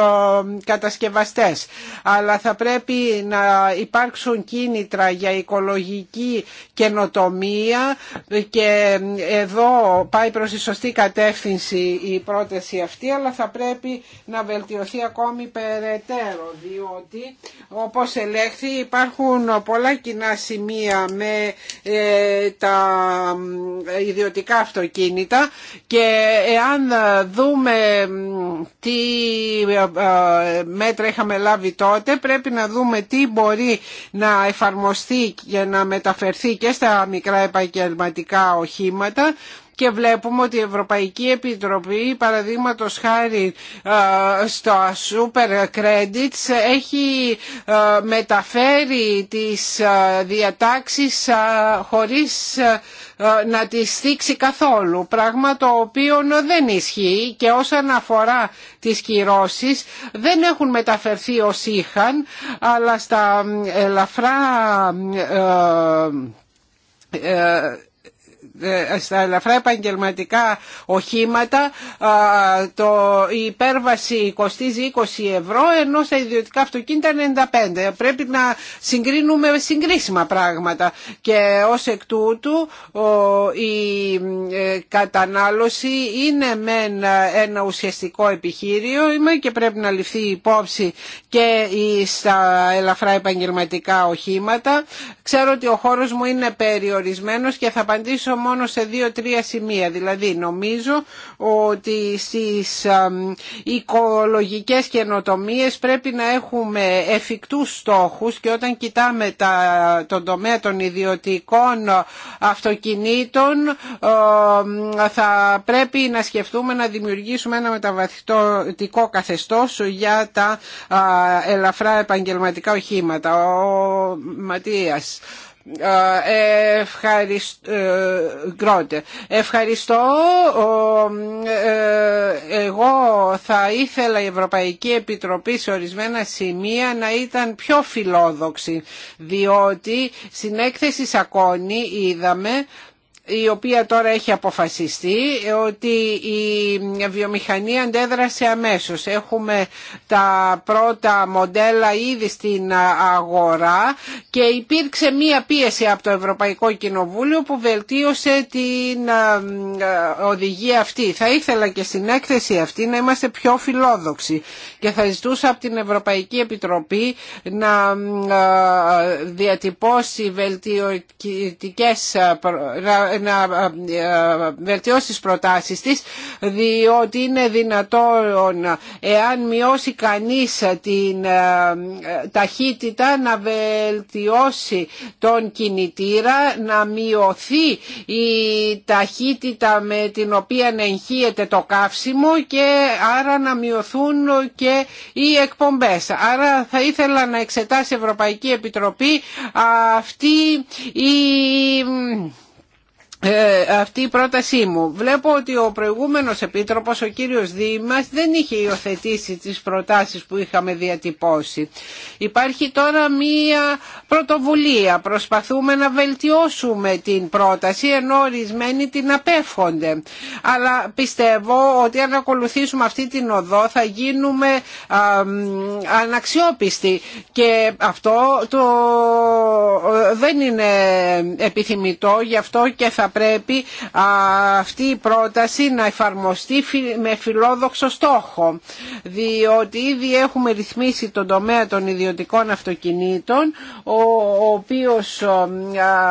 κατασκευαστές αλλά θα πρέπει να υπάρξουν κίνητρα για οικολογική καινοτομία και εδώ πάει προς τη σωστή κατεύθυνση η πρόταση αυτή αλλά θα πρέπει να βελτιωθεί ακόμη περαιτέρω διότι όπως ελέγχθη υπάρχουν πολλά κοινά σημεία με ε, τα ε, ιδιωτικά αυτοκίνητα και εάν δούμε τι ε, μέτρα είχαμε λάβει τότε πρέπει να δούμε τι μπορεί να εφαρμοστεί για να μεταφερθεί και στα μικρά επαγγελματικά οχήματα και βλέπουμε ότι η Ευρωπαϊκή Επιτροπή παραδείγματο χάρη στο super credits έχει μεταφέρει τις διατάξεις χωρίς να τη στήξει καθόλου, πράγμα το οποίο δεν ισχύει και όσον αφορά τις κυρώσεις δεν έχουν μεταφερθεί ως είχαν, αλλά στα ε, ελαφρά ε, ε, ε, στα ελαφρά επαγγελματικά οχήματα το, η υπέρβαση κοστίζει 20 ευρώ ενώ στα ιδιωτικά αυτοκίνητα 95. Πρέπει να συγκρίνουμε συγκρίσιμα πράγματα και ως εκ τούτου η ε, κατανάλωση είναι με ένα ουσιαστικό επιχείρημα και πρέπει να ληφθεί υπόψη και στα ελαφρά επαγγελματικά οχήματα. Ξέρω ότι ο χώρος μου είναι περιορισμένος και θα απαντήσω μόνο σε δύο-τρία σημεία. Δηλαδή νομίζω ότι στις οικολογικές καινοτομίες πρέπει να έχουμε εφικτούς στόχους και όταν κοιτάμε τα, τον τομέα των ιδιωτικών αυτοκινήτων θα πρέπει να σκεφτούμε να δημιουργήσουμε ένα μεταβατικό καθεστώς για τα ελαφρά επαγγελματικά οχήματα. Ο Ματίας ε, ε, Ευχαριστώ, Ευχαριστώ. Εγώ θα ήθελα η Ευρωπαϊκή Επιτροπή σε ορισμένα σημεία να ήταν πιο φιλόδοξη, διότι στην έκθεση Σακώνη είδαμε η οποία τώρα έχει αποφασιστεί ότι η βιομηχανία αντέδρασε αμέσως. Έχουμε τα πρώτα μοντέλα ήδη στην αγορά και υπήρξε μία πίεση από το Ευρωπαϊκό Κοινοβούλιο που βελτίωσε την ε, ε, οδηγία αυτή. Θα ήθελα και στην έκθεση αυτή να είμαστε πιο φιλόδοξοι και θα ζητούσα από την Ευρωπαϊκή Επιτροπή να ε, διατυπώσει βελτιωτικές να ε, ε, βελτιώσει τις προτάσεις της διότι είναι δυνατόν εάν μειώσει κανείς την ε, ταχύτητα να βελτιώσει τον κινητήρα να μειωθεί η ταχύτητα με την οποία εγχύεται το καύσιμο και άρα να μειωθούν και οι εκπομπές. Άρα θα ήθελα να εξετάσει η Ευρωπαϊκή Επιτροπή αυτή η ε, αυτή η πρότασή μου. Βλέπω ότι ο προηγούμενος επίτροπος, ο κύριος Δήμας, δεν είχε υιοθετήσει τις προτάσεις που είχαμε διατυπώσει. Υπάρχει τώρα μία πρωτοβουλία. Προσπαθούμε να βελτιώσουμε την πρόταση, ενώ ορισμένοι την απέφχονται. Αλλά πιστεύω ότι αν ακολουθήσουμε αυτή την οδό θα γίνουμε αναξιόπιστοι. Και αυτό το... Ε, δεν είναι επιθυμητό, γι' αυτό και θα πρέπει αυτή η πρόταση να εφαρμοστεί με φιλόδοξο στόχο διότι ήδη έχουμε ρυθμίσει τον τομέα των ιδιωτικών αυτοκινήτων ο οποίος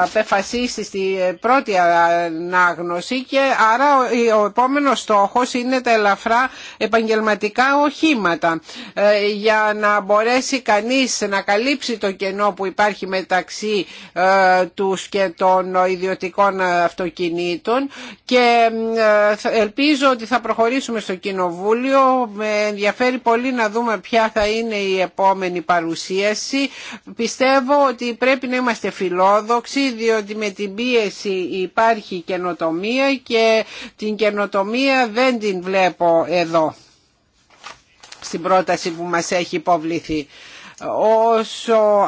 απεφασίσει στη πρώτη ανάγνωση και άρα ο επόμενος στόχος είναι τα ελαφρά επαγγελματικά οχήματα ε, για να μπορέσει κανείς να καλύψει το κενό που υπάρχει μεταξύ ε, τους και των ιδιωτικών αυτοκινήτων αυτοκινήτων και ε, ελπίζω ότι θα προχωρήσουμε στο Κοινοβούλιο. Με ενδιαφέρει πολύ να δούμε ποια θα είναι η επόμενη παρουσίαση. Πιστεύω ότι πρέπει να είμαστε φιλόδοξοι διότι με την πίεση υπάρχει καινοτομία και την καινοτομία δεν την βλέπω εδώ στην πρόταση που μας έχει υποβληθεί όσο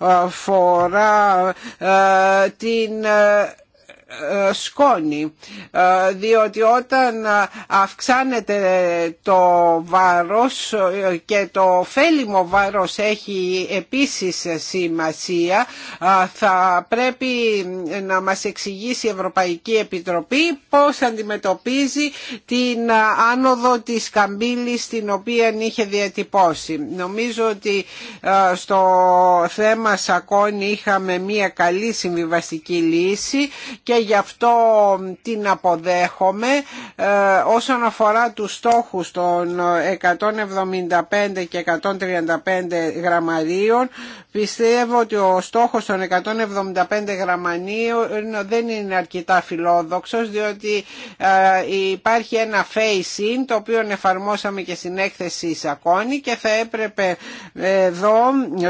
αναφορά ε, την ε, ε, σκόνη ε, διότι όταν ε, αυξάνεται το βάρος και το φέλιμο βάρος έχει επίσης σημασία θα πρέπει να μας εξηγήσει η Ευρωπαϊκή Επιτροπή πώς αντιμετωπίζει την άνοδο της καμπύλης την οποία είχε διατυπώσει. Νομίζω ότι στο θέμα σακόνη είχαμε μια καλή συμβιβαστική λύση και γι' αυτό την αποδέχομαι ε, όσον αφορά τους στόχους των 175 ε, και 135 γραμμαρίων πιστεύω ότι ο στόχος των 175 γραμμαρίων δεν είναι αρκετά φιλόδοξος διότι ε, υπάρχει ένα face-in το οποίο εφαρμόσαμε και στην έκθεση Σακώνη και θα έπρεπε εδώ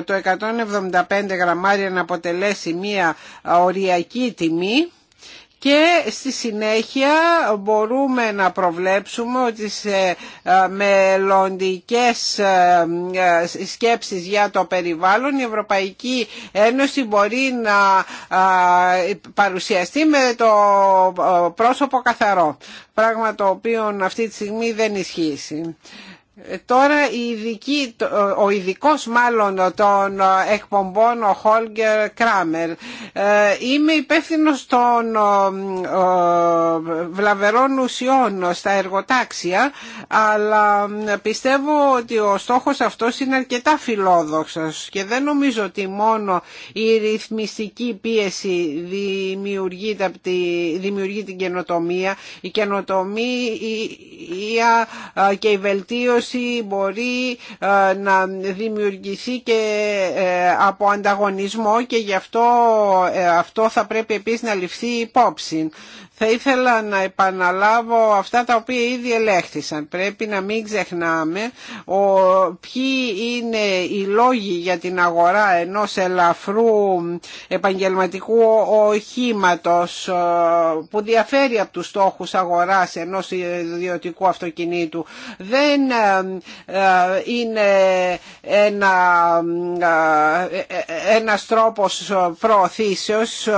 το 175 γραμμάρια να αποτελέσει μια οριακή τιμή και στη συνέχεια μπορούμε να προβλέψουμε ότι σε ε, μελλοντικές ε, ε, σκέψεις για το περιβάλλον η Ευρωπαϊκή Ένωση μπορεί να παρουσιαστεί με το πρόσωπο καθαρό, πράγμα το οποίο αυτή τη στιγμή δεν ισχύει. Τώρα η ο ειδικό μάλλον των εκπομπών, ο Χόλγκερ Κράμερ, είμαι υπεύθυνο των βλαβερών ουσιών στα εργοτάξια, αλλά πιστεύω ότι ο στόχος αυτός είναι αρκετά φιλόδοξος και δεν νομίζω ότι μόνο η ρυθμιστική πίεση δημιουργεί, δημιουργεί την καινοτομία. Η καινοτομία και η βελτίωση μπορεί ε, να δημιουργηθεί και ε, από ανταγωνισμό και γι' αυτό ε, αυτό θα πρέπει επίσης να ληφθεί υπόψη. Θα ήθελα να επαναλάβω αυτά τα οποία ήδη ελέγχθησαν. Πρέπει να μην ξεχνάμε ο, ποιοι είναι οι λόγοι για την αγορά ενός ελαφρού επαγγελματικού οχήματος ε, που διαφέρει από τους στόχους αγοράς ενός ιδιωτικού αυτοκινήτου. Δεν ε, ε, είναι ένα, ένας τρόπος προωθήσεως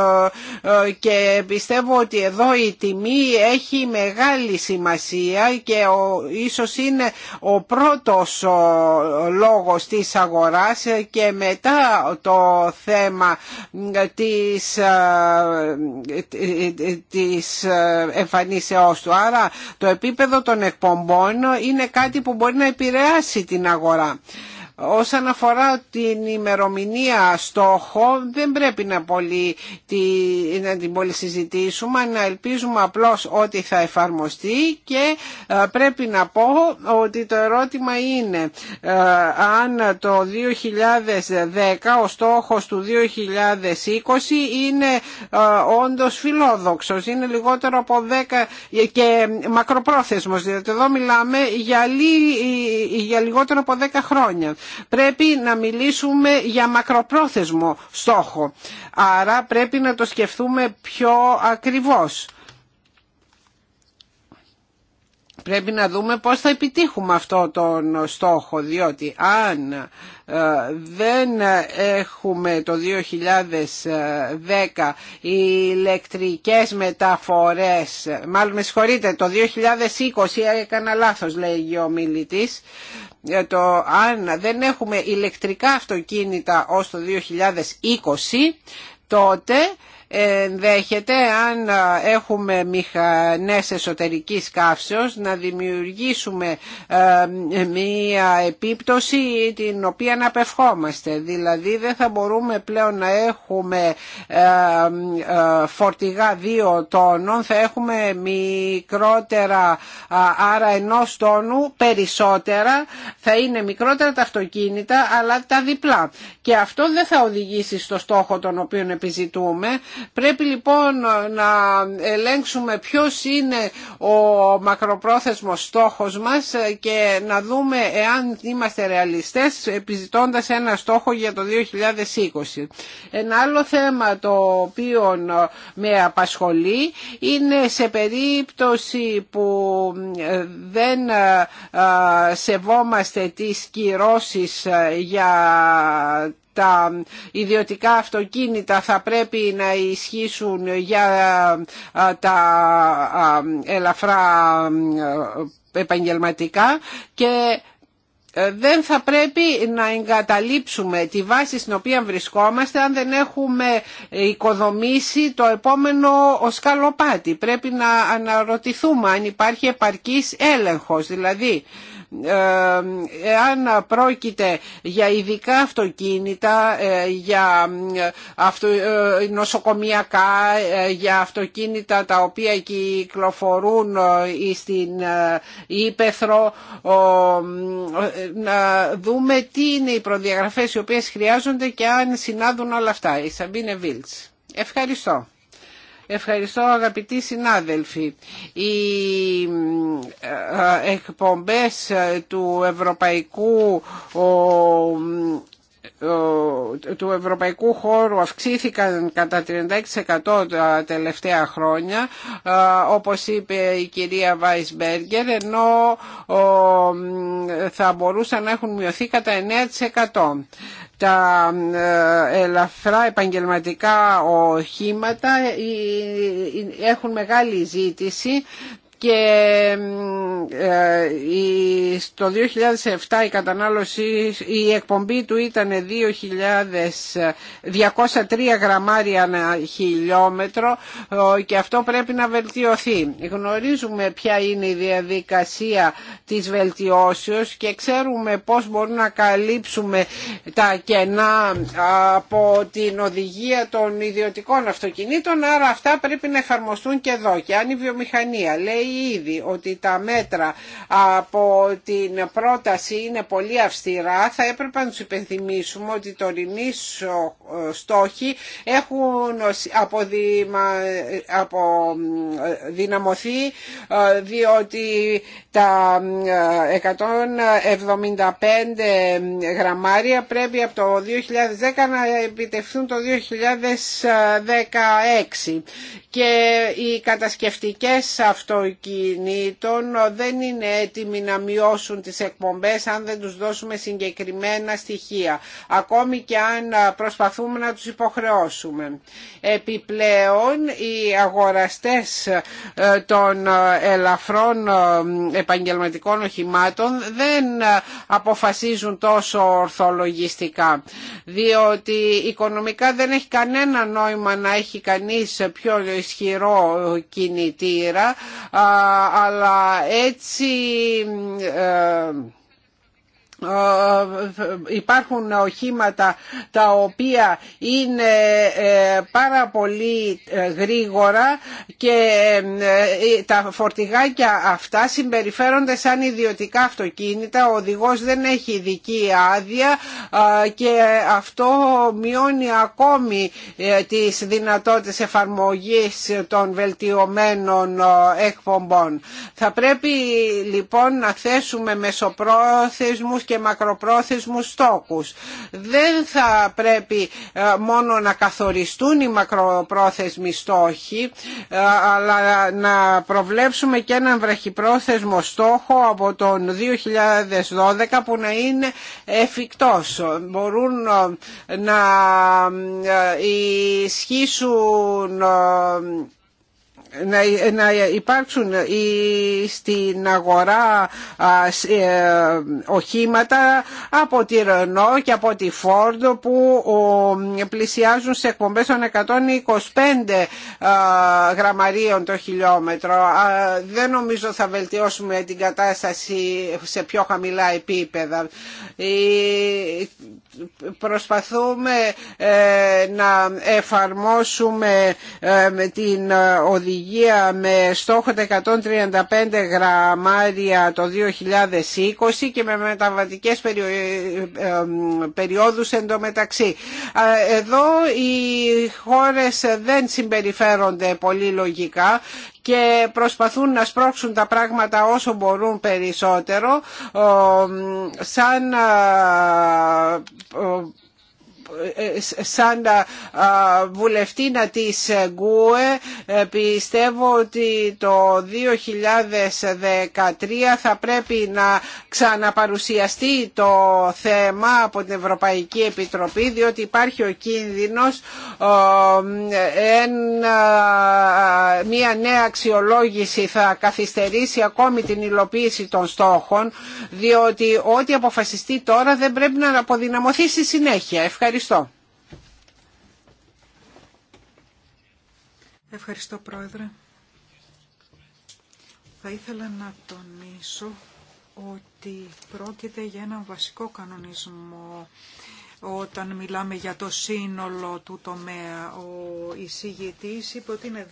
και πιστεύω ότι εδώ η τιμή έχει μεγάλη σημασία και ο, ίσως είναι ο πρώτος λόγος της αγοράς και μετά το θέμα της, ε, της ε, εμφανίσεώς του. Άρα το επίπεδο των εκπομπών είναι κάτι που μπορεί να επηρεάσει την αγορά. Όσον αφορά την ημερομηνία στόχο δεν πρέπει να, πολύ, να την πολύ συζητήσουμε, να ελπίζουμε απλώς ότι θα εφαρμοστεί και ε, πρέπει να πω ότι το ερώτημα είναι ε, αν το 2010 ο στόχος του 2020 είναι ε, όντως φιλόδοξος, είναι λιγότερο από 10 και μακροπρόθεσμος, διότι εδώ μιλάμε για, για λιγότερο από 10 χρόνια. Πρέπει να μιλήσουμε για μακροπρόθεσμο στόχο. Άρα πρέπει να το σκεφτούμε πιο ακριβώς. Πρέπει να δούμε πώς θα επιτύχουμε αυτό τον στόχο, διότι αν ε, δεν έχουμε το 2010 οι ηλεκτρικές μεταφορές, μάλλον με συγχωρείτε, το 2020 έκανα λάθος λέει ο μιλητής, ε, το αν δεν έχουμε ηλεκτρικά αυτοκίνητα ως το 2020 τότε ενδέχεται αν έχουμε μηχανές εσωτερικής καύσεως να δημιουργήσουμε μία επίπτωση την οποία να απευχόμαστε. Δηλαδή δεν θα μπορούμε πλέον να έχουμε φορτηγά δύο τόνων, θα έχουμε μικρότερα άρα ενός τόνου περισσότερα, θα είναι μικρότερα τα αυτοκίνητα αλλά τα διπλά και αυτό δεν θα οδηγήσει στο στόχο τον οποίο επιζητούμε. Πρέπει λοιπόν να ελέγξουμε ποιος είναι ο μακροπρόθεσμος στόχος μας και να δούμε εάν είμαστε ρεαλιστές επιζητώντας ένα στόχο για το 2020. Ένα άλλο θέμα το οποίο με απασχολεί είναι σε περίπτωση που δεν ε, σεβόμαστε τις κυρώσεις για τα ιδιωτικά αυτοκίνητα θα πρέπει να ισχύσουν για τα ελαφρά επαγγελματικά και ε, δεν θα πρέπει να εγκαταλείψουμε τη βάση στην οποία βρισκόμαστε αν δεν έχουμε οικοδομήσει το επόμενο σκαλοπάτι. Πρέπει να αναρωτηθούμε αν υπάρχει επαρκής έλεγχος, δηλαδή εάν πρόκειται για ειδικά αυτοκίνητα, ε, για ε, αυτο, ε, νοσοκομιακά, για αυτοκίνητα τα οποία κυκλοφορούν στην Ήπεθρο, να δούμε τι είναι οι προδιαγραφές οι οποίες χρειάζονται και αν συνάδουν όλα αυτά. Η Σαμπίνε Ευχαριστώ. Ευχαριστώ αγαπητοί συνάδελφοι. Οι ε, ε, εκπομπές ε, του Ευρωπαϊκού του ευρωπαϊκού χώρου αυξήθηκαν κατά 36% τα τελευταία χρόνια όπως είπε η κυρία Βάισμπεργκερ ενώ θα μπορούσαν να έχουν μειωθεί κατά 9% τα ε, ελαφρά επαγγελματικά οχήματα ε, ε, έχουν μεγάλη ζήτηση και ε, στο 2007 η κατανάλωση, η εκπομπή του ήταν 2.203 γραμμάρια ανά χιλιόμετρο και αυτό πρέπει να βελτιωθεί. Γνωρίζουμε ποια είναι η διαδικασία της βελτιώσεως και ξέρουμε πώς μπορούμε να καλύψουμε τα κενά από την οδηγία των ιδιωτικών αυτοκινήτων, άρα αυτά πρέπει να εφαρμοστούν και εδώ. Και αν η βιομηχανία λέει ήδη ότι τα μέτρα από την πρόταση είναι πολύ αυστηρά θα έπρεπε να του υπενθυμίσουμε ότι οι τωρινοί στόχοι έχουν αποδυναμωθεί ε, διότι τα 175 ε, γραμμάρια πρέπει από το 2010 να επιτευχθούν το 2016 και οι κατασκευτικές αυτο κινήτων ε, δεν είναι έτοιμοι να μειώσουν τις εκπομπές αν δεν τους δώσουμε συγκεκριμένα στοιχεία, ακόμη και αν ε, προσπαθούμε να τους υποχρεώσουμε. Επιπλέον, οι αγοραστές ε, των ελαφρών επαγγελματικών οχημάτων δεν αποφασίζουν τόσο ορθολογιστικά, διότι οικονομικά δεν έχει κανένα νόημα να έχει κανείς πιο ισχυρό κινητήρα αλλά έτσι ε, ε, υπάρχουν οχήματα τα οποία είναι ε, πάρα πολύ ε, γρήγορα και τα φορτηγάκια αυτά συμπεριφέρονται σαν ιδιωτικά αυτοκίνητα, ο οδηγός δεν έχει ειδική άδεια και αυτό μειώνει ακόμη τις δυνατότητες εφαρμογής των βελτιωμένων εκπομπών. Θα πρέπει λοιπόν να θέσουμε μεσοπρόθεσμους και μακροπρόθεσμους στόχους. Δεν θα πρέπει ε, μόνο να καθοριστούν οι μακροπρόθεσμοι στόχοι, ε, αλλά να προβλέψουμε και έναν βραχυπρόθεσμο στόχο από τον 2012 που να είναι εφικτός. Μπορούν ε, να ισχύσουν να υπάρξουν στην αγορά ε, οχήματα από τη Ρενό και από τη Φόρντο που πλησιάζουν σε εκπομπές των 125 γραμμαρίων το χιλιόμετρο. Δεν νομίζω θα βελτιώσουμε την κατάσταση σε πιο χαμηλά επίπεδα προσπαθούμε ε, να εφαρμόσουμε ε, την οδηγία με στόχο 135 γραμμάρια το 2020 και με μεταβατικές ε, περιόδους εντωμεταξύ. Εδώ οι χώρες δεν συμπεριφέρονται πολύ λογικά και προσπαθούν να σπρώξουν τα πράγματα όσο μπορούν περισσότερο σαν σαν βουλευτήνα της ΓΚΟΕ ε, πιστεύω ότι το 2013 θα πρέπει να ξαναπαρουσιαστεί το θέμα από την Ευρωπαϊκή Επιτροπή διότι υπάρχει ο κίνδυνος μια νέα αξιολόγηση θα καθυστερήσει ακόμη την υλοποίηση των στόχων διότι ό,τι αποφασιστεί τώρα δεν πρέπει να αποδυναμωθεί στη συνέχεια. Ευχαριστώ. Ευχαριστώ. Ευχαριστώ Πρόεδρε. Θα ήθελα να τονίσω ότι πρόκειται για έναν βασικό κανονισμό όταν μιλάμε για το σύνολο του τομέα. Ο εισηγητής είπε ότι είναι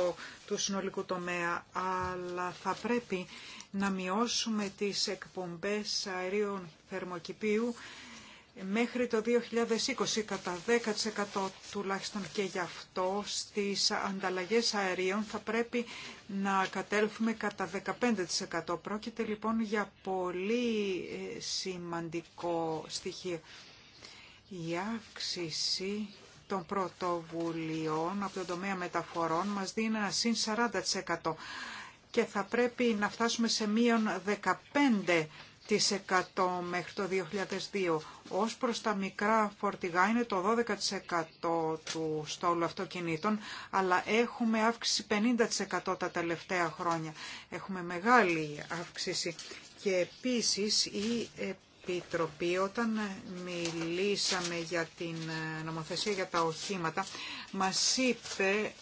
10% του συνολικού τομέα, αλλά θα πρέπει να μειώσουμε τις εκπομπές αερίων θερμοκηπίου μέχρι το 2020 κατά 10% τουλάχιστον και γι' αυτό στις ανταλλαγές αερίων θα πρέπει να κατέλθουμε κατά 15%. Πρόκειται λοιπόν για πολύ ε, σημαντικό στοιχείο. Η αύξηση των πρωτοβουλειών από τον τομέα μεταφορών μας δίνει ένα συν 40% και θα πρέπει να φτάσουμε σε μείον 15% 10% μέχρι το 2002. Ως προς τα μικρά φορτηγά είναι το 12% του στόλου αυτοκινήτων, αλλά έχουμε αύξηση 50% τα τελευταία χρόνια. Έχουμε μεγάλη αύξηση. Και επίσης η Επιτροπή όταν μιλήσαμε για την ε, νομοθεσία για τα οχήματα μας είπε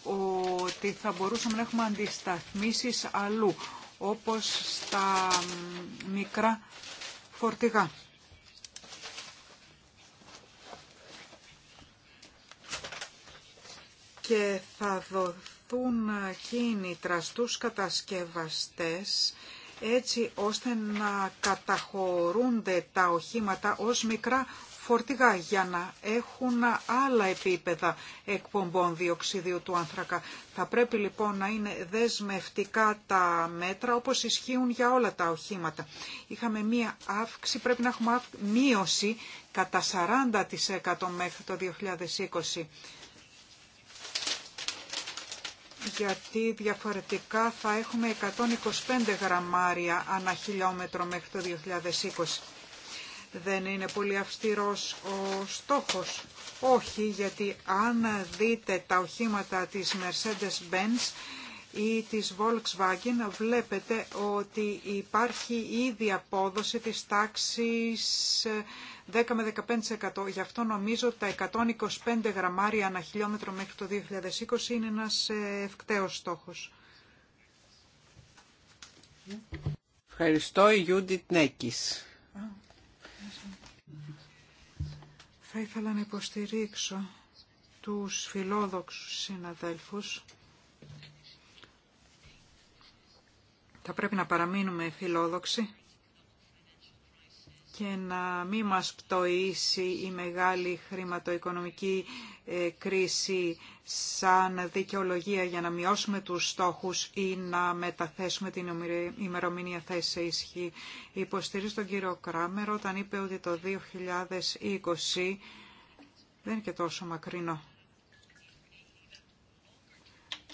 ότι θα μπορούσαμε να έχουμε αντισταθμίσεις αλλού όπως στα μικρά φορτηγά. Και θα δοθούν κίνητρα στους κατασκευαστές έτσι ώστε να καταχωρούνται τα οχήματα ως μικρά φορτηγά για να έχουν άλλα επίπεδα εκπομπών διοξιδίου του άνθρακα. Θα πρέπει λοιπόν να είναι δεσμευτικά τα μέτρα όπως ισχύουν για όλα τα οχήματα. Είχαμε μία αύξηση, πρέπει να έχουμε μείωση κατά 40% μέχρι το 2020 γιατί διαφορετικά θα έχουμε 125 γραμμάρια ανά χιλιόμετρο μέχρι το 2020 δεν είναι πολύ αυστηρός ο στόχος. Όχι, γιατί αν δείτε τα οχήματα της Mercedes-Benz ή της Volkswagen βλέπετε ότι υπάρχει ήδη απόδοση της τάξης 10 ε, με 15%. Γι' αυτό νομίζω τα 125 γραμμάρια ανά χιλιόμετρο μέχρι το 2020 είναι ένας ε, ευκταίος στόχος. Ευχαριστώ, Ιούντιτ Νέκης. Θα ήθελα να υποστηρίξω τους φιλόδοξους συναδέλφους. Θα πρέπει να παραμείνουμε φιλόδοξοι και να μην μας πτωίσει η μεγάλη χρηματοοικονομική ε, κρίση σαν δικαιολογία για να μειώσουμε τους στόχους ή να μεταθέσουμε την ημερομηνία θέση σε ισχύ. υποστηριζει τον κύριο Κράμερο όταν είπε ότι το 2020 δεν είναι και τόσο μακρινό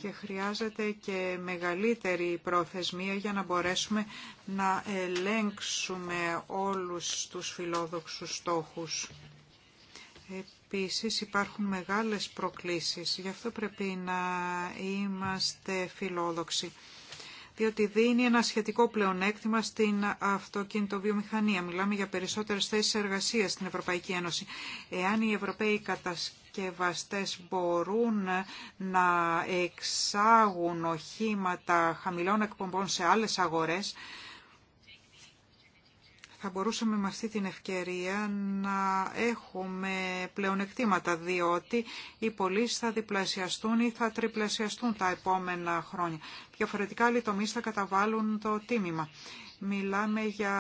και χρειάζεται και μεγαλύτερη προθεσμία για να μπορέσουμε να ελέγξουμε όλους τους φιλόδοξους στόχους. Επίσης υπάρχουν μεγάλες προκλήσεις, γι' αυτό πρέπει να είμαστε φιλόδοξοι διότι δίνει ένα σχετικό πλεονέκτημα στην αυτοκινητοβιομηχανία. Μιλάμε για περισσότερες θέσεις εργασίας στην Ευρωπαϊκή Ένωση. Εάν οι Ευρωπαίοι κατασκευαστές μπορούν να εξάγουν οχήματα χαμηλών εκπομπών σε άλλες αγορές, θα μπορούσαμε με αυτή την ευκαιρία να έχουμε πλεονεκτήματα, διότι οι πωλήσει θα διπλασιαστούν ή θα τριπλασιαστούν τα επόμενα χρόνια. Διαφορετικά άλλοι τομείς θα καταβάλουν το τίμημα. Μιλάμε για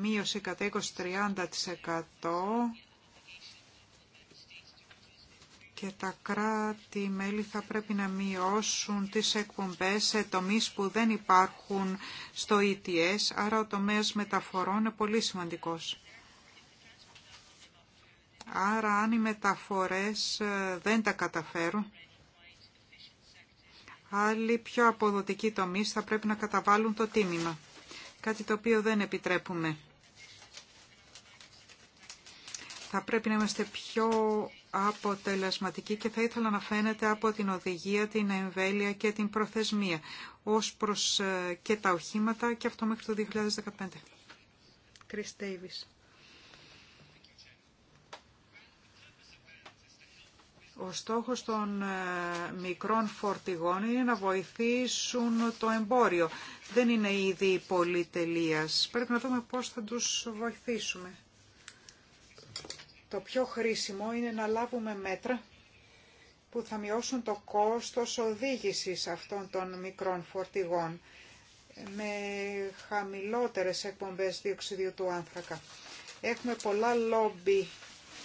μείωση κατά 20-30% και τα κράτη-μέλη θα πρέπει να μειώσουν τις εκπομπές σε τομείς που δεν υπάρχουν στο ETS, άρα ο τομέας μεταφορών είναι πολύ σημαντικός. Άρα αν οι μεταφορές ε, δεν τα καταφέρουν, άλλοι πιο αποδοτικοί τομείς θα πρέπει να καταβάλουν το τίμημα, κάτι το οποίο δεν επιτρέπουμε. Θα πρέπει να είμαστε πιο αποτελεσματική και θα ήθελα να φαίνεται από την οδηγία, την εμβέλεια και την προθεσμία ως προς ε, και τα οχήματα και αυτό μέχρι το 2015. Chris Davis. Ο στόχος των ε, μικρών φορτηγών είναι να βοηθήσουν το εμπόριο. Δεν είναι ήδη πολυτελείας. Πρέπει να δούμε πώς θα τους βοηθήσουμε. Το πιο χρήσιμο είναι να λάβουμε μέτρα που θα μειώσουν το κόστος οδήγησης αυτών των μικρών φορτηγών με χαμηλότερες εκπομπές διοξιδίου του άνθρακα. Έχουμε πολλά λόμπι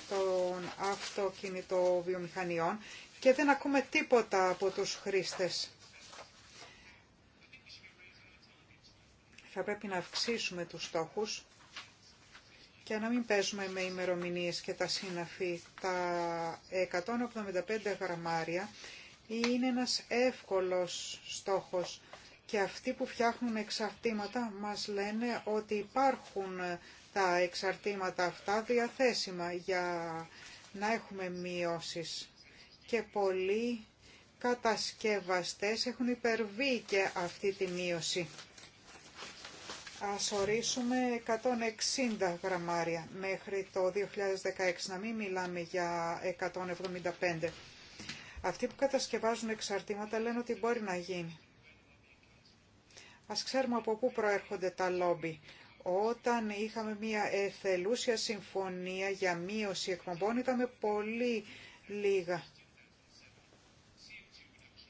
των αυτοκινητοβιομηχανιών και δεν ακούμε τίποτα από τους χρήστες. Θα πρέπει να αυξήσουμε τους στόχους και να μην παίζουμε με ημερομηνίε και τα σύναφη. Τα 175 γραμμάρια είναι ένας εύκολος στόχος και αυτοί που φτιάχνουν εξαρτήματα μας λένε ότι υπάρχουν ε, τα εξαρτήματα αυτά διαθέσιμα για να έχουμε μειώσεις. Και πολλοί κατασκευαστές έχουν υπερβεί και αυτή τη μείωση ας ορίσουμε 160 γραμμάρια μέχρι το 2016, να μην μιλάμε για 175. Αυτοί που κατασκευάζουν εξαρτήματα λένε ότι μπορεί να γίνει. Ας ξέρουμε από πού προέρχονται τα λόμπι. Όταν είχαμε μια εθελούσια συμφωνία για μείωση εκπομπών, ήταν πολύ λίγα.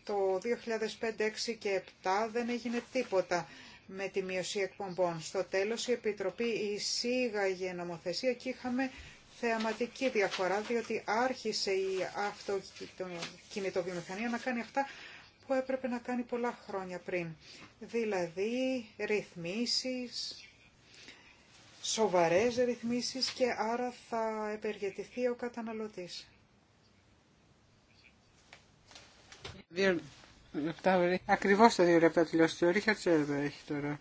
Το 2005, 2006 και 2007 δεν έγινε τίποτα με τη μειωσή εκπομπών. Στο τέλος η Επιτροπή εισήγαγε νομοθεσία και είχαμε θεαματική διαφορά, διότι άρχισε η αυτοκινητοβιομηχανία να κάνει αυτά που έπρεπε να κάνει πολλά χρόνια πριν. Δηλαδή ρυθμίσεις, σοβαρές ρυθμίσεις και άρα θα επεργετηθεί ο καταναλωτής λεπτά. Ακριβώς τα δύο λεπτά τηλεόραση. Ο Ρίχαρτ έχει τώρα.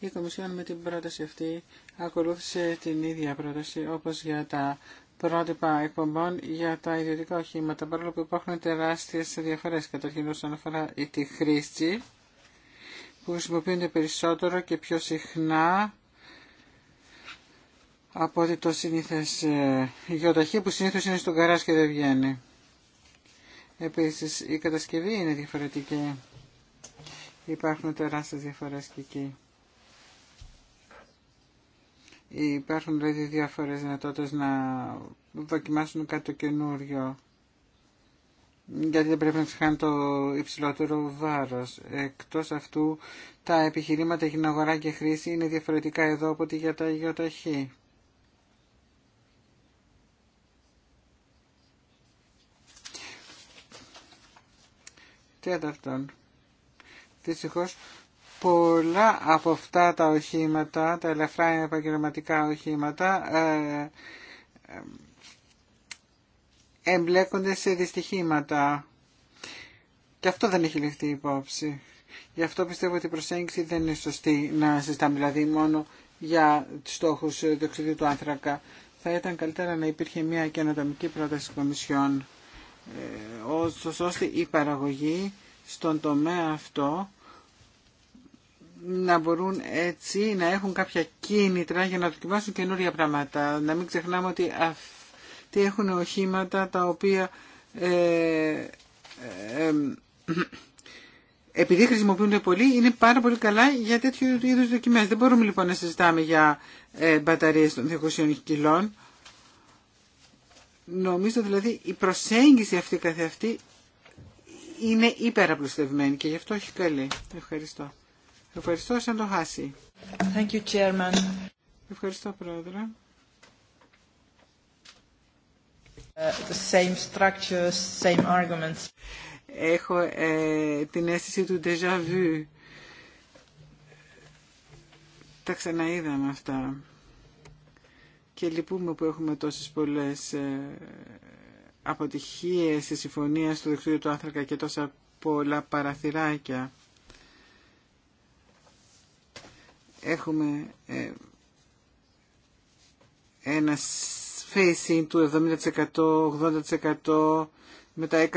Η Κομισιόν με την πρόταση αυτή ακολούθησε την ίδια πρόταση όπως για τα πρότυπα εκπομπών για τα ιδιωτικά οχήματα, παρόλο που υπάρχουν τεράστιες διαφορές καταρχήν όσον αφορά τη χρήση που χρησιμοποιούνται περισσότερο και πιο συχνά από ότι το συνήθες ε, γεωταχή που συνήθως είναι στον καράς και δεν βγαίνει. Επίσης η κατασκευή είναι διαφορετική. Υπάρχουν τεράστιες διαφορές και εκεί. Υπάρχουν δηλαδή διάφορες δυνατότητες να δοκιμάσουν κάτι το καινούριο. Γιατί δεν πρέπει να ξεχάνει το υψηλότερο βάρος. Εκτός αυτού τα επιχειρήματα για την αγορά και χρήση είναι διαφορετικά εδώ από ότι για τα ΙΟΤΑΧΗ. Τέταρτον, δυστυχώς πολλά από αυτά τα οχήματα, τα ελαφρά επαγγελματικά οχήματα, ε, ε, εμπλέκονται σε δυστυχήματα. Και αυτό δεν έχει ληφθεί υπόψη. Γι' αυτό πιστεύω ότι η προσέγγιση δεν είναι σωστή να συζητάμε δηλαδή μόνο για τους στόχους ε, του εξωτερικού του άνθρακα. Θα ήταν καλύτερα να υπήρχε μια καινοτομική πρόταση κομισιών. Ε, ώστε η παραγωγή στον τομέα αυτό να μπορούν έτσι να έχουν κάποια κίνητρα για να δοκιμάσουν καινούρια πράγματα. Να μην ξεχνάμε ότι αυτοί έχουν οχήματα τα οποία ε, ε, ε, επειδή χρησιμοποιούνται πολύ είναι πάρα πολύ καλά για τέτοιου είδους δοκιμές. Δεν μπορούμε λοιπόν να συζητάμε για ε, μπαταρίες των 200 κιλών. Νομίζω δηλαδή η προσέγγιση αυτή καθεαυτή είναι υπεραπλουστευμένη και γι' αυτό έχει καλή. Ευχαριστώ. Ευχαριστώ σαν το χάσει. Thank you, Chairman. Ευχαριστώ Πρόεδρε. Uh, the same structures, same arguments. Έχω ε, την αίσθηση του déjà vu. Τα ξαναείδαμε αυτά και λυπούμε που έχουμε τόσες πολλές ε, αποτυχίες στη συμφωνία στο δικτύο του άνθρακα και τόσα πολλά παραθυράκια. Έχουμε ε, ένα facing του 70%, 80%, μετά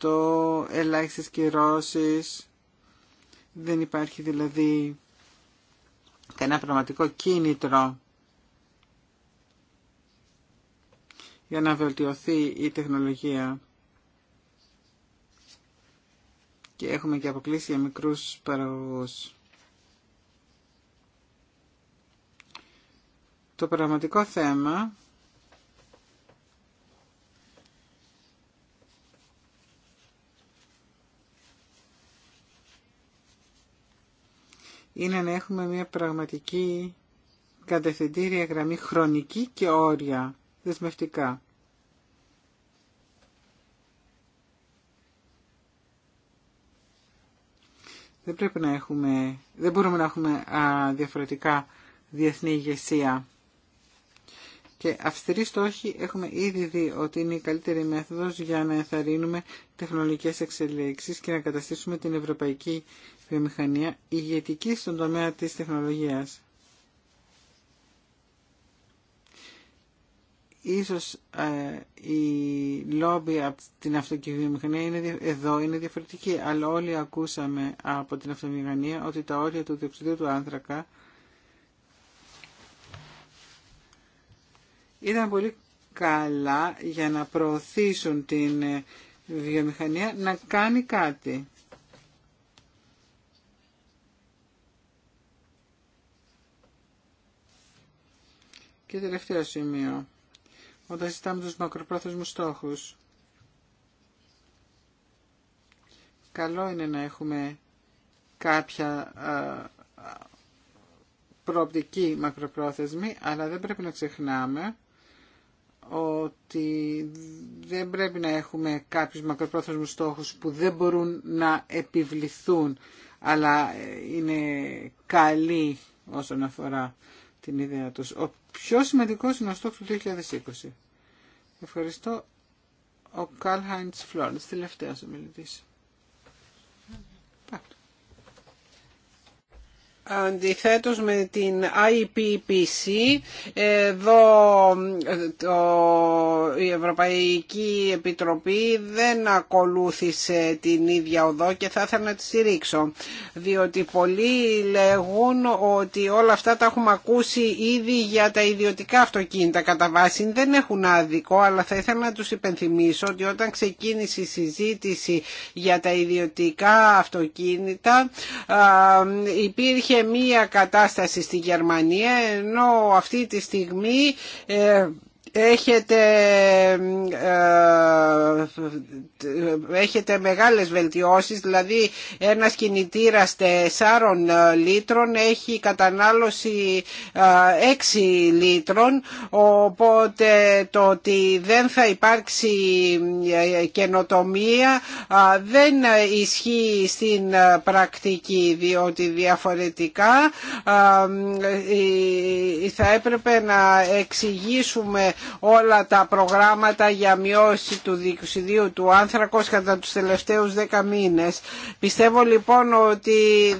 100% ελάχιστες κυρώσεις. Δεν υπάρχει δηλαδή κανένα πραγματικό κίνητρο για να βελτιωθεί η τεχνολογία. Και έχουμε και αποκλείσει για μικρούς παραγωγούς. Το πραγματικό θέμα είναι να έχουμε μια πραγματική κατευθυντήρια γραμμή χρονική και όρια δεσμευτικά. Δεν πρέπει να έχουμε, δεν μπορούμε να έχουμε διαφορετικά διεθνή ηγεσία. Και αυστηρή στόχη έχουμε ήδη δει ότι είναι η καλύτερη μέθοδος για να ενθαρρύνουμε τεχνολογικές εξελίξεις και να καταστήσουμε την ευρωπαϊκή βιομηχανία ηγετική στον τομέα της τεχνολογίας. ίσως ε, η λόμπι από την αυτοκυβιομηχανία είναι, εδώ είναι διαφορετική, αλλά όλοι ακούσαμε από την αυτομηχανία ότι τα όρια του διοξιδίου του άνθρακα ήταν πολύ καλά για να προωθήσουν την ε, βιομηχανία να κάνει κάτι. Και τελευταίο σημείο όταν συζητάμε τους μακροπρόθεσμους στόχους. Καλό είναι να έχουμε κάποια προοπτική μακροπρόθεσμη, αλλά δεν πρέπει να ξεχνάμε ότι δεν πρέπει να έχουμε κάποιους μακροπρόθεσμους στόχους που δεν μπορούν να επιβληθούν, αλλά ε, είναι καλοί όσον αφορά την ιδέα τους πιο σημαντικό είναι ο στόχος του 2020. Ευχαριστώ ο Καλ Χάιντ Φλόρντ, τελευταίο ομιλητή. Αντιθέτως με την IPPC, εδώ ε, το, η Ευρωπαϊκή Επιτροπή δεν ακολούθησε την ίδια οδό και θα ήθελα να τη στηρίξω. Διότι πολλοί λέγουν ότι όλα αυτά τα έχουμε ακούσει ήδη για τα ιδιωτικά αυτοκίνητα κατά βάση. Δεν έχουν άδικο, αλλά θα ήθελα να τους υπενθυμίσω ότι όταν ξεκίνησε η συζήτηση για τα ιδιωτικά αυτοκίνητα υπήρχε μία κατάσταση στη Γερμανία ενώ αυτή τη στιγμή ε, έχετε, ε, ε, έχετε μεγάλες βελτιώσεις, δηλαδή ένας κινητήρας 4 ε, λίτρων έχει κατανάλωση 6 λίτρων, οπότε το ότι δεν θα υπάρξει καινοτομία δεν ισχύει στην πρακτική, διότι διαφορετικά θα έπρεπε να εξηγήσουμε όλα τα προγράμματα για μειώση του διοξιδίου του άνθρακος κατά τους τελευταίους δέκα μήνες. Πιστεύω λοιπόν ότι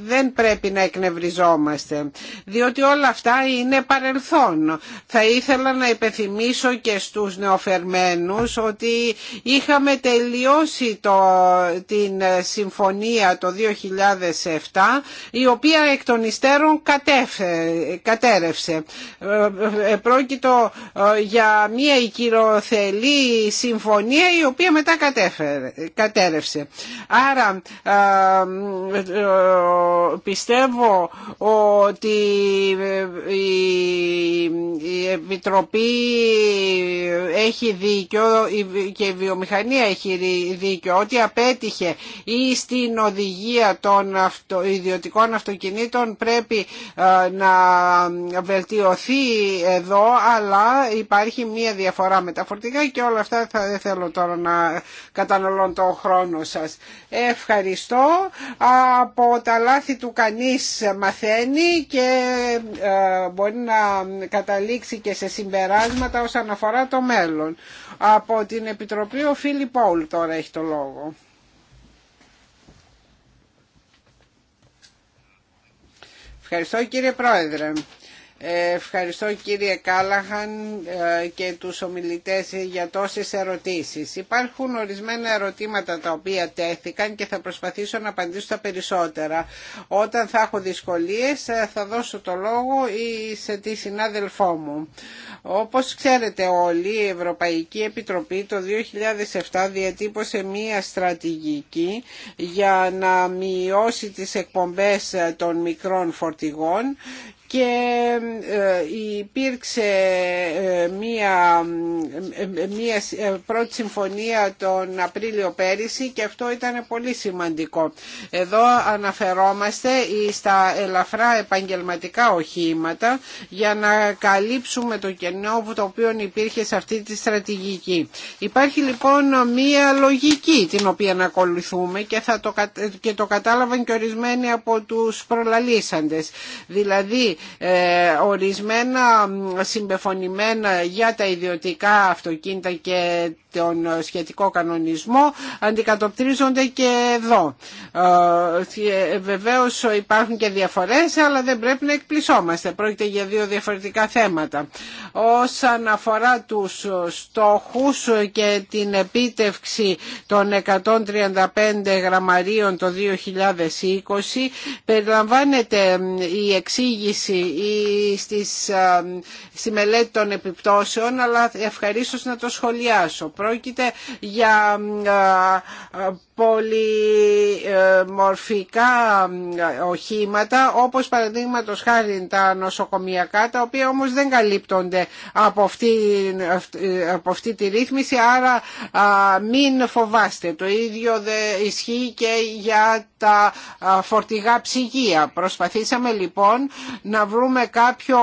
δεν πρέπει να εκνευριζόμαστε, διότι όλα αυτά είναι παρελθόν. Θα ήθελα να υπενθυμίσω και στους νεοφερμένους ότι είχαμε τελειώσει το, την συμφωνία το 2007, η οποία εκ των υστέρων κατέρευσε. Ε, ε, ε, πρόκειτο για μια οικειροθελή συμφωνία η οποία μετά κατέρευσε. Άρα πιστεύω ότι η Επιτροπή έχει δίκιο και η βιομηχανία έχει δίκιο ότι απέτυχε ή στην οδηγία των ιδιωτικών αυτοκινήτων πρέπει να βελτιωθεί εδώ αλλά υπάρχει έχει μία διαφορά με τα φορτηγά και όλα αυτά θα δεν θέλω τώρα να καταναλώνω τον χρόνο σας. Ευχαριστώ. Από τα λάθη του κανείς μαθαίνει και ε, μπορεί να καταλήξει και σε συμπεράσματα όσον αφορά το μέλλον. Από την Επιτροπή ο Φίλιπ Πόλ τώρα έχει το λόγο. Ευχαριστώ κύριε Πρόεδρε. Ευχαριστώ κύριε Κάλαχαν ε, και τους ομιλητές για τόσες ερωτήσεις. Υπάρχουν ορισμένα ερωτήματα τα οποία τέθηκαν και θα προσπαθήσω να απαντήσω τα περισσότερα. Όταν θα έχω δυσκολίες ε, θα δώσω το λόγο ή σε τη συνάδελφό μου. Όπως ξέρετε όλοι η Ευρωπαϊκή Επιτροπή το 2007 διατύπωσε μία στρατηγική για να μειώσει τις εκπομπές των μικρών φορτηγών και ε, υπήρξε ε, μία, ε, μία πρώτη συμφωνία τον Απρίλιο πέρυσι και αυτό ήταν πολύ σημαντικό. Εδώ αναφερόμαστε στα ελαφρά επαγγελματικά οχήματα για να καλύψουμε το κενό το οποίο υπήρχε σε αυτή τη στρατηγική. Υπάρχει λοιπόν μία λογική την οποία να ακολουθούμε και, θα το, και το κατάλαβαν και ορισμένοι από τους προλαλήσαντες. Δηλαδή ε, ορισμένα συμπεφωνημένα για τα ιδιωτικά αυτοκίνητα και τον σχετικό κανονισμό αντικατοπτρίζονται και εδώ. Ε, ε, βεβαίως υπάρχουν και διαφορές αλλά δεν πρέπει να εκπλησόμαστε. Πρόκειται για δύο διαφορετικά θέματα. Όσον αφορά τους στόχους και την επίτευξη των 135 γραμμαρίων το 2020 περιλαμβάνεται η εξήγηση ή στις, στη μελέτη των επιπτώσεων αλλά ευχαρίστως να το σχολιάσω. Πρόκειται για πολυμορφικά ε, οχήματα όπως παραδείγματο χάρη τα νοσοκομιακά τα οποία όμως δεν καλύπτονται από αυτή, τη ρύθμιση άρα μην φοβάστε το ίδιο δε ισχύει και για τα φορτηγά ψυγεία προσπαθήσαμε λοιπόν να βρούμε κάποιο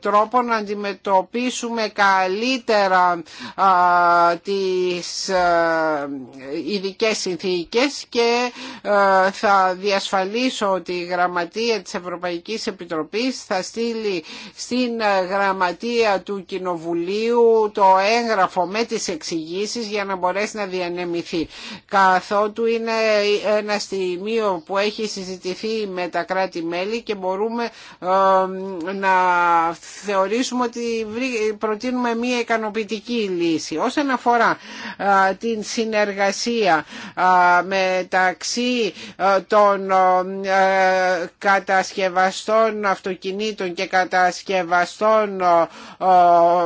τρόπο να αντιμετωπίσουμε καλύτερα τις ε, ειδικές συνθήκες συνθήκες και ε, θα διασφαλίσω ότι η Γραμματεία της Ευρωπαϊκής Επιτροπής θα στείλει στην ε, Γραμματεία του Κοινοβουλίου το έγγραφο με τις εξηγήσεις για να μπορέσει να διανεμηθεί. Καθότου είναι ένα στιγμίο που έχει συζητηθεί με τα κράτη-μέλη και μπορούμε ε, να θεωρήσουμε ότι προτείνουμε μία ικανοποιητική λύση. Όσον αφορά την συνεργασία μεταξύ ε, των ε, κατασκευαστών αυτοκινήτων και κατασκευαστών ε,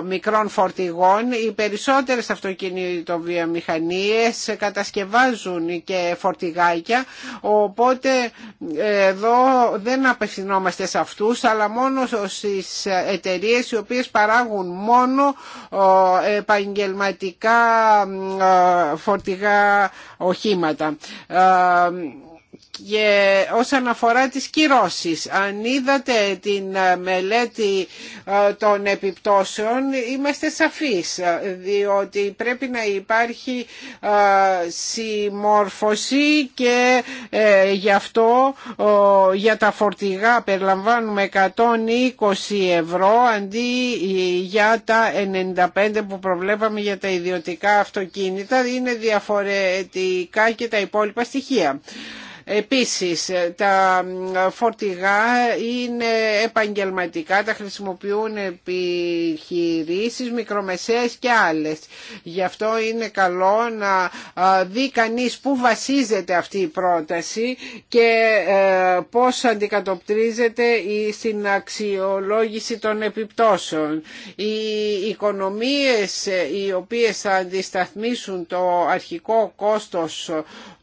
μικρών φορτηγών. Οι περισσότερες αυτοκινητοβιομηχανίες κατασκευάζουν και φορτηγάκια, οπότε εδώ δεν απευθυνόμαστε σε αυτούς, αλλά μόνο στις εταιρείες οι οποίες παράγουν μόνο επαγγελματικά φορτηγά οχήματα ε, και όσον αφορά τις κυρώσεις. Αν είδατε την ε, μελέτη ε, των επιπτώσεων είμαστε σαφείς ε, διότι πρέπει να υπάρχει συμμόρφωση και γι' αυτό για τα φορτηγά περιλαμβάνουμε 120 ευρώ αντί για τα 95 που προβλέπαμε για τα ιδιωτικά αυτοκίνητα είναι διαφορετικά και τα υπόλοιπα στοιχεία. Επίσης, τα φορτηγά είναι επαγγελματικά, τα χρησιμοποιούν επιχειρήσεις, μικρομεσαίες και άλλες. Γι' αυτό είναι καλό να δει κανεί πού βασίζεται αυτή η πρόταση και ε, πώς αντικατοπτρίζεται στην αξιολόγηση των επιπτώσεων. Οι οικονομίες ε, οι οποίες θα αντισταθμίσουν το αρχικό κόστος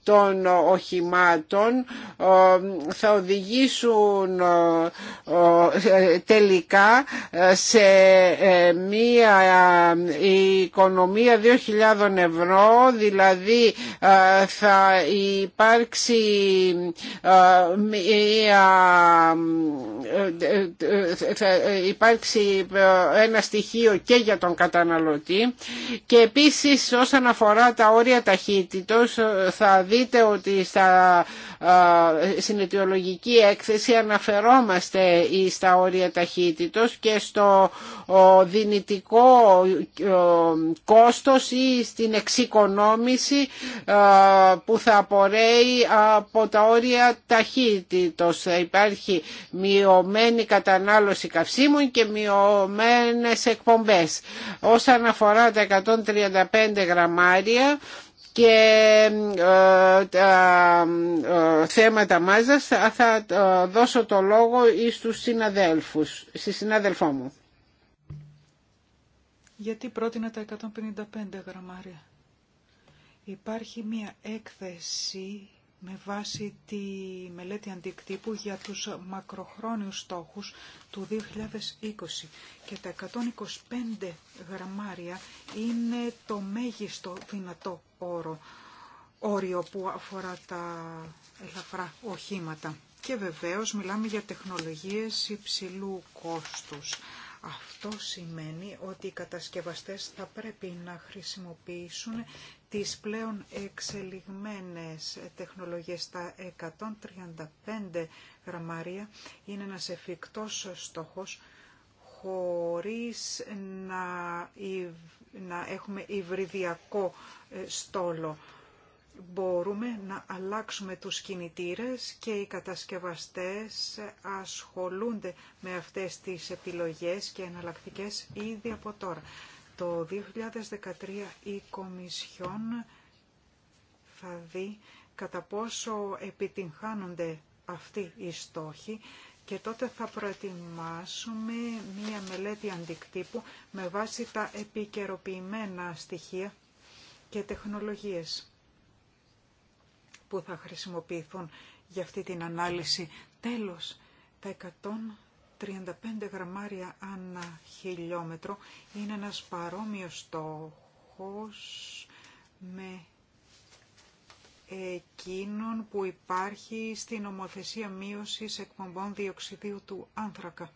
των οχημάτων θα οδηγήσουν τελικά ε, σε ε, μία ε, οικονομία 2.000 ευρώ δηλαδή θα υπάρξει μία θα υπάρξει ένα στοιχείο και για τον καταναλωτή και επίσης όσον αφορά τα όρια ταχύτητος θα δείτε ότι στα αιτιολογική έκθεση αναφερόμαστε στα όρια ταχύτητος και στο δυνητικό κόστος ή στην εξοικονόμηση που θα απορρέει από τα όρια ταχύτητος. Υπάρχει μειωμένη κατανάλωση καυσίμων και μειωμένες εκπομπές. Όσον αφορά τα 135 γραμμάρια, και ε, τα ε, θέματα μάζας θα ε, δώσω το λόγο στους συναδέλφους, στη συνάδελφό μου. Γιατί πρότεινα τα 155 γραμμάρια. Υπάρχει μία έκθεση με βάση τη μελέτη αντικτύπου για τους μακροχρόνιους στόχους του 2020 και τα 125 γραμμάρια είναι το μέγιστο δυνατό όρο, όριο που αφορά τα ελαφρά οχήματα. Και βεβαίως μιλάμε για τεχνολογίες υψηλού κόστους. Αυτό σημαίνει ότι οι κατασκευαστές θα πρέπει να χρησιμοποιήσουν τις πλέον εξελιγμένες τεχνολογίες. στα 135 γραμμάρια είναι ένας εφικτός στόχος χωρίς να, να έχουμε υβριδιακό ε, στόλο. Μπορούμε να αλλάξουμε τους κινητήρες και οι κατασκευαστές ασχολούνται με αυτές τις επιλογές και εναλλακτικές ήδη από τώρα το 2013 η Κομισιόν θα δει κατά πόσο επιτυγχάνονται αυτοί οι στόχοι και τότε θα προετοιμάσουμε μία μελέτη αντικτύπου με βάση τα επικαιροποιημένα στοιχεία και τεχνολογίες που θα χρησιμοποιηθούν για αυτή την ανάλυση. Τέλος, τα 35 γραμμάρια ανά χιλιόμετρο είναι ένας παρόμοιος στόχος με εκείνον που υπάρχει στην ομοθεσία μείωσης εκπομπών διοξιδίου του άνθρακα.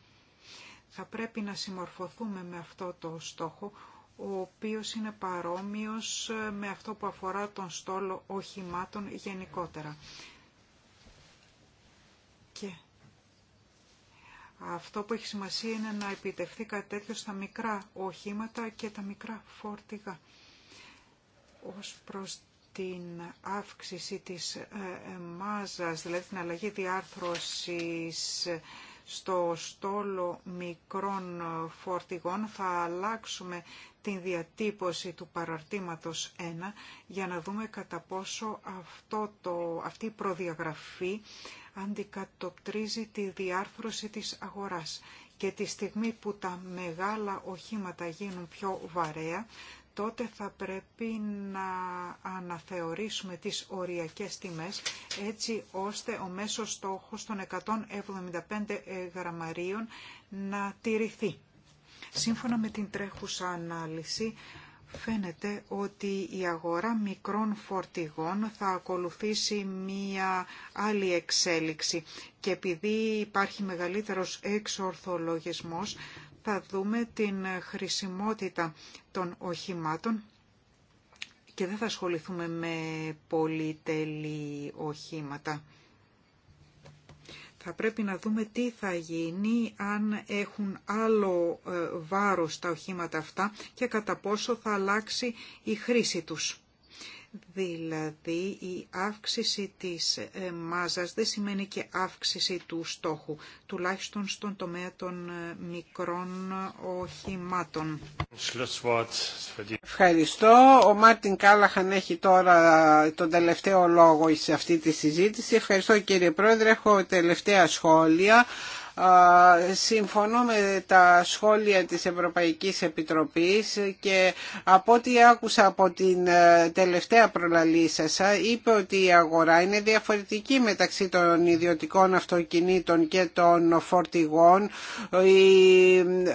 Θα πρέπει να συμμορφωθούμε με αυτό το στόχο, ο οποίος είναι παρόμοιος με αυτό που αφορά τον στόλο οχημάτων γενικότερα. Και αυτό που έχει σημασία είναι να επιτευχθεί κάτι τέτοιο στα μικρά οχήματα και τα μικρά φόρτηγα. Ως προς την αύξηση της ε, ε, μάζας, δηλαδή την αλλαγή διάρθρωσης στο στόλο μικρών φορτηγών θα αλλάξουμε την διατύπωση του παραρτήματος 1 για να δούμε κατά πόσο αυτό το, αυτή η προδιαγραφή αντικατοπτρίζει τη διάρθρωση της αγοράς. Και τη στιγμή που τα μεγάλα οχήματα γίνουν πιο βαρέα, τότε θα πρέπει να αναθεωρήσουμε τις οριακές τιμές έτσι ώστε ο μέσος στόχος των 175 γραμμαρίων να τηρηθεί. Σύμφωνα με την τρέχουσα ανάλυση, φαίνεται ότι η αγορά μικρών φορτηγών θα ακολουθήσει μία άλλη εξέλιξη και επειδή υπάρχει μεγαλύτερος εξορθολογισμός θα δούμε την χρησιμότητα των οχημάτων και δεν θα ασχοληθούμε με πολυτελή οχήματα. Θα πρέπει να δούμε τι θα γίνει αν έχουν άλλο ε, βάρος τα οχήματα αυτά και κατά πόσο θα αλλάξει η χρήση τους. Δηλαδή η αύξηση της ε, μάζας δεν σημαίνει και αύξηση του στόχου, τουλάχιστον στον τομέα των ε, μικρών ε, οχημάτων. Ευχαριστώ. Ο Μάρτιν Κάλαχαν έχει τώρα τον τελευταίο λόγο σε αυτή τη συζήτηση. Ευχαριστώ κύριε Πρόεδρε. Έχω τελευταία σχόλια Συμφωνώ με τα σχόλια της Ευρωπαϊκής Επιτροπής και από ό,τι άκουσα από την ε, τελευταία προλαλή είπε ότι η αγορά είναι διαφορετική μεταξύ των ιδιωτικών αυτοκινήτων και των φορτηγών. Οι ε,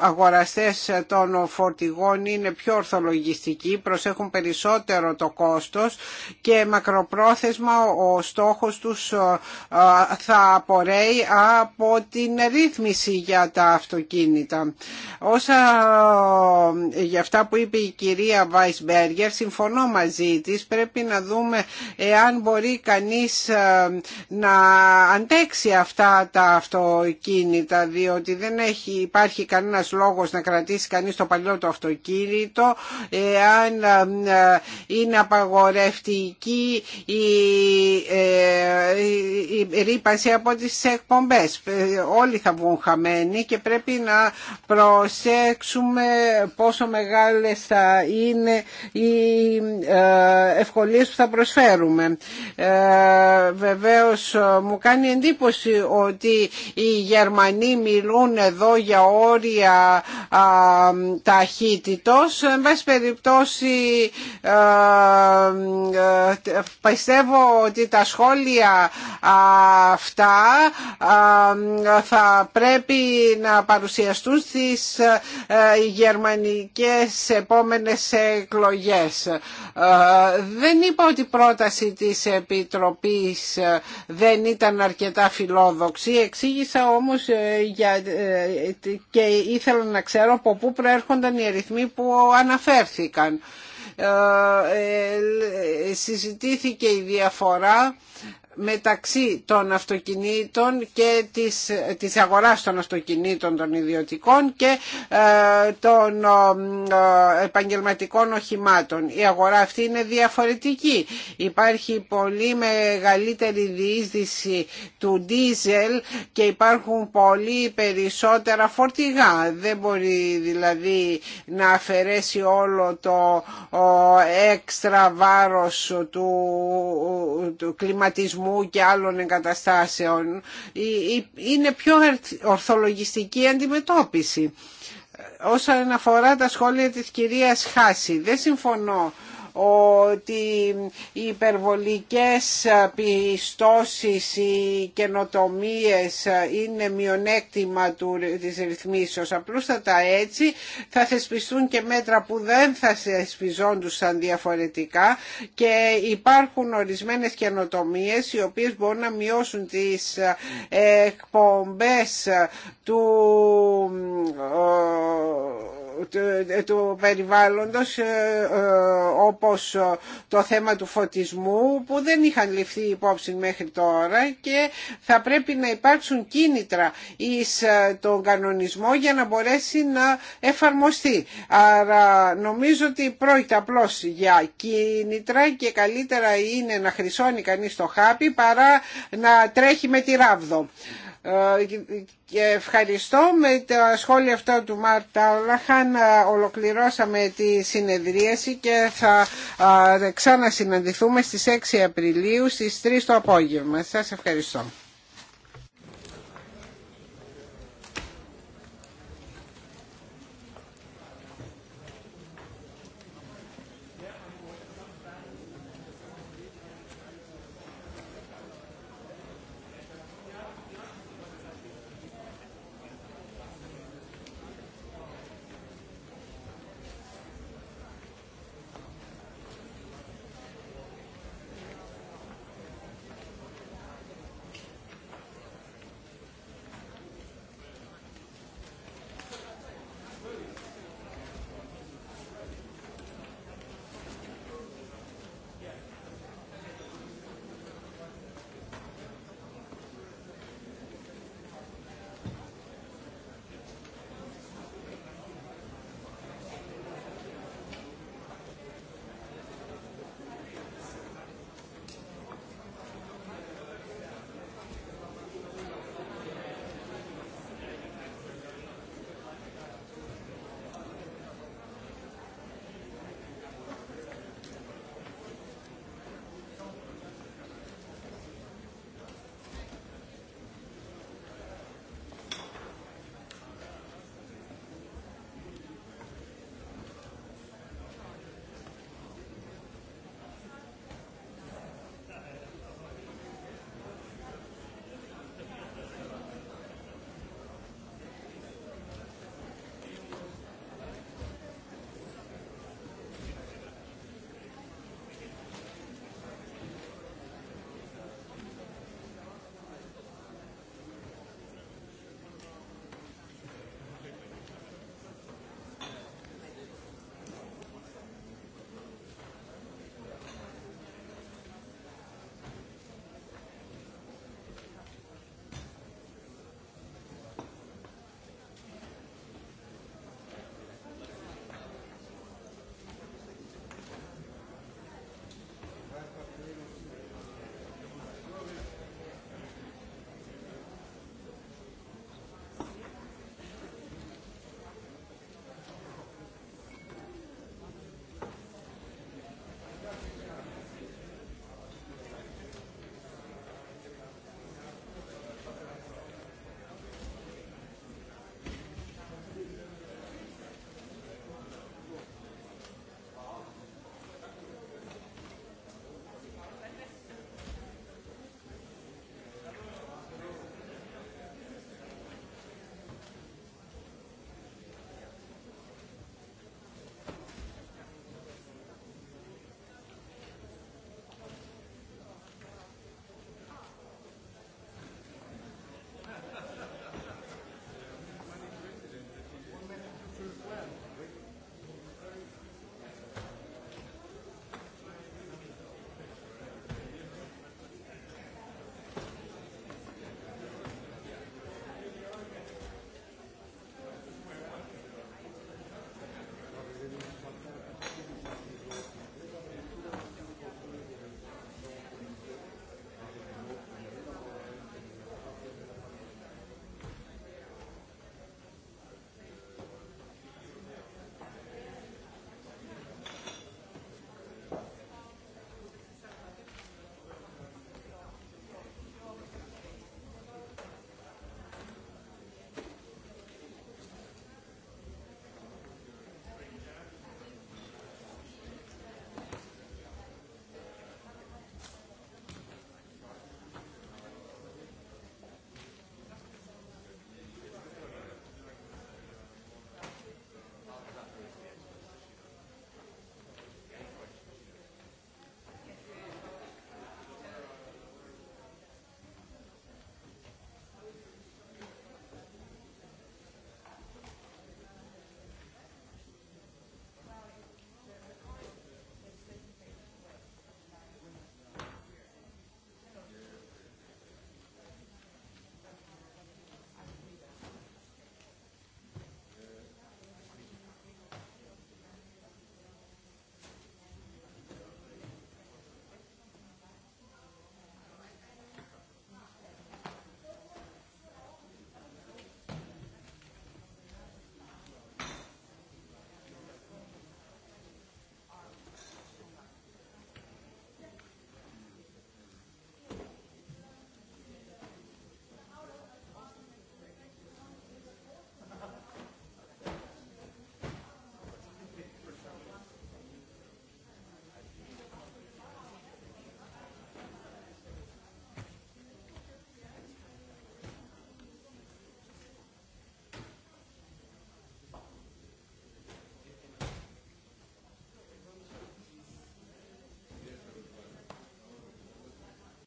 αγοραστές των φορτηγών είναι πιο ορθολογιστικοί, προσέχουν περισσότερο το κόστος και μακροπρόθεσμα ο στόχος τους ε, θα απορρέει από την ρύθμιση για τα αυτοκίνητα. Όσα για αυτά που είπε η κυρία Βάισμπέργερ, συμφωνώ μαζί της, πρέπει να δούμε εάν μπορεί κανείς ε, να αντέξει αυτά τα αυτοκίνητα, διότι δεν έχει, υπάρχει κανένας λόγος να κρατήσει κανείς το παλιό το αυτοκίνητο, εάν ε, είναι απαγορευτική η, ε, η, η, η από τις εκπομπές ε, όλοι θα βγουν χαμένοι και πρέπει να προσέξουμε πόσο μεγάλες θα είναι οι ε, ευκολίες που θα προσφέρουμε. Ε, βεβαίως μου κάνει εντύπωση ότι οι Γερμανοί μιλούν εδώ για όρια ταχύτητος. Εν πάση περιπτώσει πιστεύω ότι τα σχόλια αυτά θα πρέπει να παρουσιαστούν στις ε, γερμανικές επόμενες εκλογές. Ε, δεν είπα ότι η πρόταση της Επιτροπής ε, δεν ήταν αρκετά φιλόδοξη, εξήγησα όμως για, και ήθελα να ξέρω από πού προέρχονταν οι αριθμοί που αναφέρθηκαν. συζητήθηκε η διαφορά μεταξύ των αυτοκινήτων και της, της αγοράς των αυτοκινήτων των ιδιωτικών και ε, των ε, επαγγελματικών οχημάτων. Η αγορά αυτή είναι διαφορετική. Υπάρχει πολύ μεγαλύτερη διείσδυση του ντίζελ και υπάρχουν πολύ περισσότερα φορτηγά. Δεν μπορεί δηλαδή να αφαιρέσει όλο το έξτρα βάρος του, του κλιματισμού και άλλων εγκαταστάσεων. Είναι πιο ορθολογιστική αντιμετώπιση. Ε, όσον αφορά τα σχόλια της κυρίας Χάση, δεν συμφωνώ ότι οι υπερβολικές πιστώσεις, οι καινοτομίες είναι μειονέκτημα του, της ρυθμίσεως. Απλούστατα έτσι θα θεσπιστούν και μέτρα που δεν θα θεσπιζόντουσαν διαφορετικά και υπάρχουν ορισμένες καινοτομίες οι οποίες μπορούν να μειώσουν τις εκπομπές του του περιβάλλοντος ε, ε, όπως το θέμα του φωτισμού που δεν είχαν ληφθεί υπόψη μέχρι τώρα και θα πρέπει να υπάρξουν κίνητρα εις ε, τον κανονισμό για να μπορέσει να εφαρμοστεί. Άρα νομίζω ότι πρόκειται απλώς για κίνητρα και καλύτερα είναι να χρυσώνει κανείς το χάπι παρά να τρέχει με τη ράβδο. Ε, και ευχαριστώ με τα σχόλια αυτά του Μάρτα Όλαχαν ε, ολοκληρώσαμε τη συνεδρίαση και θα ε, ξανασυναντηθούμε στις 6 Απριλίου στις 3 το απόγευμα. Σας ευχαριστώ.